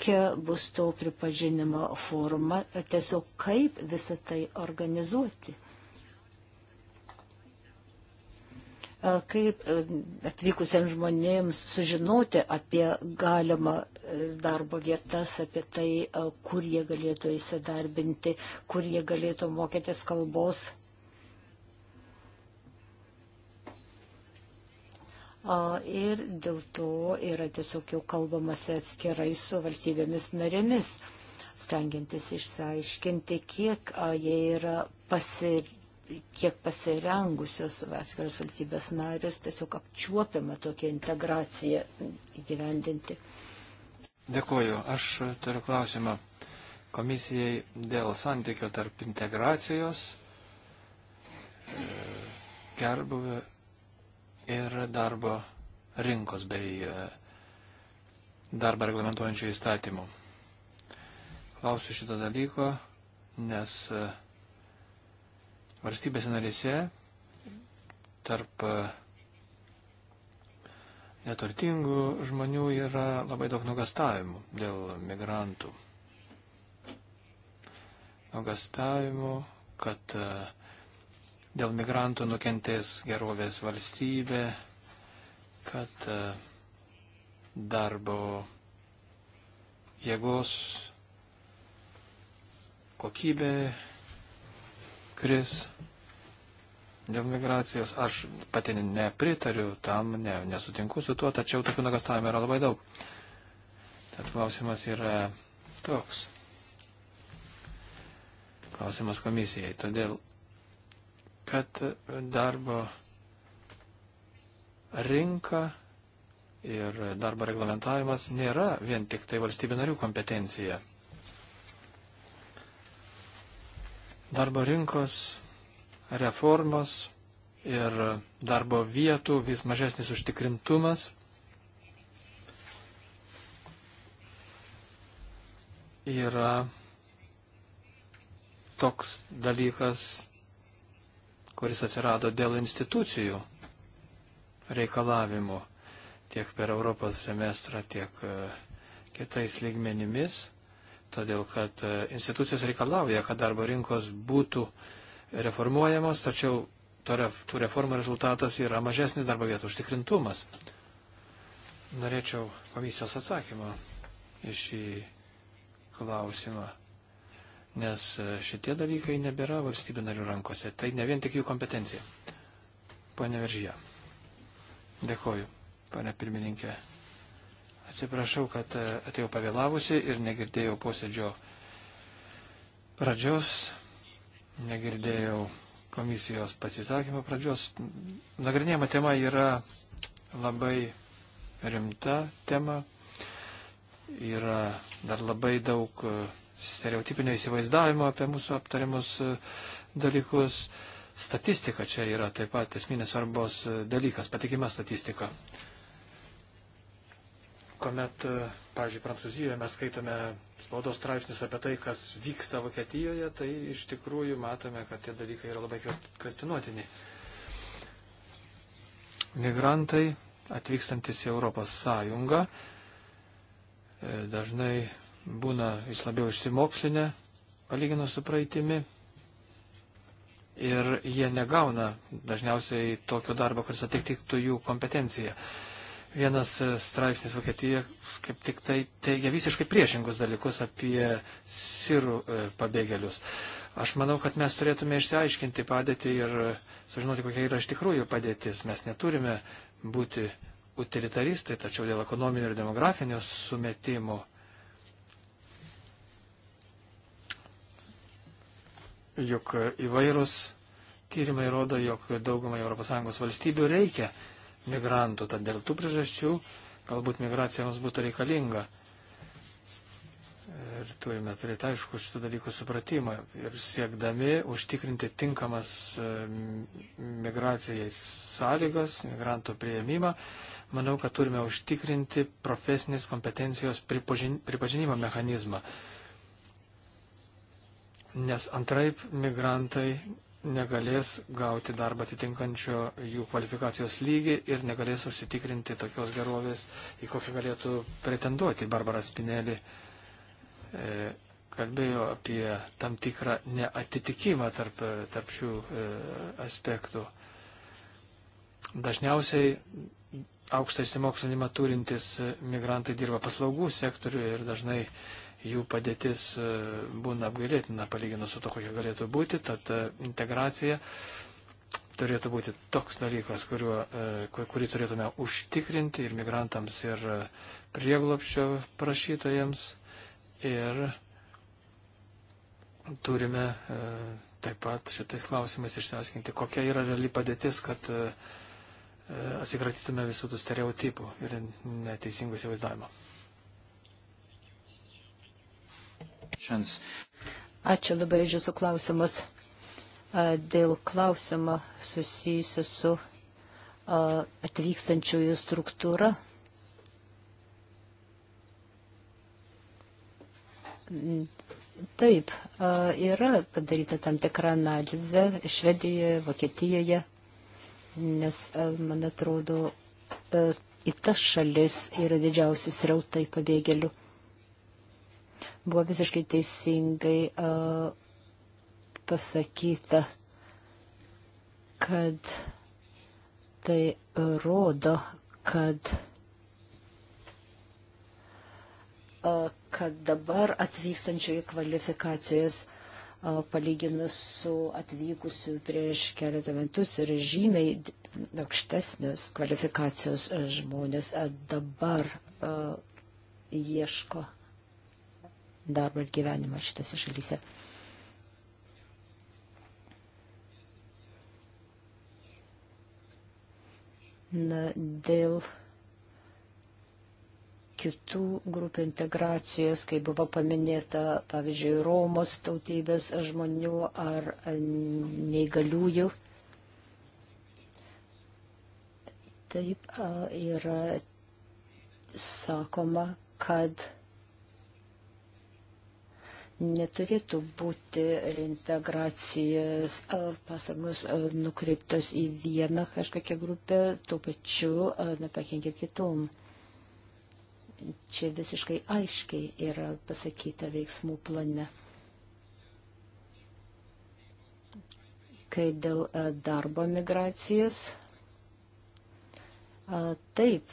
kokia bus to pripažinimo forma, tiesiog kaip visą tai organizuoti. Kaip atvykusiems žmonėms sužinoti apie galimą e, darbo vietas, apie tai, kur jie galėtų įsidarbinti, kur jie galėtų mokytis kalbos ir dėl to yra tiesiog jau kalbamasi atskirai su valstybėmis narėmis, stengiantis išsiaiškinti, kiek jie yra pasirinkti kiek pasirengusios atskiros valstybės narės tiesiog apčiuopiama tokia integracija įgyvendinti. Dėkuoju. Aš turiu klausimą komisijai dėl santykio tarp integracijos, e, gerbuvio ir darbo rinkos bei e, darbą reglamentuojančių įstatymų. Klausiu šito dalyko, nes e, valstybės narėse tarp e, neturtingų žmonių yra labai daug nugastavimų dėl migrantų. Nugastavimų, kad uh, dėl migrantų nukentės gerovės valstybė, kad e, darbo jėgos kokybė kris dėl migracijos. Aš pati nepritariu tam, ne, nesutinku su tuo, tačiau tokių nagastavimų yra labai daug. Tad klausimas yra toks. Klausimas komisijai. Todėl kad darbo rinka ir darbo reglamentavimas nėra vien tik tai valstybių narių kompetencija. Darbo rinkos reformos ir darbo vietų vis mažesnis užtikrintumas yra toks dalykas, kuris atsirado dėl institucijų reikalavimų tiek per Europos semestrą, tiek e, kitais lygmenimis, todėl kad e, institucijos reikalauja, kad darbo rinkos būtų reformuojamos, tačiau tų reformų rezultatas yra mažesnis darbo vietų užtikrintumas. Norėčiau komisijos atsakymą iš šį klausimą nes e, šitie dalykai nebėra valstybių narių rankose. Tai ne vien tik jų kompetencija. Pane Veržyje. Dėkoju, pane pirmininkė. Atsiprašau, kad e, atėjau pavėlavusi ir negirdėjau posėdžio pradžios, negirdėjau komisijos pasisakymo pradžios. Nagrinėjama tema yra labai rimta tema. Yra dar labai daug e, stereotipinio įsivaizdavimo apie mūsų aptariamus e, dalykus. Statistika čia yra taip pat esminės svarbos e, dalykas, patikima statistika. Komet, e, pavyzdžiui, Prancūzijoje mes skaitome spaudos straipsnius apie tai, kas vyksta Vokietijoje, tai iš tikrųjų matome, kad tie dalykai yra labai kvestinuotini. Migrantai atvykstantis į Europos Sąjungą dažnai būna vis labiau išsimokslinę, palyginus su praeitimi. Ir jie negauna dažniausiai tokio darbo, kuris atitiktų jų kompetenciją. Vienas straipsnis Vokietijoje kaip tik tai teigia visiškai priešingus dalykus apie sirų e, pabėgėlius. Aš manau, kad mes turėtume išsiaiškinti padėtį ir sužinoti, kokia yra iš tikrųjų padėtis. Mes neturime būti utilitaristai, tačiau dėl ekonominių ir demografinių sumetimų juk įvairūs tyrimai rodo, jog daugumai ES valstybių reikia migrantų, tad dėl tų priežasčių galbūt migracija mums būtų reikalinga. Ir turime turėti aišku šitų dalykų supratimą ir siekdami užtikrinti tinkamas e, migracijai sąlygas, migrantų prieimimą, manau, kad turime užtikrinti profesinės kompetencijos pripažin, pripažinimo mechanizmą nes antraip migrantai negalės gauti darbą atitinkančio jų kvalifikacijos lygį ir negalės užsitikrinti tokios gerovės, į kokią galėtų pretenduoti. Barbara Spinelli e, kalbėjo apie tam tikrą neatitikimą tarp, tarp šių e, aspektų. Dažniausiai aukštą įsimokslinimą turintys migrantai dirba paslaugų sektoriuje ir dažnai jų padėtis e, būna apgailėtina palyginus su to, kokia galėtų būti, tad e, integracija turėtų būti toks dalykas, kuriuo, e, kurį turėtume užtikrinti ir migrantams, ir prieglopščio prašytojams. Ir turime taip pat šitais klausimais išsiaiškinti, kokia yra reali padėtis, kad atsikratytume visų tų stereotipų ir neteisingų įsivaizdavimo. Ačiū labai iš jūsų klausimus. Dėl klausimo susijusiu su atvykstančiųjų struktūra. Mm, taip, yra padaryta tam tikra analizė Švedijoje, Vokietijoje, nes, man atrodo, į tas šalis yra didžiausias rautai pabėgėlių. Buvo visiškai teisingai uh, pasakyta, kad tai rodo, kad uh, kad dabar atvykstančiųjų kvalifikacijos palyginus su atvykusiu prieš keletą metus yra žymiai aukštesnės kvalifikacijos žmonės dabar a, ieško darbą ir gyvenimą šitose šalyse. Na, dėl kitų grupių integracijos, kai buvo paminėta, pavyzdžiui, Romos tautybės žmonių ar neįgaliųjų. Taip yra sakoma, kad neturėtų būti reintegracijos pasagos nukreiptos į vieną kažkokią grupę, tuo pačiu nepakenkia kitom. Čia visiškai aiškiai yra pasakyta veiksmų plane. Kai dėl darbo migracijos Taip,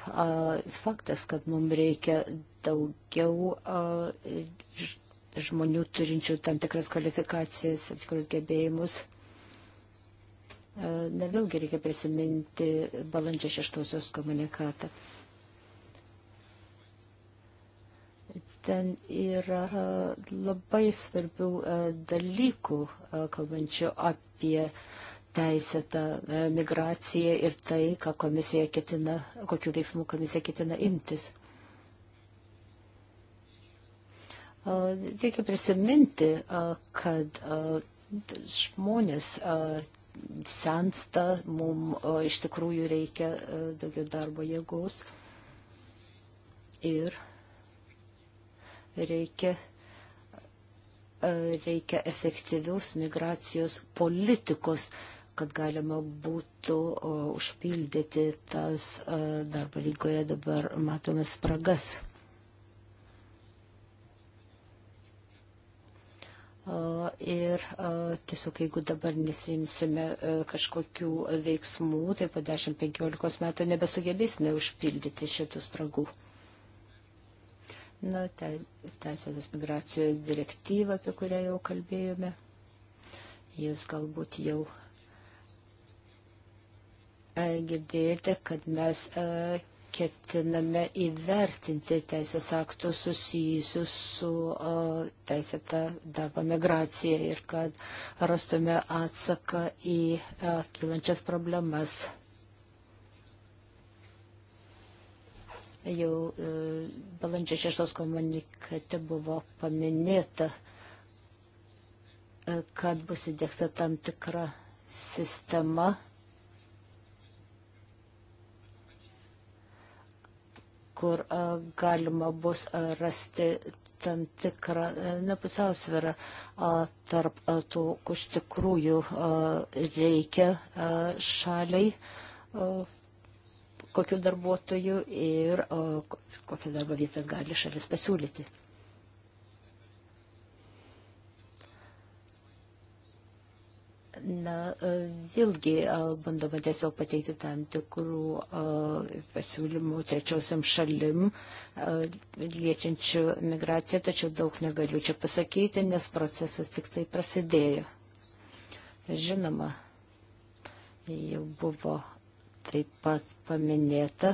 faktas, kad mums reikia daugiau žmonių turinčių tam tikras kvalifikacijas, tam tikrus gebėjimus. E, na vėlgi reikia prisiminti balandžio šeštosios komunikatą. Ten yra e, labai svarbių e, dalykų, kalbančių apie teisėtą migraciją ir tai, kokiu veiksmu komisija ketina imtis. Reikia prisiminti, kad žmonės sensta, mums iš tikrųjų reikia daugiau darbo jėgos ir reikia, reikia efektyviaus migracijos politikos, kad galima būtų užpildyti tas darbo rinkoje dabar matomas spragas. Ir tiesiog jeigu dabar nesimsime kažkokių veiksmų, tai po 10-15 metų nebesugebėsime užpildyti šitų spragų. Na, teisėtos migracijos direktyva, apie kurią jau kalbėjome, jis galbūt jau girdėjote, kad mes ketiname įvertinti teisės aktus susijusius su teisėta darbo migracija ir kad rastume atsaką į a, kylančias problemas. Jau a, e, balandžio šeštos komunikate buvo paminėta, a, e, kad bus įdėkta tam tikra sistema kur galima bus rasti tam tikrą nepusiausvyrą tarp tų, kur iš tikrųjų reikia šaliai kokiu darbuotoju ir kokią darbo vietas gali šalis pasiūlyti. Na, e, vėlgi e, bandoma tiesiog pateikti tam tikrų e, pasiūlymų trečiosiam šalim liečiančių migraciją, tačiau daug negaliu čia pasakyti, nes procesas tik tai prasidėjo. Žinoma, jau buvo taip pat paminėta,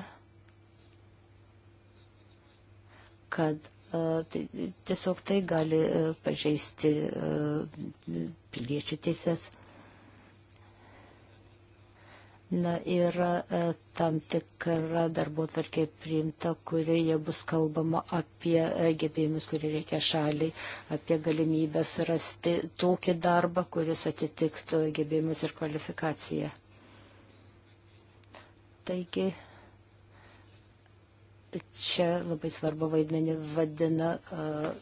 kad tai, tiesiog tai gali pažeisti piliečių teises. Na ir e, tam tikra darbo tvarkė priimta, kurioje bus kalbama apie e, gebėjimus, kurį reikia šaliai, apie galimybės rasti tokį darbą, kuris atitiktų gebėjimus ir kvalifikaciją. Taigi, čia labai svarbu vaidmenį vadina e,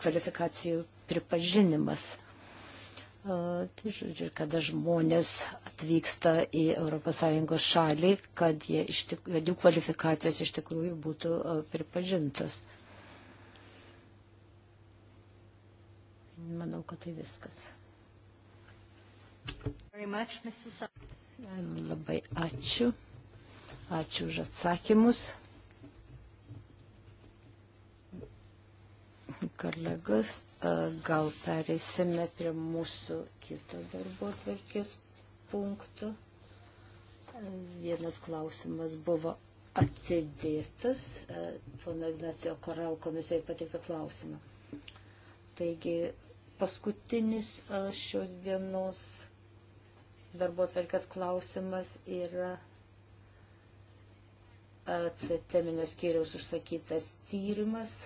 kvalifikacijų pripažinimas Tai žodžiu, kada žmonės atvyksta į ES šalį, kad, tik, kad jų kvalifikacijos iš tikrųjų būtų e, pripažintos. Manau, kad tai viskas. Much, Labai ačiū. Ačiū už atsakymus. kolegas. Gal perėsime prie mūsų kito darbo atvarkės punktų. Vienas klausimas buvo atidėtas, pono Ignacio Koral komisijai pateiktą klausimą. Taigi, paskutinis šios dienos darbo atvarkės klausimas yra C teminio skyriaus užsakytas tyrimas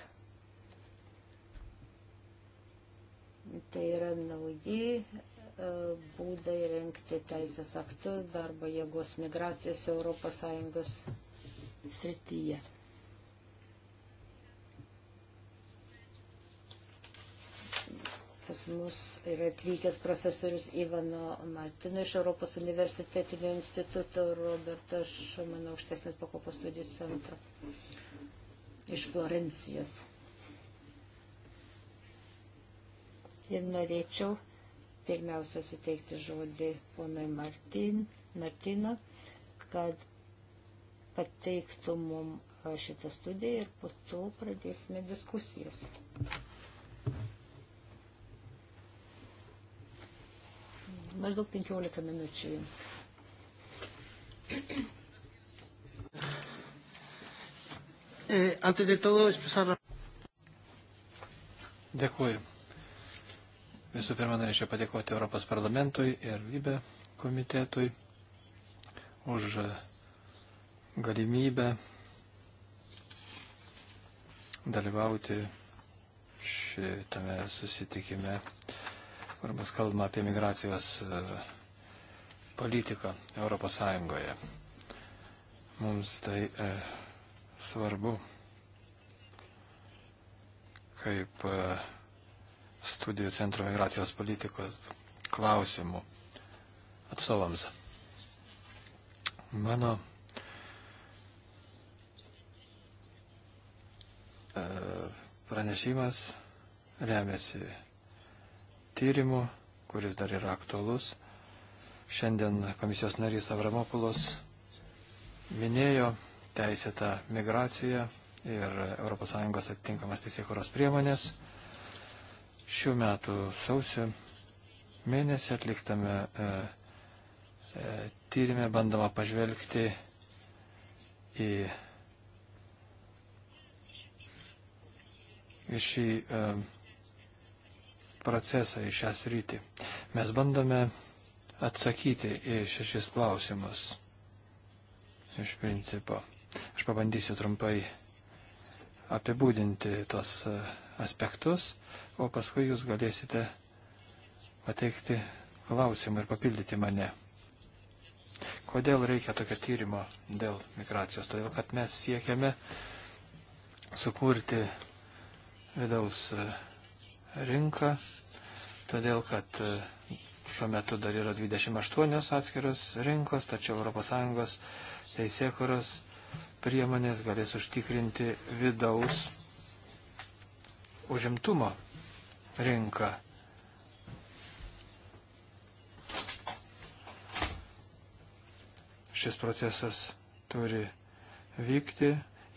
Tai yra nauji e, būdai renkti teisės aktus darbo jėgos migracijos ES srityje. Pas mus yra atvykęs profesorius Ivano Matino iš Europos universitetinio instituto Roberto Šumano aukštesnės pakopos studijų centro iš Florencijos. ir norėčiau pirmiausia suteikti žodį ponui Martin, Martino, kad pateiktų mum šitą studiją ir po to pradėsime diskusijas. Maždaug 15 minučių jums. Eh, antes de todo, expresar. Dėkuoju. Visų pirma, norėčiau padėkoti Europos parlamentui ir Vybė komitetui už galimybę dalyvauti šitame susitikime, kur mes kalbame apie migracijos e, politiką Europos Sąjungoje. Mums tai e, svarbu kaip e, studijų centro migracijos politikos klausimų atstovams. Mano e, pranešimas remiasi tyrimu, kuris dar yra aktualus. Šiandien komisijos narys Avramopulos minėjo teisėtą migraciją ir ES atitinkamas teisėkuros priemonės. Šių metų sausio mėnesį atliktame e, e, tyrimė bandoma pažvelgti į, į šį e, procesą, į šią sritį. Mes bandome atsakyti į šešis klausimus iš principo. Aš pabandysiu trumpai apibūdinti tos e, aspektus, o paskui jūs galėsite pateikti klausimą ir papildyti mane. Kodėl reikia tokio tyrimo dėl migracijos? Todėl, kad mes siekiame sukurti vidaus e, rinką, todėl, kad e, šiuo metu dar yra 28 atskiros rinkos, tačiau ES teisėkuros priemonės galės užtikrinti vidaus užimtumo rinką. Šis procesas turi vykti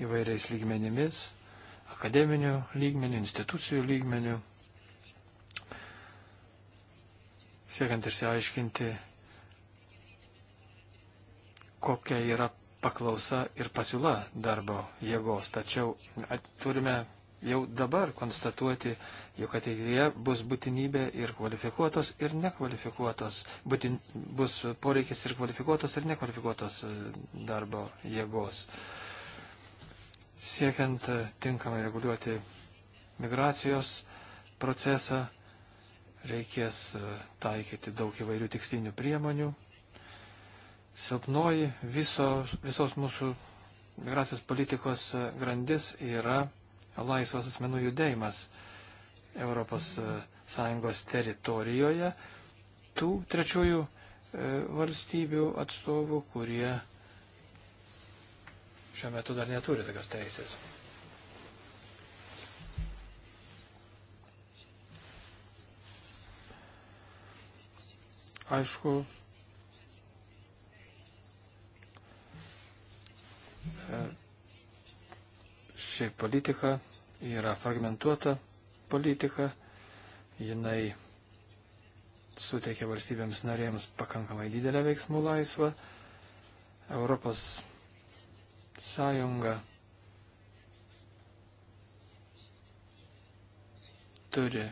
įvairiais lygmenimis - akademinių lygmenių, institucijų lygmenių, siekiant išsiaiškinti, kokia yra paklausa ir pasiūla darbo jėgos. Tačiau at, turime jau dabar konstatuoti, jog ateityje bus būtinybė ir kvalifikuotos, ir nekvalifikuotos, būtin, bus poreikis ir kvalifikuotos, ir nekvalifikuotos e, darbo jėgos. Siekiant e, tinkamai reguliuoti migracijos procesą, reikės e, taikyti daug įvairių tikslinių priemonių. Silpnoji visos, visos mūsų migracijos politikos grandis yra laisvas asmenų judėjimas ES e, teritorijoje tų trečiųjų e, valstybių atstovų, kurie šiuo metu dar neturi tokios teisės. Aišku, e, ši politika yra fragmentuota politika, jinai suteikia valstybėms narėms pakankamai didelę veiksmų laisvą. Europos Sąjunga turi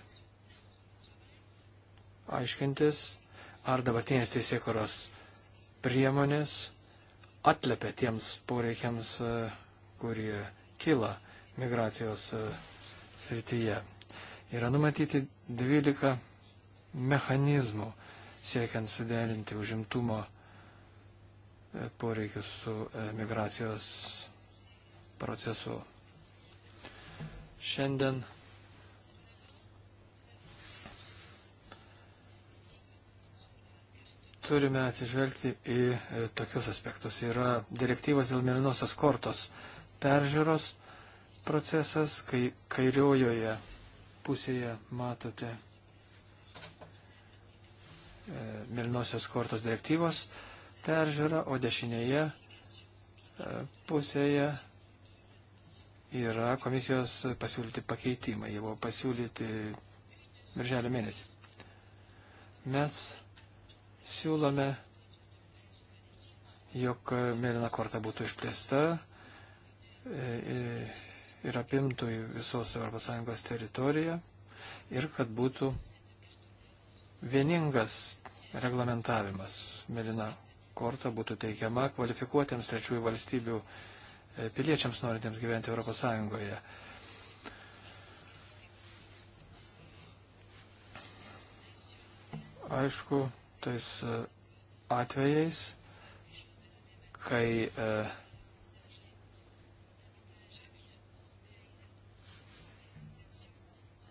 aiškintis, ar dabartinės teisėkoros priemonės atlepia tiems poreikiams, kurie kyla migracijos e, srityje. Yra numatyti 12 mechanizmų siekiant suderinti užimtumo e, poreikius su e, migracijos procesu. Šiandien turime atsižvelgti į tokius aspektus. Yra direktyvos dėl mėlynosios kortos peržiūros procesas, kai kairiojoje pusėje matote e, Milnosios kortos direktyvos peržiūrą, o dešinėje e, pusėje yra komisijos pasiūlyti pakeitimai. Jie buvo pasiūlyti birželio mėnesį. Mes siūlome, jog mėlyna korta būtų išplėsta E, ir apimtų visos ES teritoriją ir kad būtų vieningas reglamentavimas. Melina korta būtų teikiama kvalifikuotiems trečiųjų valstybių e, piliečiams norintiems gyventi ES. Aišku, tais e, atvejais, kai e,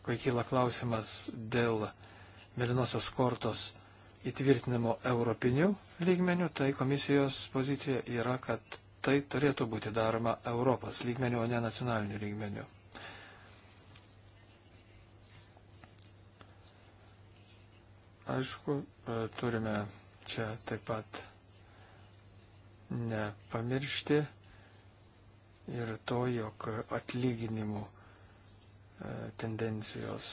kai kyla klausimas dėl mėlynosios kortos įtvirtinimo europinių lygmenių, tai komisijos pozicija yra, kad tai turėtų būti daroma Europos lygmenių, o ne nacionalinių lygmenių. Aišku, e, turime čia taip pat nepamiršti ir to, jog atlyginimų tendencijos,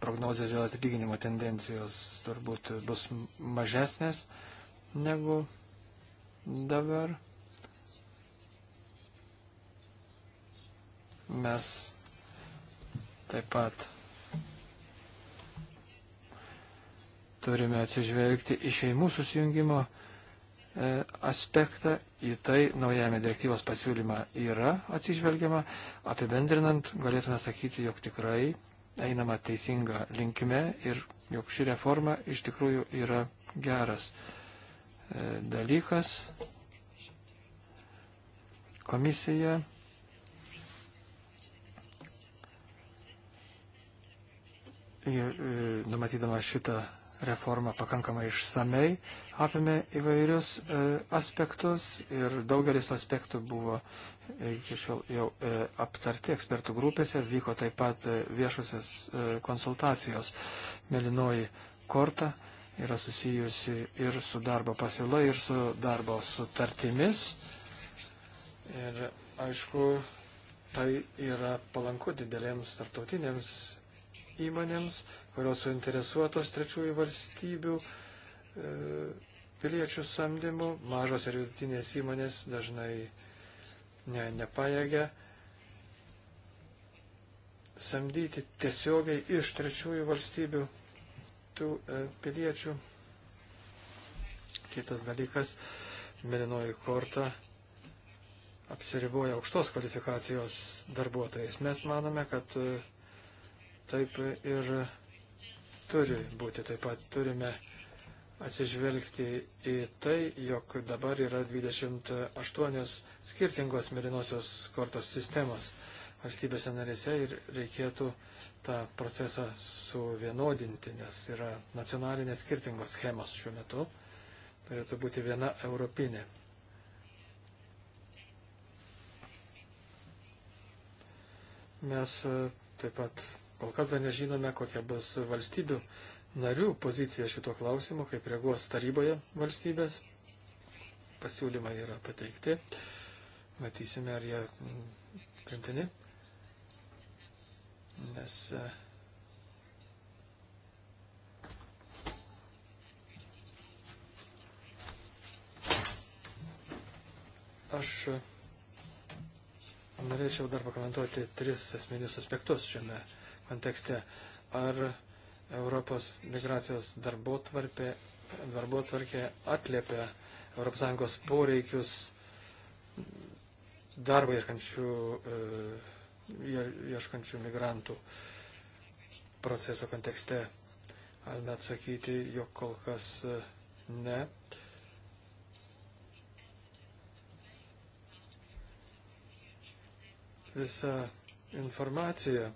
prognozijos dėl atlyginimo tendencijos turbūt bus mažesnės negu dabar. Mes taip pat turime atsižvelgti į šeimų susijungimo E, aspektą, į tai naujame direktyvos pasiūlyme yra atsižvelgiama. Apibendrinant, galėtume sakyti, jog tikrai einama teisinga linkme ir jog ši reforma iš tikrųjų yra geras e, dalykas. Komisija e, numatydama šitą reforma pakankamai išsamei apėmė įvairius e, aspektus ir daugelis tų aspektų buvo e, iki šiol jau e, aptarti ekspertų grupėse, vyko taip pat e, viešusios e, konsultacijos. Melinoji korta yra susijusi ir su darbo pasiūla, ir su darbo sutartimis. Ir aišku, tai yra palanku didelėms tarptautinėms įmonėms, kurios suinteresuotos trečiųjų valstybių e, piliečių samdymu. Mažos ir vidutinės įmonės dažnai ne, nepaėgia samdyti tiesiogiai iš trečiųjų valstybių tų e, piliečių. Kitas dalykas, mėlynoji korta apsiriboja aukštos kvalifikacijos darbuotojais. Mes manome, kad e, taip ir turi būti. Taip pat turime atsižvelgti į tai, jog dabar yra 28 skirtingos mėlynosios kortos sistemos valstybėse narėse ir reikėtų tą procesą suvienodinti, nes yra nacionalinės skirtingos schemos šiuo metu. Turėtų būti viena europinė. Mes e, taip pat Kol kas dar nežinome, kokia bus valstybių narių pozicija šito klausimu, kaip reaguos taryboje valstybės. Pasiūlymai yra pateikti. Matysime, ar jie mm, primtini. Nes e, aš e, norėčiau dar pakomentuoti tris esminius aspektus šiame kontekste. Ar Europos migracijos darbo tvarkė atlėpia ES poreikius darbą ieškančių, e, ieškančių migrantų proceso kontekste. Galime atsakyti, jog kol kas e, ne. Visa informacija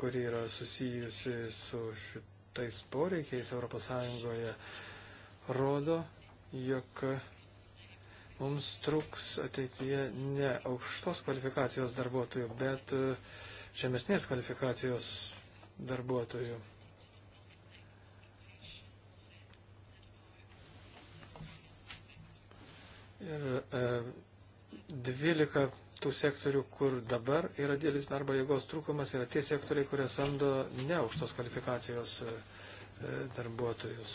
kuri yra susijusi su šitais poreikiais ES, rodo, jog mums truks ateityje ne aukštos kvalifikacijos darbuotojų, bet e, žemesnės kvalifikacijos darbuotojų. Ir e, 12 tų sektorių, kur dabar yra dėlis darbo jėgos trūkumas, yra tie sektoriai, kurie samdo ne aukštos kvalifikacijos e, e, darbuotojus.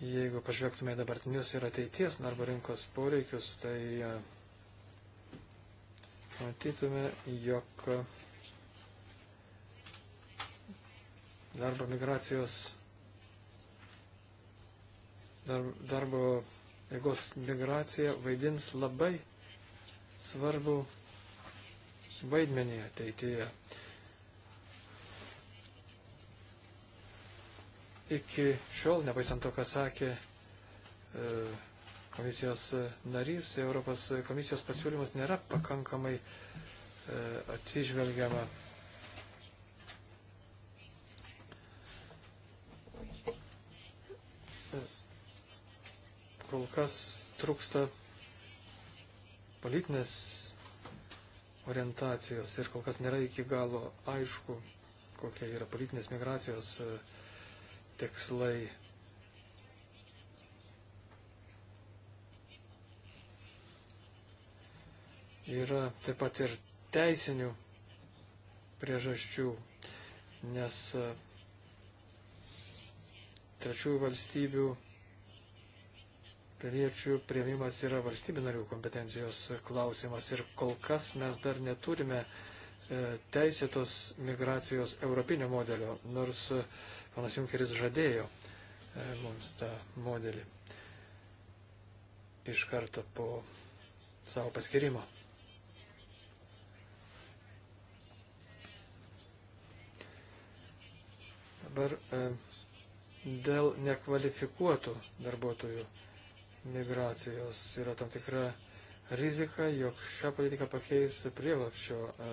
Jeigu pažvelgtume dabartinius ir ateities darbo rinkos poreikius, tai e, matytume, jog darbo migracijos darbo jėgos migracija vaidins labai svarbu vaidmenį ateityje. Iki šiol, nepaisant to, ką sakė e, komisijos narys, Europos komisijos pasiūlymas nėra pakankamai e, atsižvelgiama kol kas trūksta politinės orientacijos ir kol kas nėra iki galo aišku, kokie yra politinės migracijos e, tikslai. Yra taip pat ir teisinių priežasčių, nes e, trečiųjų valstybių Piliečių prieimimas yra valstybių narių kompetencijos klausimas ir kol kas mes dar neturime e, teisėtos migracijos europinio modelio, nors e, panas Junkeris žadėjo e, mums tą modelį iš karto po savo paskirimo. Dabar dėl nekvalifikuotų darbuotojų migracijos. Yra tam tikra rizika, jog šią politiką pakeis prieglapščio e,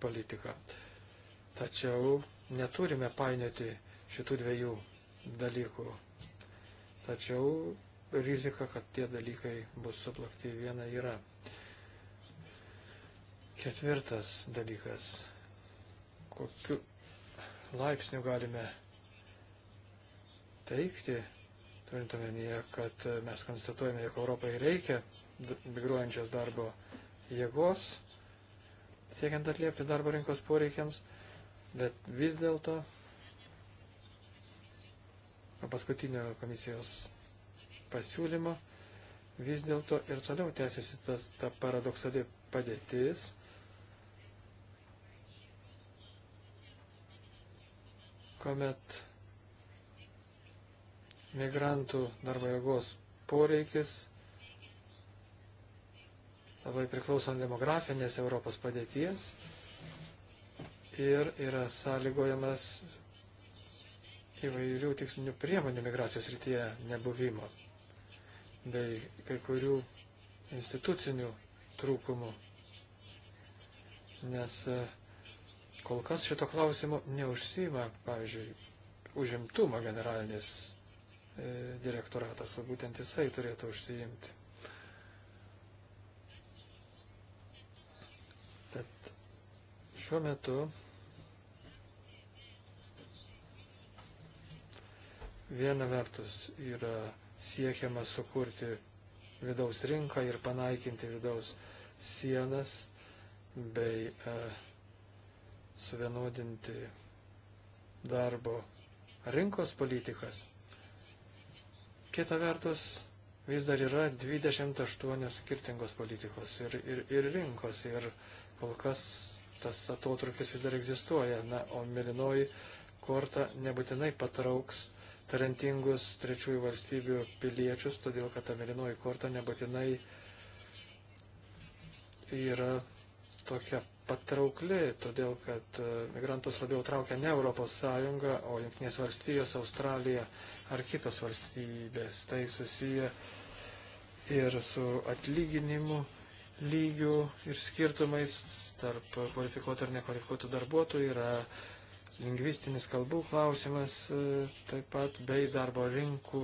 politika. Tačiau neturime painioti šitų dviejų dalykų. Tačiau rizika, kad tie dalykai bus suplakti viena yra. Ketvirtas dalykas. Kokiu laipsniu galime teikti turint omenyje, kad mes konstatuojame, jog Europai reikia migruojančios darbo jėgos, siekiant atliepti darbo rinkos poreikiams, bet vis dėlto po paskutinio komisijos pasiūlymo vis dėlto ir toliau tęsiasi tas, ta paradoksali padėtis, kuomet migrantų darbo jėgos poreikis labai priklauso nuo demografinės Europos padėties ir yra sąlygojamas įvairių tikslinių priemonių migracijos rytyje nebuvimo bei kai kurių institucinių trūkumų. Nes e, kol kas šito klausimo neužsima, pavyzdžiui, užimtumo generalinis E, direktoratas, o būtent jisai turėtų užsiimti. Tad šiuo metu viena vertus yra siekiama sukurti vidaus rinką ir panaikinti vidaus sienas bei e, suvienodinti darbo rinkos politikas. Kita vertus, vis dar yra 28 skirtingos politikos ir, ir, ir rinkos ir kol kas tas atotrukis vis dar egzistuoja. Na, o milinoji korta nebūtinai patrauks talentingus trečiųjų valstybių piliečius, todėl kad ta milinoji korta nebūtinai yra tokia patraukli, todėl kad e, migrantus labiau traukia ne Europos Sąjunga, o Junktinės valstijos, Australija ar kitos valstybės. Tai susiję ir su atlyginimu lygių ir skirtumais tarp kvalifikuotų ir nekvalifikuotų darbuotojų yra lingvistinis kalbų klausimas e, taip pat bei darbo rinkų,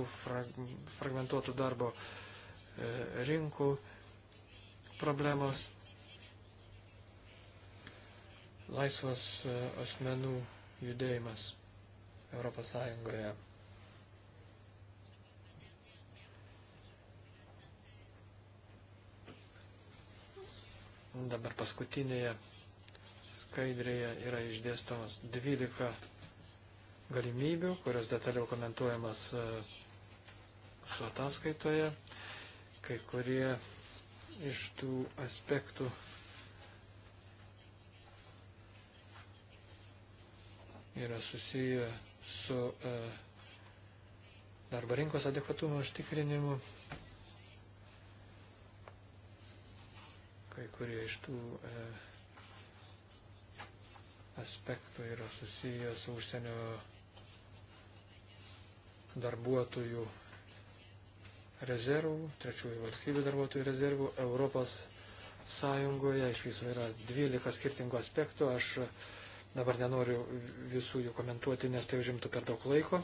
fragmentuotų darbo e, rinkų problemos, laisvas e, asmenų judėjimas Europos Sąjungoje. Dabar paskutinėje skaidrėje yra išdėstomas 12 galimybių, kurios detaliau komentuojamas e, su ataskaitoje. Kai kurie iš tų aspektų yra susiję su e, darbo rinkos adekvatumo užtikrinimu Kai kurie iš tų e, aspektų yra susijęs su užsienio darbuotojų rezervų, trečiųjų valstybių darbuotojų rezervų Europos Sąjungoje. Iš viso yra 12 skirtingų aspektų. Aš dabar nenoriu visų jų komentuoti, nes tai užimtų per daug laiko.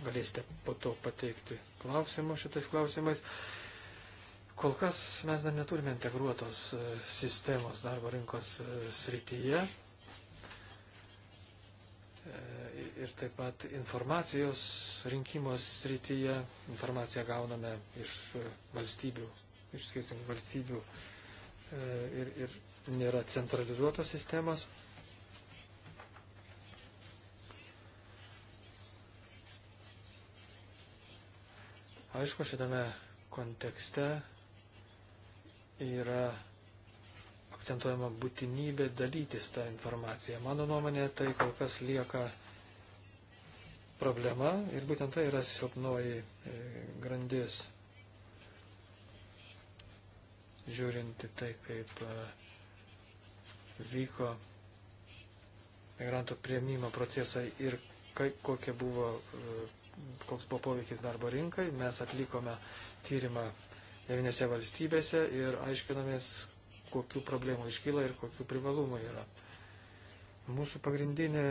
Galėsite po to pateikti klausimų šitais klausimais. Kol kas mes dar neturime integruotos e, sistemos darbo rinkos e, srityje e, ir taip pat informacijos rinkimos srityje. Informaciją gauname iš valstybių, iš skirtingų valstybių ir, ir nėra centralizuotos sistemos. Aišku, šitame kontekste yra akcentuojama būtinybė dalytis tą informaciją. Mano nuomonė, tai kol kas lieka problema ir būtent tai yra silpnoji e, grandis. Žiūrinti tai, kaip e, vyko migrantų prieimimo procesai ir kaip, kokie buvo, e, koks buvo poveikis darbo rinkai, mes atlikome tyrimą devinėse valstybėse ir aiškinomės, kokių problemų iškyla ir kokių privalumų yra. Mūsų pagrindinė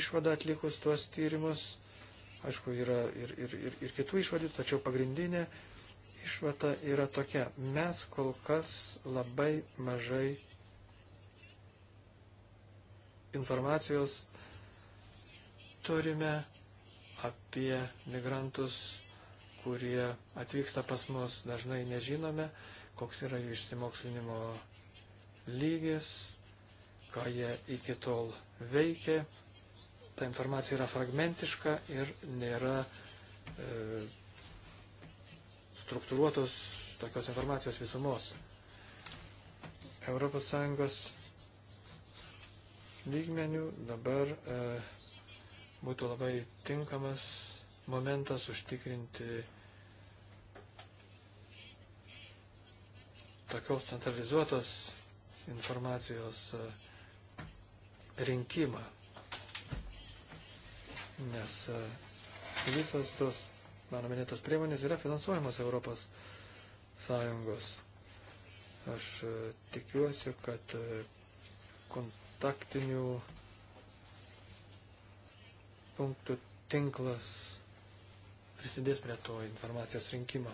išvada atlikus tuos tyrimus, aišku, yra ir, ir, ir, ir kitų išvadų, tačiau pagrindinė išvada yra tokia. Mes kol kas labai mažai informacijos turime apie migrantus kurie atvyksta pas mus, dažnai nežinome, koks yra jų išsimokslinimo lygis, ką jie iki tol veikė. Ta informacija yra fragmentiška ir nėra e, struktūruotos tokios informacijos visumos. ES lygmenių dabar e, būtų labai tinkamas momentas užtikrinti tokios centralizuotos informacijos e, rinkimą. Nes e, visos tos mano minėtos priemonės yra finansuojamos Europos Sąjungos. Aš e, tikiuosi, kad kontaktinių punktų tinklas prisidės prie to informacijos rinkimo.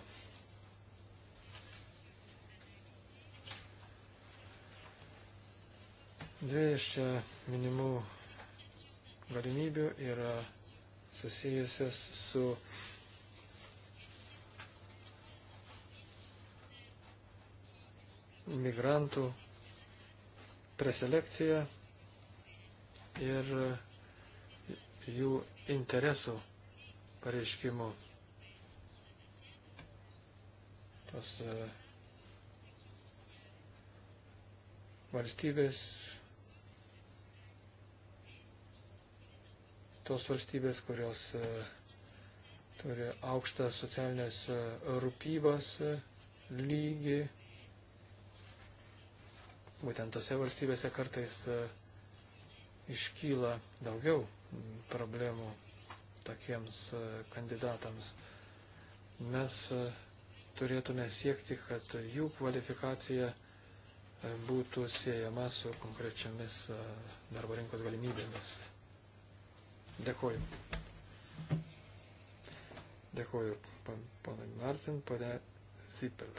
Dvi iš čia minimų galimybių yra susijusios su migrantų preselekcija ir jų interesų pareiškimų. Tos e, valstybės, tos valstybės, kurios e, turi aukštą socialinės e, rūpybos lygį, būtent tose valstybėse kartais iškyla daugiau problemų tokiems e, kandidatams. Mes e, turėtume siekti, kad jų kvalifikacija e, būtų siejama su konkrečiamis darbo rinkos galimybėmis. Dėkuoju. Dėkuoju ponai Martin, ponė Zipel.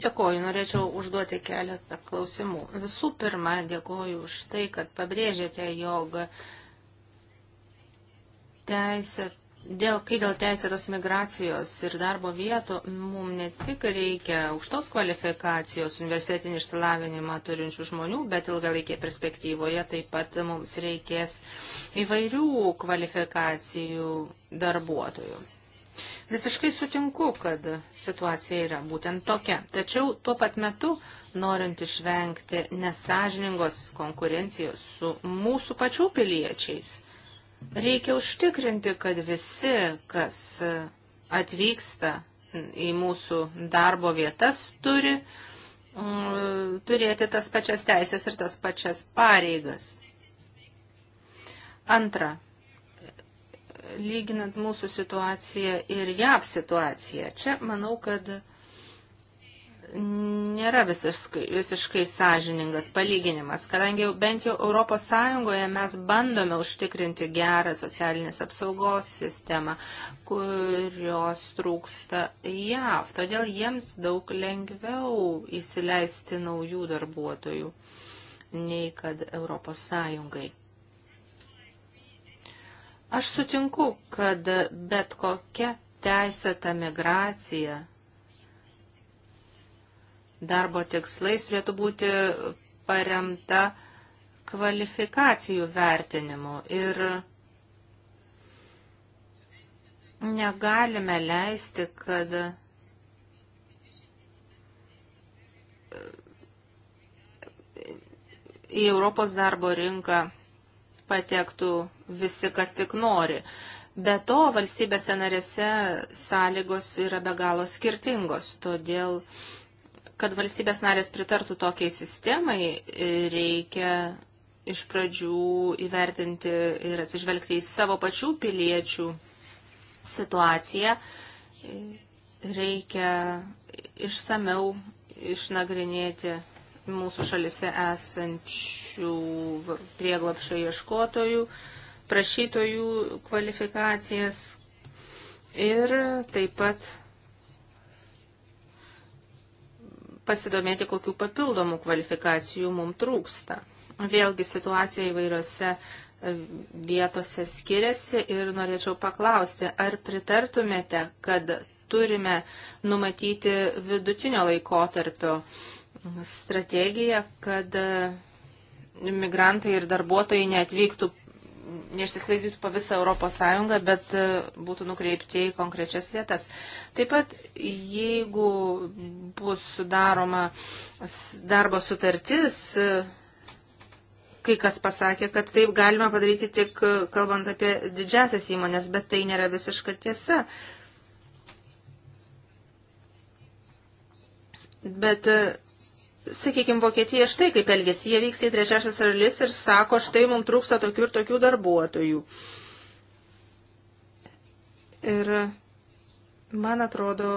Dėkuoju, norėčiau užduoti keletą klausimų. Visų pirma, dėkuoju už tai, kad pabrėžėte, jog teisė, dėl, kai dėl teisėtos migracijos ir darbo vietų, mums ne tik reikia aukštos kvalifikacijos, universitetinį išsilavinimą turinčių žmonių, bet ilgalaikėje perspektyvoje taip pat mums reikės įvairių kvalifikacijų darbuotojų. Visiškai sutinku, kad situacija yra būtent tokia. Tačiau tuo pat metu, norint išvengti nesažiningos konkurencijos su mūsų pačių piliečiais, Reikia užtikrinti, kad visi, kas atvyksta į mūsų darbo vietas, turi mm, turėti tas pačias teisės ir tas pačias pareigas. Antra, lyginant mūsų situaciją ir JAV situaciją, čia manau, kad nėra visiškai, visiškai sąžiningas palyginimas, kadangi bent jau Europos Sąjungoje mes bandome užtikrinti gerą socialinės apsaugos sistemą, kurios trūksta JAV. Todėl jiems daug lengviau įsileisti naujų darbuotojų nei kad Europos Sąjungai. Aš sutinku, kad bet kokia teisėta migracija darbo tikslais turėtų būti paremta kvalifikacijų vertinimu ir negalime leisti, kad e, į Europos darbo rinką patektų visi, kas tik nori. Be to, valstybėse narėse sąlygos yra be galo skirtingos, todėl uh, Kad valstybės narės pritartų tokiai sistemai, reikia iš pradžių įvertinti ir atsižvelgti į savo pačių piliečių situaciją. Reikia išsameu išnagrinėti mūsų šalise esančių prieglapšio ieškotojų, prašytojų kvalifikacijas ir taip pat pasidomėti, kokių papildomų kvalifikacijų mums trūksta. Vėlgi situacija įvairiose e, vietose skiriasi ir norėčiau paklausti, ar pritartumėte, kad turime numatyti vidutinio laikotarpio strategiją, kad e, migrantai ir darbuotojai neatvyktų neišsisklaidytų po visą Europos Sąjungą, bet e, būtų nukreipti į konkrečias vietas. Taip pat, jeigu bus sudaroma darbo sutartis, e, kai kas pasakė, kad taip galima padaryti tik e, kalbant apie didžiasias įmonės, bet tai nėra visiška tiesa. Bet sakykime, Vokietija štai kaip elgesi, jie vyksta į trečiasias šalis ir sako, štai mums trūksta tokių ir tokių darbuotojų. Ir man atrodo,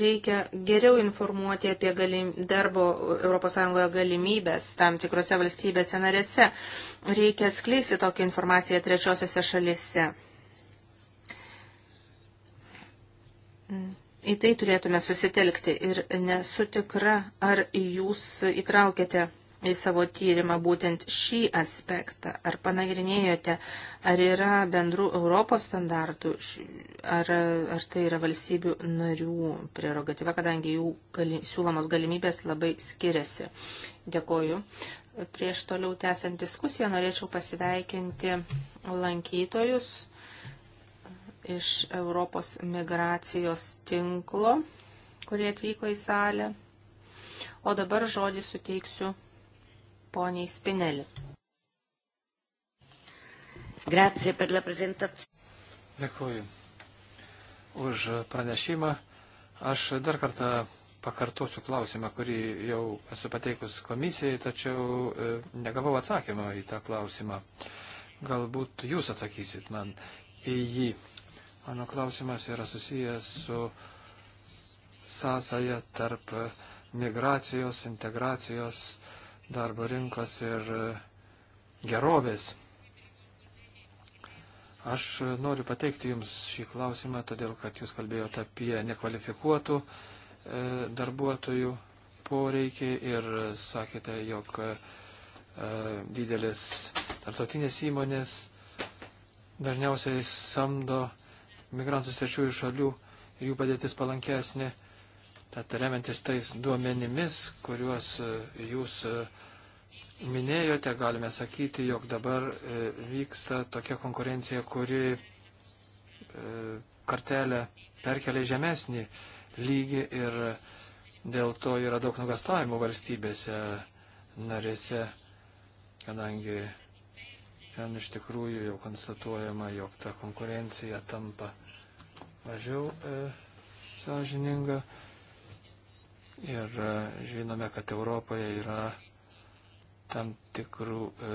reikia geriau informuoti apie galim, darbo ES galimybės tam tikrose valstybėse narėse. Reikia skleisti tokią informaciją trečiosiose šalise. Mm. Į tai turėtume susitelkti ir nesu tikra, ar jūs įtraukėte į savo tyrimą būtent šį aspektą, ar panagrinėjote, ar yra bendrų Europos standartų, ar, ar tai yra valstybių narių prerogatyva, kadangi jų gali, siūlomos galimybės labai skiriasi. Dėkoju. Prieš toliau tęsiant diskusiją norėčiau pasveikinti lankytojus iš Europos migracijos tinklo, kurie atvyko į salę. O dabar žodį suteiksiu poniai Spinelį. Grazie per la prezentaciją. Dėkuoju už pranešimą. Aš dar kartą pakartosiu klausimą, kurį jau esu pateikus komisijai, tačiau e, negavau atsakymą į tą klausimą. Galbūt jūs atsakysit man į jį. Mano klausimas yra susijęs su sąsaja tarp migracijos, integracijos, darbo rinkos ir gerovės. Aš noriu pateikti Jums šį klausimą, todėl kad Jūs kalbėjote apie nekvalifikuotų e, darbuotojų poreikį ir sakėte, jog e, didelis tarptautinės įmonės dažniausiai samdo migrantų trečiųjų šalių ir jų padėtis palankesnė. Tad remiantis tais duomenimis, kuriuos e, jūs e, minėjote, galime sakyti, jog dabar e, vyksta tokia konkurencija, kuri kartelę perkelia žemesnį lygį ir dėl to yra daug nugastavimų valstybėse narėse, kadangi Ten iš tikrųjų jau konstatuojama, jog ta konkurencija tampa mažiau e, sąžininga. Ir e, žinome, kad Europoje yra tam tikrų e,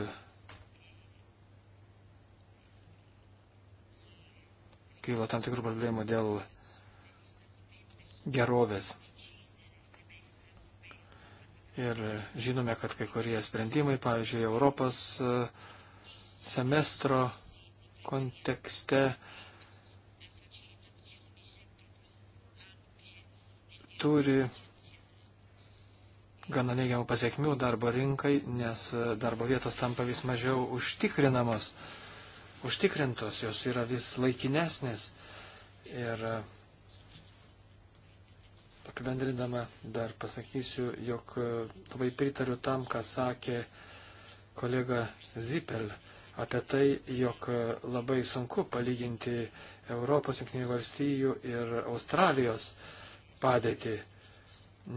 kyla tam tikrų problemų dėl gerovės. Ir e, žinome, kad kai kurie sprendimai, pavyzdžiui, Europos e, semestro kontekste turi gana neigiamų pasiekmių darbo rinkai, nes darbo vietos tampa vis mažiau užtikrinamos, užtikrintos, jos yra vis laikinesnės. Ir apibendrindama dar pasakysiu, jog labai pritariu tam, ką sakė kolega Zipel apie tai, jog labai sunku palyginti Europos, Junktinių valstybių ir Australijos padėtį,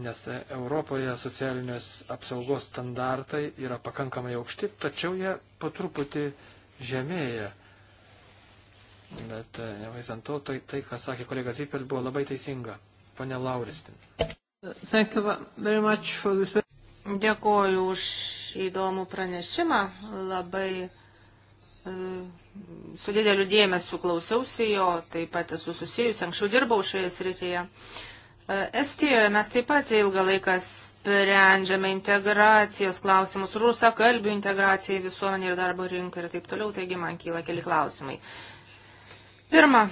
nes Europoje socialinės apsaugos standartai yra pakankamai aukšti, tačiau jie po truputį žemėja. Bet e, nevaisant to, tai, tai, ką sakė kolega Zipel, buvo labai teisinga. Pane Lauristin. Dėkuoju už įdomų pranešimą. Labai Mm, su dideliu dėmesiu klausiausi jo, taip pat esu susijusi, anksčiau dirbau šioje srityje. E, Estijoje mes taip pat ilgą laiką sprendžiame integracijos klausimus, rusakalbių integraciją į visuomenį ir darbo rinką ir taip toliau, taigi man kyla keli klausimai. Pirma,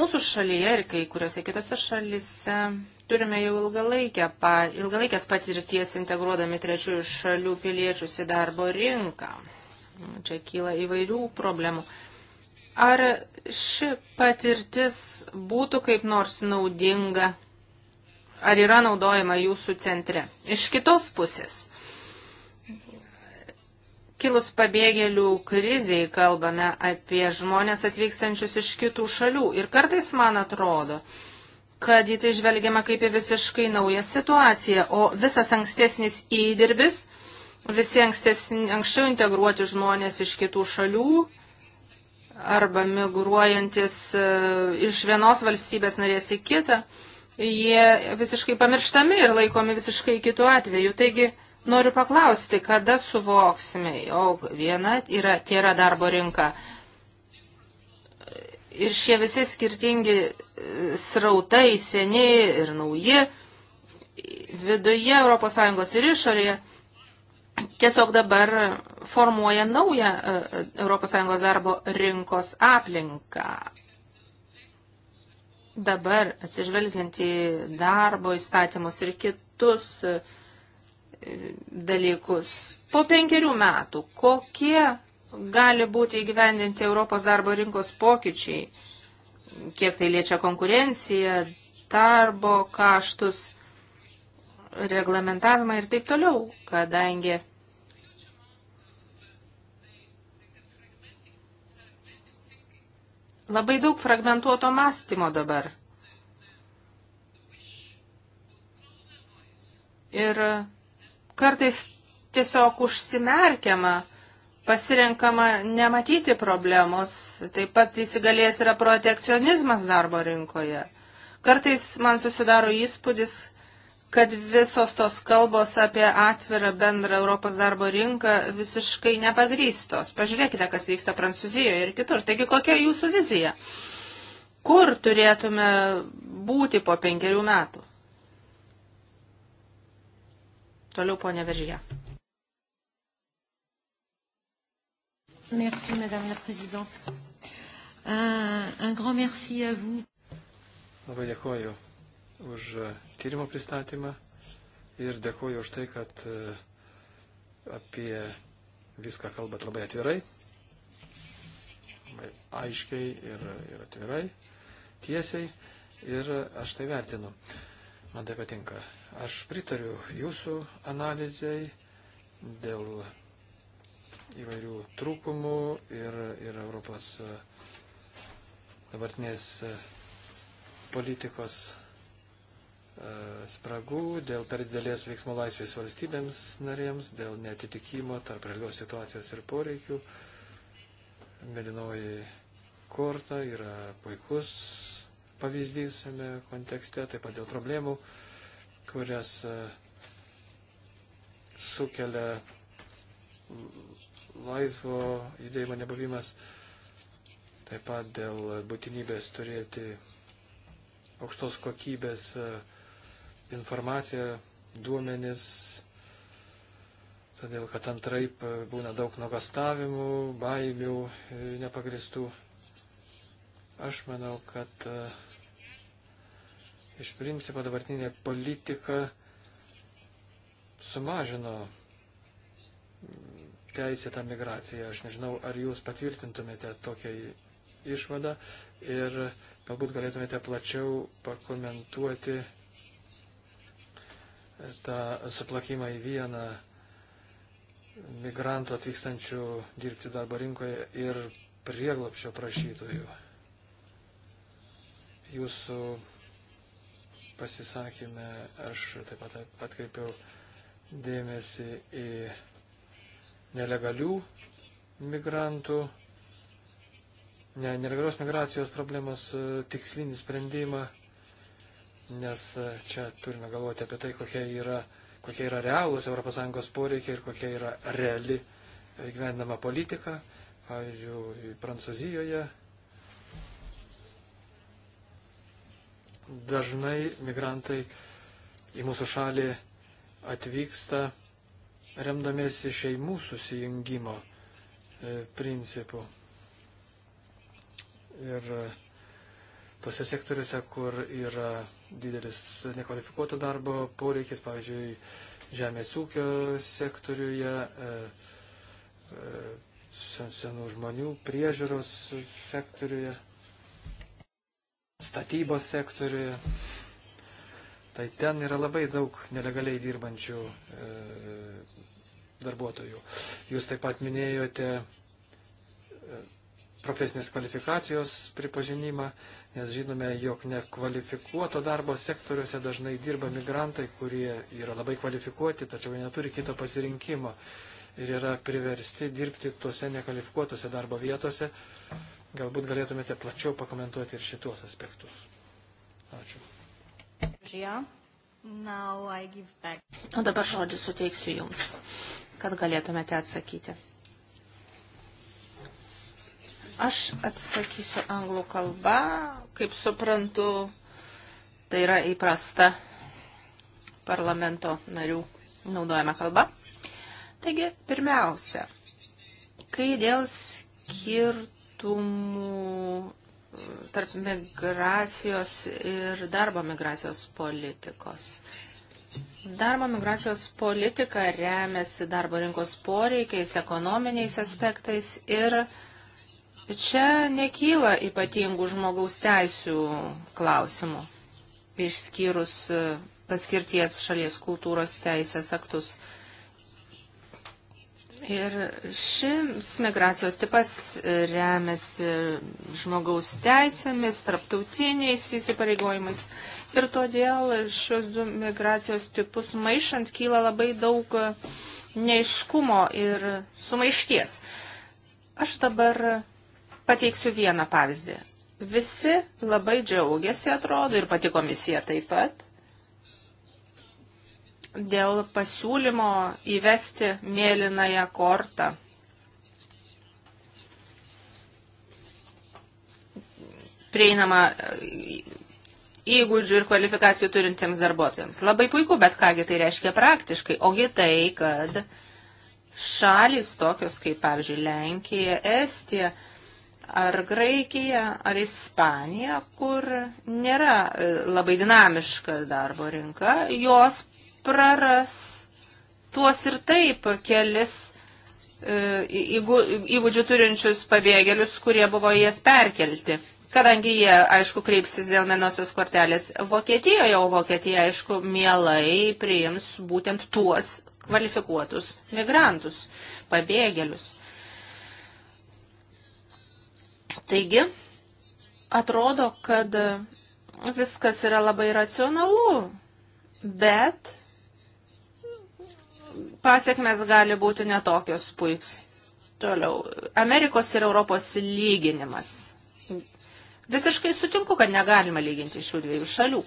mūsų šalyje ir kai kuriuose kitose šalyse turime jau ilgalaikę, pa, ilgalaikės patirties integruodami trečiųjų šalių piliečius į darbo rinką. Čia kyla įvairių problemų. Ar ši patirtis būtų kaip nors naudinga, ar yra naudojama jūsų centre? Iš kitos pusės, kilus pabėgėlių kriziai, kalbame apie žmonės atvykstančius iš kitų šalių. Ir kartais man atrodo, kad į tai žvelgiama kaip į visiškai naują situaciją, o visas ankstesnis įdirbis visi ankstesni, anksčiau integruoti žmonės iš kitų šalių arba migruojantis e, iš vienos valstybės narės į kitą, jie visiškai pamirštami ir laikomi visiškai kitų atveju. Taigi noriu paklausti, kada suvoksime, jog viena yra, tai yra darbo rinka. Ir šie visi skirtingi e, srautai, seniai ir nauji, viduje ES ir išorėje tiesiog dabar formuoja naują e, e, ES darbo rinkos aplinką. Dabar, atsižvelgiant į darbo įstatymus ir kitus e, dalykus, po penkerių metų, kokie gali būti įgyvendinti Europos darbo rinkos pokyčiai, kiek tai liečia konkurenciją, darbo kaštus, reglamentavimą ir taip toliau, kadangi Labai daug fragmentuoto mąstymo dabar. Ir kartais tiesiog užsimerkiama, pasirenkama nematyti problemos, taip pat įsigalės yra protekcionizmas darbo rinkoje. Kartais man susidaro įspūdis, kad visos tos kalbos apie atvirą bendrą Europos darbo rinką visiškai nepagrystos. Pažiūrėkite, kas vyksta Prancūzijoje ir kitur. Taigi, kokia jūsų vizija? Kur turėtume būti po penkerių metų? Toliau ponė Veržyje. Merci, Madame la Présidente. Un, un grand merci à vous. Labai dėkoju už tyrimo pristatymą ir dėkuoju už tai, kad e, apie viską kalbat labai atvirai, aiškiai ir, ir atvirai, tiesiai ir aš tai vertinu. Man tai patinka. Aš pritariu jūsų analizai dėl įvairių trūkumų ir, ir Europos e, dabartinės e, politikos E, spragų, dėl per didelės veiksmo laisvės valstybėms narėms, dėl netitikimo tarp realios situacijos ir poreikių. Mėlynoji korta yra puikus pavyzdys šiame kontekste, taip pat dėl problemų, kurias e, sukelia laisvo judėjimo nebuvimas, taip pat dėl būtinybės turėti aukštos kokybės uh, informaciją, duomenis, todėl kad antraip būna daug nuogastavimų, baimių e, nepagristų. Aš manau, kad e, iš principo dabartinė politika sumažino teisėtą migraciją. Aš nežinau, ar jūs patvirtintumėte tokią išvadą ir galbūt galėtumėte plačiau pakomentuoti tą suplakimą į vieną migrantų atvykstančių dirbti darbo rinkoje ir prieglopščio prašytojų. Jūsų pasisakymę aš taip pat atkreipiau dėmesį į nelegalių migrantų, ne, nelegalios migracijos problemos tikslinį sprendimą nes e, čia turime galvoti apie tai, kokie yra, kokie yra realūs ES poreikiai ir kokia yra reali gyvendama politika. Pavyzdžiui, Prancūzijoje dažnai migrantai į mūsų šalį atvyksta remdamėsi šeimų susijungimo e, principų. Ir e, tose sektoriuose, kur yra didelis nekvalifikuoto darbo poreikis, pavyzdžiui, žemės ūkio sektoriuje, e, e, senų žmonių priežiūros sektoriuje, statybos sektoriuje. Tai ten yra labai daug nelegaliai dirbančių e, darbuotojų. Jūs taip pat minėjote profesinės kvalifikacijos pripažinimą nes žinome, jog nekvalifikuoto darbo sektoriuose dažnai dirba migrantai, kurie yra labai kvalifikuoti, tačiau neturi kito pasirinkimo ir yra priversti dirbti tuose nekvalifikuotose darbo vietose. Galbūt galėtumėte plačiau pakomentuoti ir šitos aspektus. Ačiū. O dabar žodį suteiksiu Jums, kad galėtumėte atsakyti. Aš atsakysiu anglų kalbą, kaip suprantu, tai yra įprasta parlamento narių naudojama kalba. Taigi, pirmiausia, kai dėl skirtumų tarp migracijos ir darbo migracijos politikos. Darbo migracijos politika remiasi darbo rinkos poreikiais, ekonominiais aspektais ir uh, Čia nekyla ypatingų žmogaus teisų klausimų, išskyrus e, paskirties šalies kultūros teisės aktus. Ir šis migracijos tipas remiasi žmogaus teisėmis, tarptautiniais įsipareigojimais. Ir todėl šios du migracijos tipus maišant kyla labai daug neiškumo ir sumaišties. Aš dabar Pateiksiu vieną pavyzdį. Visi labai džiaugiasi, atrodo, ir pati komisija taip pat, dėl pasiūlymo įvesti mėlynąją kortą. Prieinama e, įgūdžių ir kvalifikacijų turintiems darbuotojams. Labai puiku, bet kągi tai reiškia praktiškai, ogi tai, kad šalis tokios kaip, pavyzdžiui, Lenkija, Estija, ar Graikija, ar Ispanija, kur nėra e, labai dinamiška darbo rinka, jos praras tuos ir taip kelis e, įgūdžių turinčius pabėgėlius, kurie buvo jas perkelti kadangi jie, aišku, kreipsis dėl menosios kortelės Vokietijoje, o Vokietija, aišku, mielai priims būtent tuos kvalifikuotus migrantus, pabėgėlius. Taigi, atrodo, kad viskas yra labai racionalu, bet pasiekmes gali būti netokios puiks. Toliau, Amerikos ir Europos lyginimas. Visiškai sutinku, kad negalima lyginti šių dviejų šalių.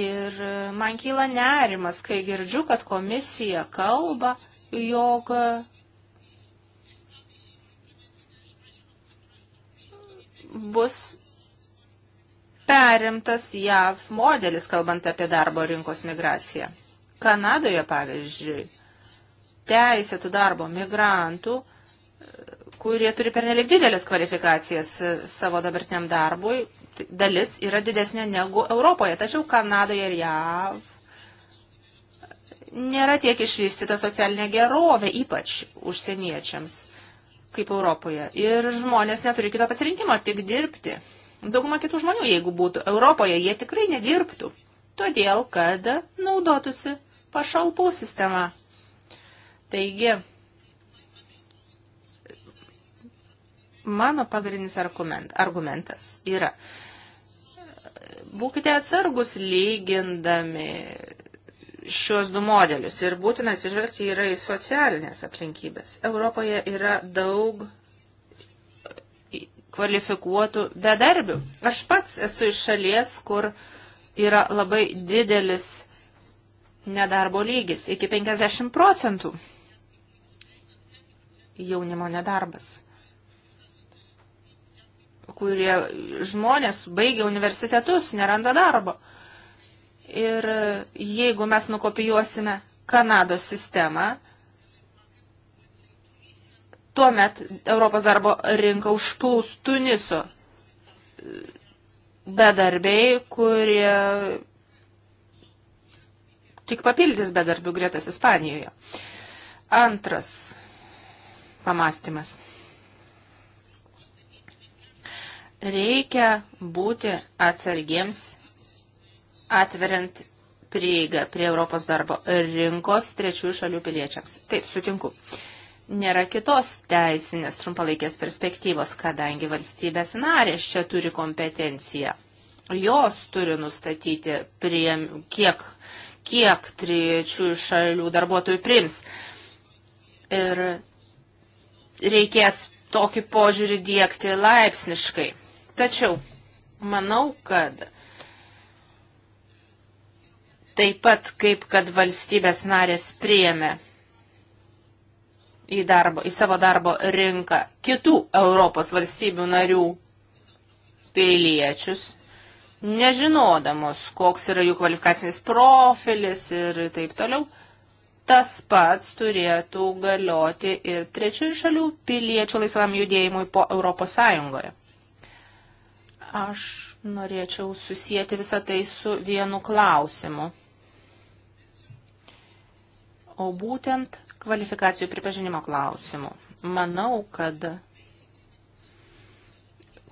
Ir man kyla nerimas, kai girdžiu, kad komisija kalba, jog bus perimtas JAV modelis, kalbant apie darbo rinkos migraciją. Kanadoje, pavyzdžiui, teisėtų darbo migrantų, kurie turi pernelik didelės kvalifikacijas savo dabartiniam darbui, tai dalis yra didesnė negu Europoje. Tačiau Kanadoje ir JAV nėra tiek išvystyta socialinė gerovė, ypač užsieniečiams kaip Europoje. Ir žmonės neturi kito pasirinkimo, tik dirbti. Dauguma kitų žmonių, jeigu būtų Europoje, jie tikrai nedirbtų. Todėl, kad naudotųsi pašalpų sistema. Taigi, mano pagrindinis argument, argumentas yra, būkite atsargus lygindami šios du modelius ir būtina atsižvelgti yra į socialinės aplinkybės. Europoje yra daug kvalifikuotų bedarbių. Aš pats esu iš šalies, kur yra labai didelis nedarbo lygis, iki 50 procentų jaunimo nedarbas kurie žmonės baigia universitetus, neranda darbo. Ir jeigu mes nukopijuosime Kanados sistemą, tuomet Europos darbo rinka užplūs Tuniso bedarbiai, kurie tik papildys bedarbių gretas Ispanijoje. Antras pamastymas. Reikia būti atsargiems atveriant prieigą prie Europos darbo rinkos trečiųjų šalių piliečiams. Taip, sutinku. Nėra kitos teisinės trumpalaikės perspektyvos, kadangi valstybės narės čia turi kompetenciją. Jos turi nustatyti, prie, kiek, kiek trečiųjų šalių darbuotojų prims. Ir reikės tokį požiūrį dėkti laipsniškai. Tačiau manau, kad taip pat kaip kad valstybės narės priėmė į, darbo, į savo darbo rinką kitų Europos valstybių narių piliečius, nežinodamos, koks yra jų kvalifikacinis profilis ir taip toliau, tas pats turėtų galioti ir trečiųjų šalių piliečių laisvam judėjimui po Europos Sąjungoje. Aš norėčiau susijęti visą tai su vienu klausimu o būtent kvalifikacijų pripažinimo klausimų. Manau, kad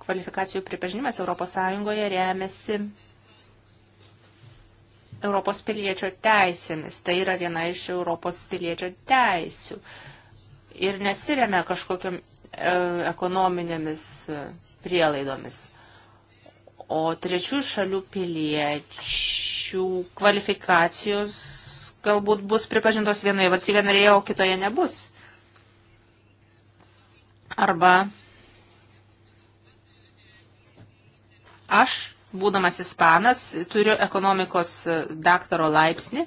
kvalifikacijų pripažinimas ES remiasi Europos piliečio teisėmis. Tai yra viena iš Europos piliečio teisių. Ir nesiremia kažkokiam e, ekonominėmis e, prielaidomis. O trečių šalių piliečių kvalifikacijos galbūt bus pripažintos vienoje valstybėje narėje, o kitoje nebus. Arba aš, būdamas ispanas, turiu ekonomikos daktaro laipsnį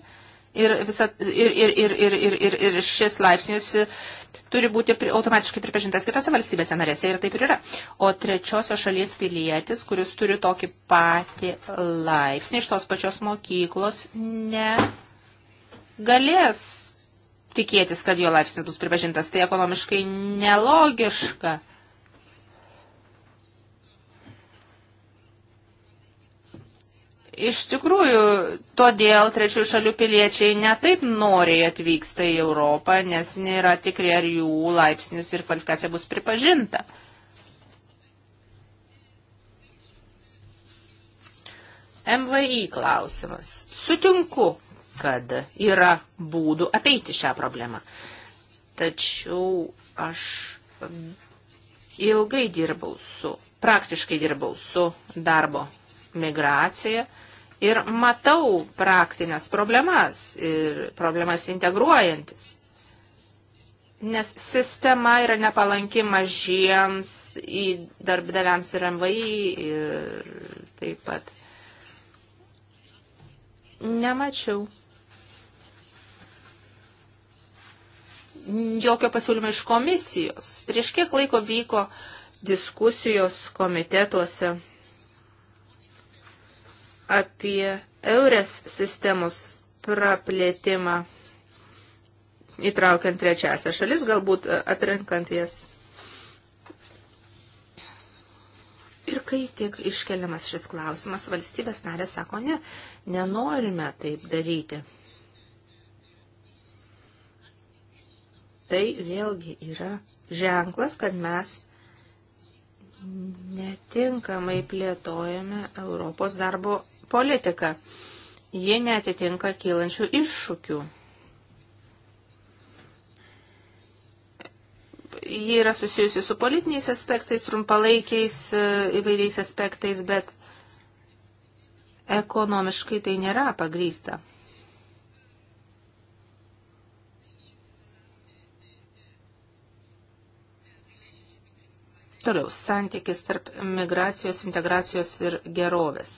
ir, visa, ir, ir, ir, ir, ir, ir, ir šis laipsnis turi būti automatiškai pripažintas kitose valstybėse narėse ir taip ir yra. O trečiosios šalies pilietis, kuris turi tokį patį laipsnį iš tos pačios mokyklos, ne galės tikėtis, kad jo laipsnis bus pripažintas. Tai ekonomiškai nelogiška. Iš tikrųjų, todėl trečiųjų šalių piliečiai netaip noriai atvyksta į Europą, nes nėra tikri, ar jų laipsnis ir kvalifikacija bus pripažinta. MVI klausimas. Sutinku, kad yra būdų apeiti šią problemą. Tačiau aš ilgai dirbau su, praktiškai dirbau su darbo migracija ir matau praktinės problemas ir problemas integruojantis. Nes sistema yra nepalanki mažiems į darbdaviams ir MVI ir taip pat. Nemačiau jokio pasiūlymo iš komisijos. Prieš kiek laiko vyko diskusijos komitetuose apie Eures sistemos praplėtimą, įtraukiant trečiasią šalis, galbūt e, atrenkant jas. Ir kai tik iškeliamas šis klausimas, valstybės narė sako, ne, nenorime taip daryti. tai vėlgi yra ženklas, kad mes netinkamai plėtojame Europos darbo politiką. Jie netitinka kylančių iššūkių. Jie yra susijusi su politiniais aspektais, trumpalaikiais e, įvairiais aspektais, bet ekonomiškai tai nėra pagrysta. Toliau, santykis tarp migracijos, integracijos ir gerovės.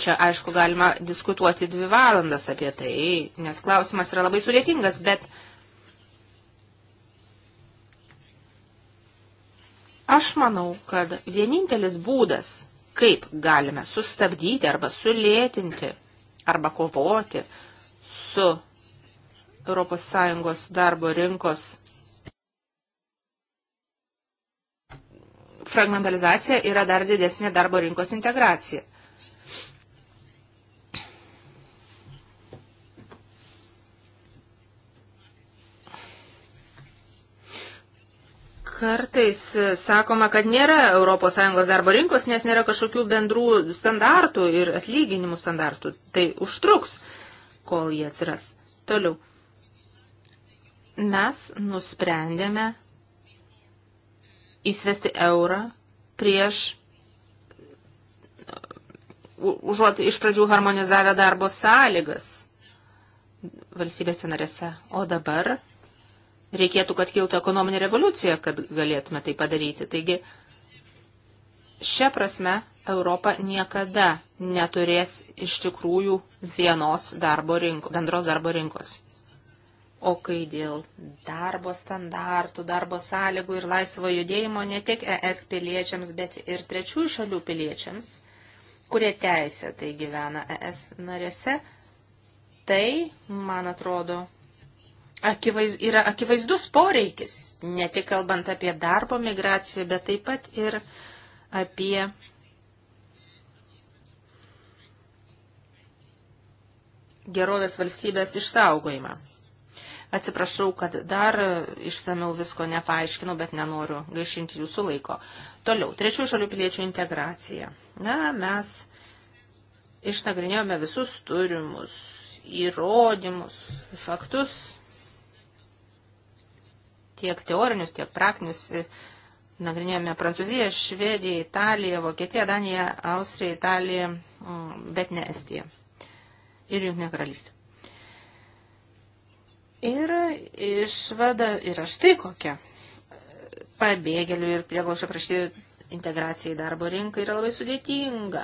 Čia, aišku, galima diskutuoti dvi valandas apie tai, nes klausimas yra labai sudėtingas, bet aš manau, kad vienintelis būdas, kaip galime sustabdyti arba sulėtinti arba kovoti su ES darbo rinkos fragmentalizacija yra dar didesnė darbo rinkos integracija. kartais sakoma, kad nėra ES darbo rinkos, nes nėra kažkokių bendrų standartų ir atlyginimų standartų. Tai užtruks, kol jie atsiras. Toliau. Mes nusprendėme įsivesti eurą prieš užuot iš pradžių harmonizavę darbo sąlygas valstybėse narėse. O dabar reikėtų, kad kiltų ekonominė revoliucija, kad galėtume tai padaryti. Taigi, šią prasme Europa niekada neturės iš tikrųjų vienos darbo rinko, bendros darbo rinkos. O kai dėl darbo standartų, darbo sąlygų ir laisvo judėjimo ne tik ES piliečiams, bet ir trečiųjų šalių piliečiams, kurie teisė tai gyvena ES narėse, tai, man atrodo, akivaiz, yra akivaizdus poreikis, ne tik kalbant apie darbo migraciją, bet taip pat ir apie gerovės valstybės išsaugojimą. Atsiprašau, kad dar išsameu visko nepaaiškinau, bet nenoriu gaišinti jūsų laiko. Toliau, trečių šalių piliečių integracija. Na, mes išnagrinėjome visus turimus įrodymus, faktus, tiek teorinius, tiek praktinius. Nagrinėjome Prancūziją, Švediją, Italiją, Vokietiją, Daniją, Austriją, Italiją, mm, bet ne Estiją ir Junktinę karalystę. Ir išvada yra štai kokia. Pabėgėlių ir prieglaušio prašytojų integracija į darbo rinką yra labai sudėtinga.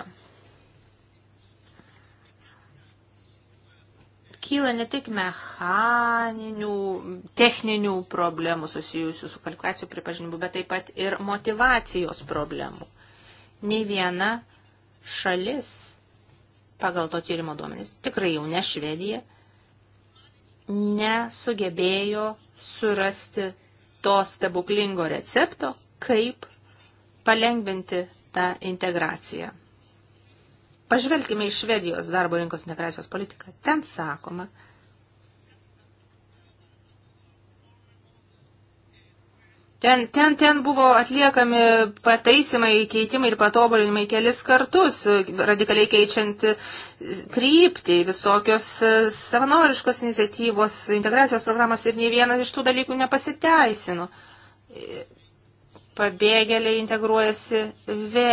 Kyla ne tik mechaninių, techninių problemų susijusių su kvalifikacijų pripažinimu, bet taip pat ir motivacijos problemų. Nei viena šalis pagal to tyrimo duomenys, tikrai jau ne Švedija, nesugebėjo surasti to stebuklingo recepto, kaip palengventi tą integraciją. Pažvelkime į Švedijos darbo rinkos integracijos politiką. Ten sakoma, Ten, ten, ten buvo atliekami pataisimai, keitimai ir patobulinimai kelis kartus, radikaliai keičiant kryptį, visokios e, savanoriškos iniciatyvos, integracijos programos ir nei vienas iš tų dalykų nepasiteisino. Pabėgėliai integruojasi vė,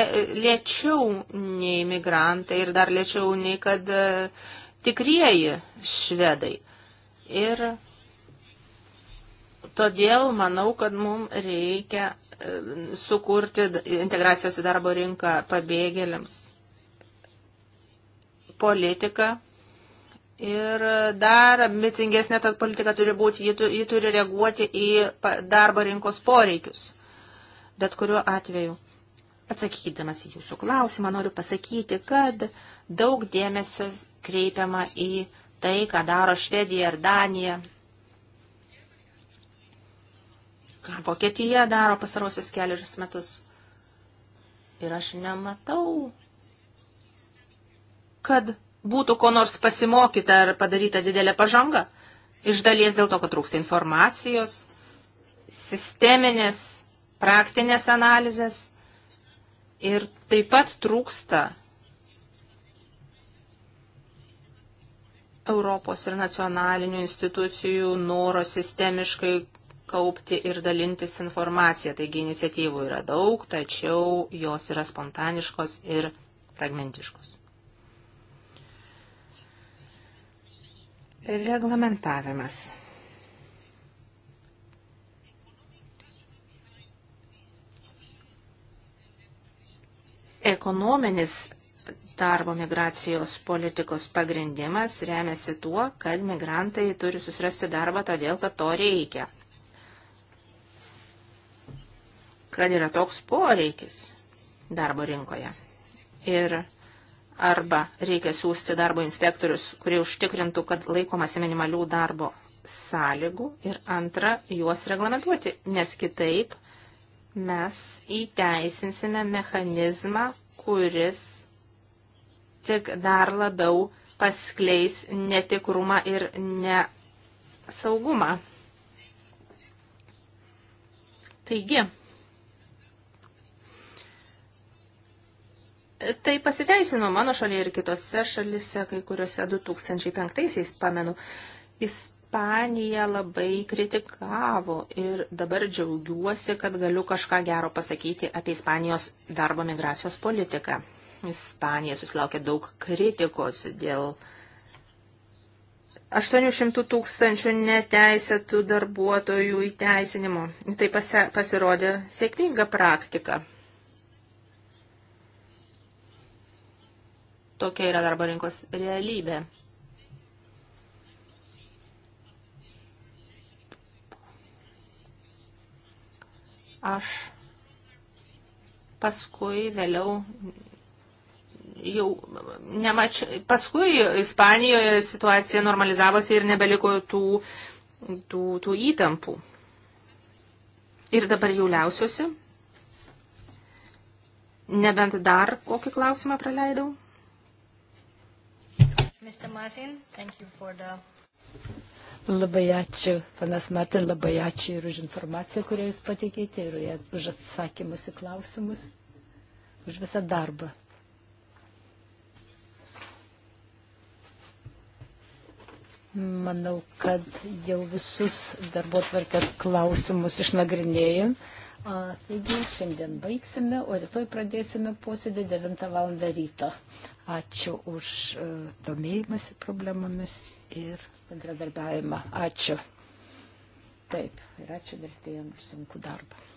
lėčiau nei migrantai ir dar lėčiau nei kad e, tikrieji švedai. Ir Todėl manau, kad mums reikia e, sukurti integracijos į darbo rinką pabėgėliams politiką. Ir dar ambicingesnė ta politika turi būti, ji, tu, ji turi reaguoti į darbo rinkos poreikius. Bet kuriuo atveju, atsakydamas į jūsų klausimą, noriu pasakyti, kad daug dėmesio kreipiama į tai, ką daro Švedija ir Danija ką Vokietija daro pasarosius keliarius metus. Ir aš nematau, kad būtų ko nors pasimokyta ar padaryta didelė pažanga. Iš dalies dėl to, kad trūksta informacijos, sisteminės, praktinės analizės ir taip pat trūksta Europos ir nacionalinių institucijų noro sistemiškai kaupti ir dalintis informaciją. Taigi iniciatyvų yra daug, tačiau jos yra spontaniškos ir fragmentiškos. Reglamentavimas. Ekonominis darbo migracijos politikos pagrindimas remiasi tuo, kad migrantai turi susirasti darbą todėl, kad to reikia. kad yra toks poreikis darbo rinkoje. Ir arba reikia siūsti darbo inspektorius, kurie užtikrintų, kad laikomasi minimalių darbo sąlygų ir antra, juos reglamentuoti, nes kitaip mes įteisinsime mechanizmą, kuris tik dar labiau paskleis netikrumą ir nesaugumą. Taigi, Tai pasiteisino mano šalyje ir kitose šalise, kai kuriuose 2005-aisiais, pamenu, Ispanija labai kritikavo ir dabar džiaugiuosi, kad galiu kažką gero pasakyti apie Ispanijos darbo migracijos politiką. Ispanija susilaukė daug kritikos dėl 800 tūkstančių neteisėtų darbuotojų įteisinimo. Tai pasirodė sėkminga praktika. Tokia yra darbo rinkos realybė. Aš paskui vėliau jau nemačiau, paskui Ispanijoje situacija normalizavosi ir nebeliko tų, tų, tų įtampų. Ir dabar jau liausiuosi. Nebent dar kokį klausimą praleidau? Mr. Martin. Thank you for the... Labai ačiū, panas Martin, labai ačiū ir už informaciją, kurią jūs pateikėte, ir už atsakymus į klausimus, už visą darbą. Manau, kad jau visus darbo tvarkės klausimus išnagrinėjom. Taigi šiandien baigsime, o rytoj pradėsime posėdį 9 val. ryto. Ačiū už e, domėjimąsi problemomis ir bendradarbiavimą. Ačiū. Taip, ir ačiū vertėjams už sunkų darbą.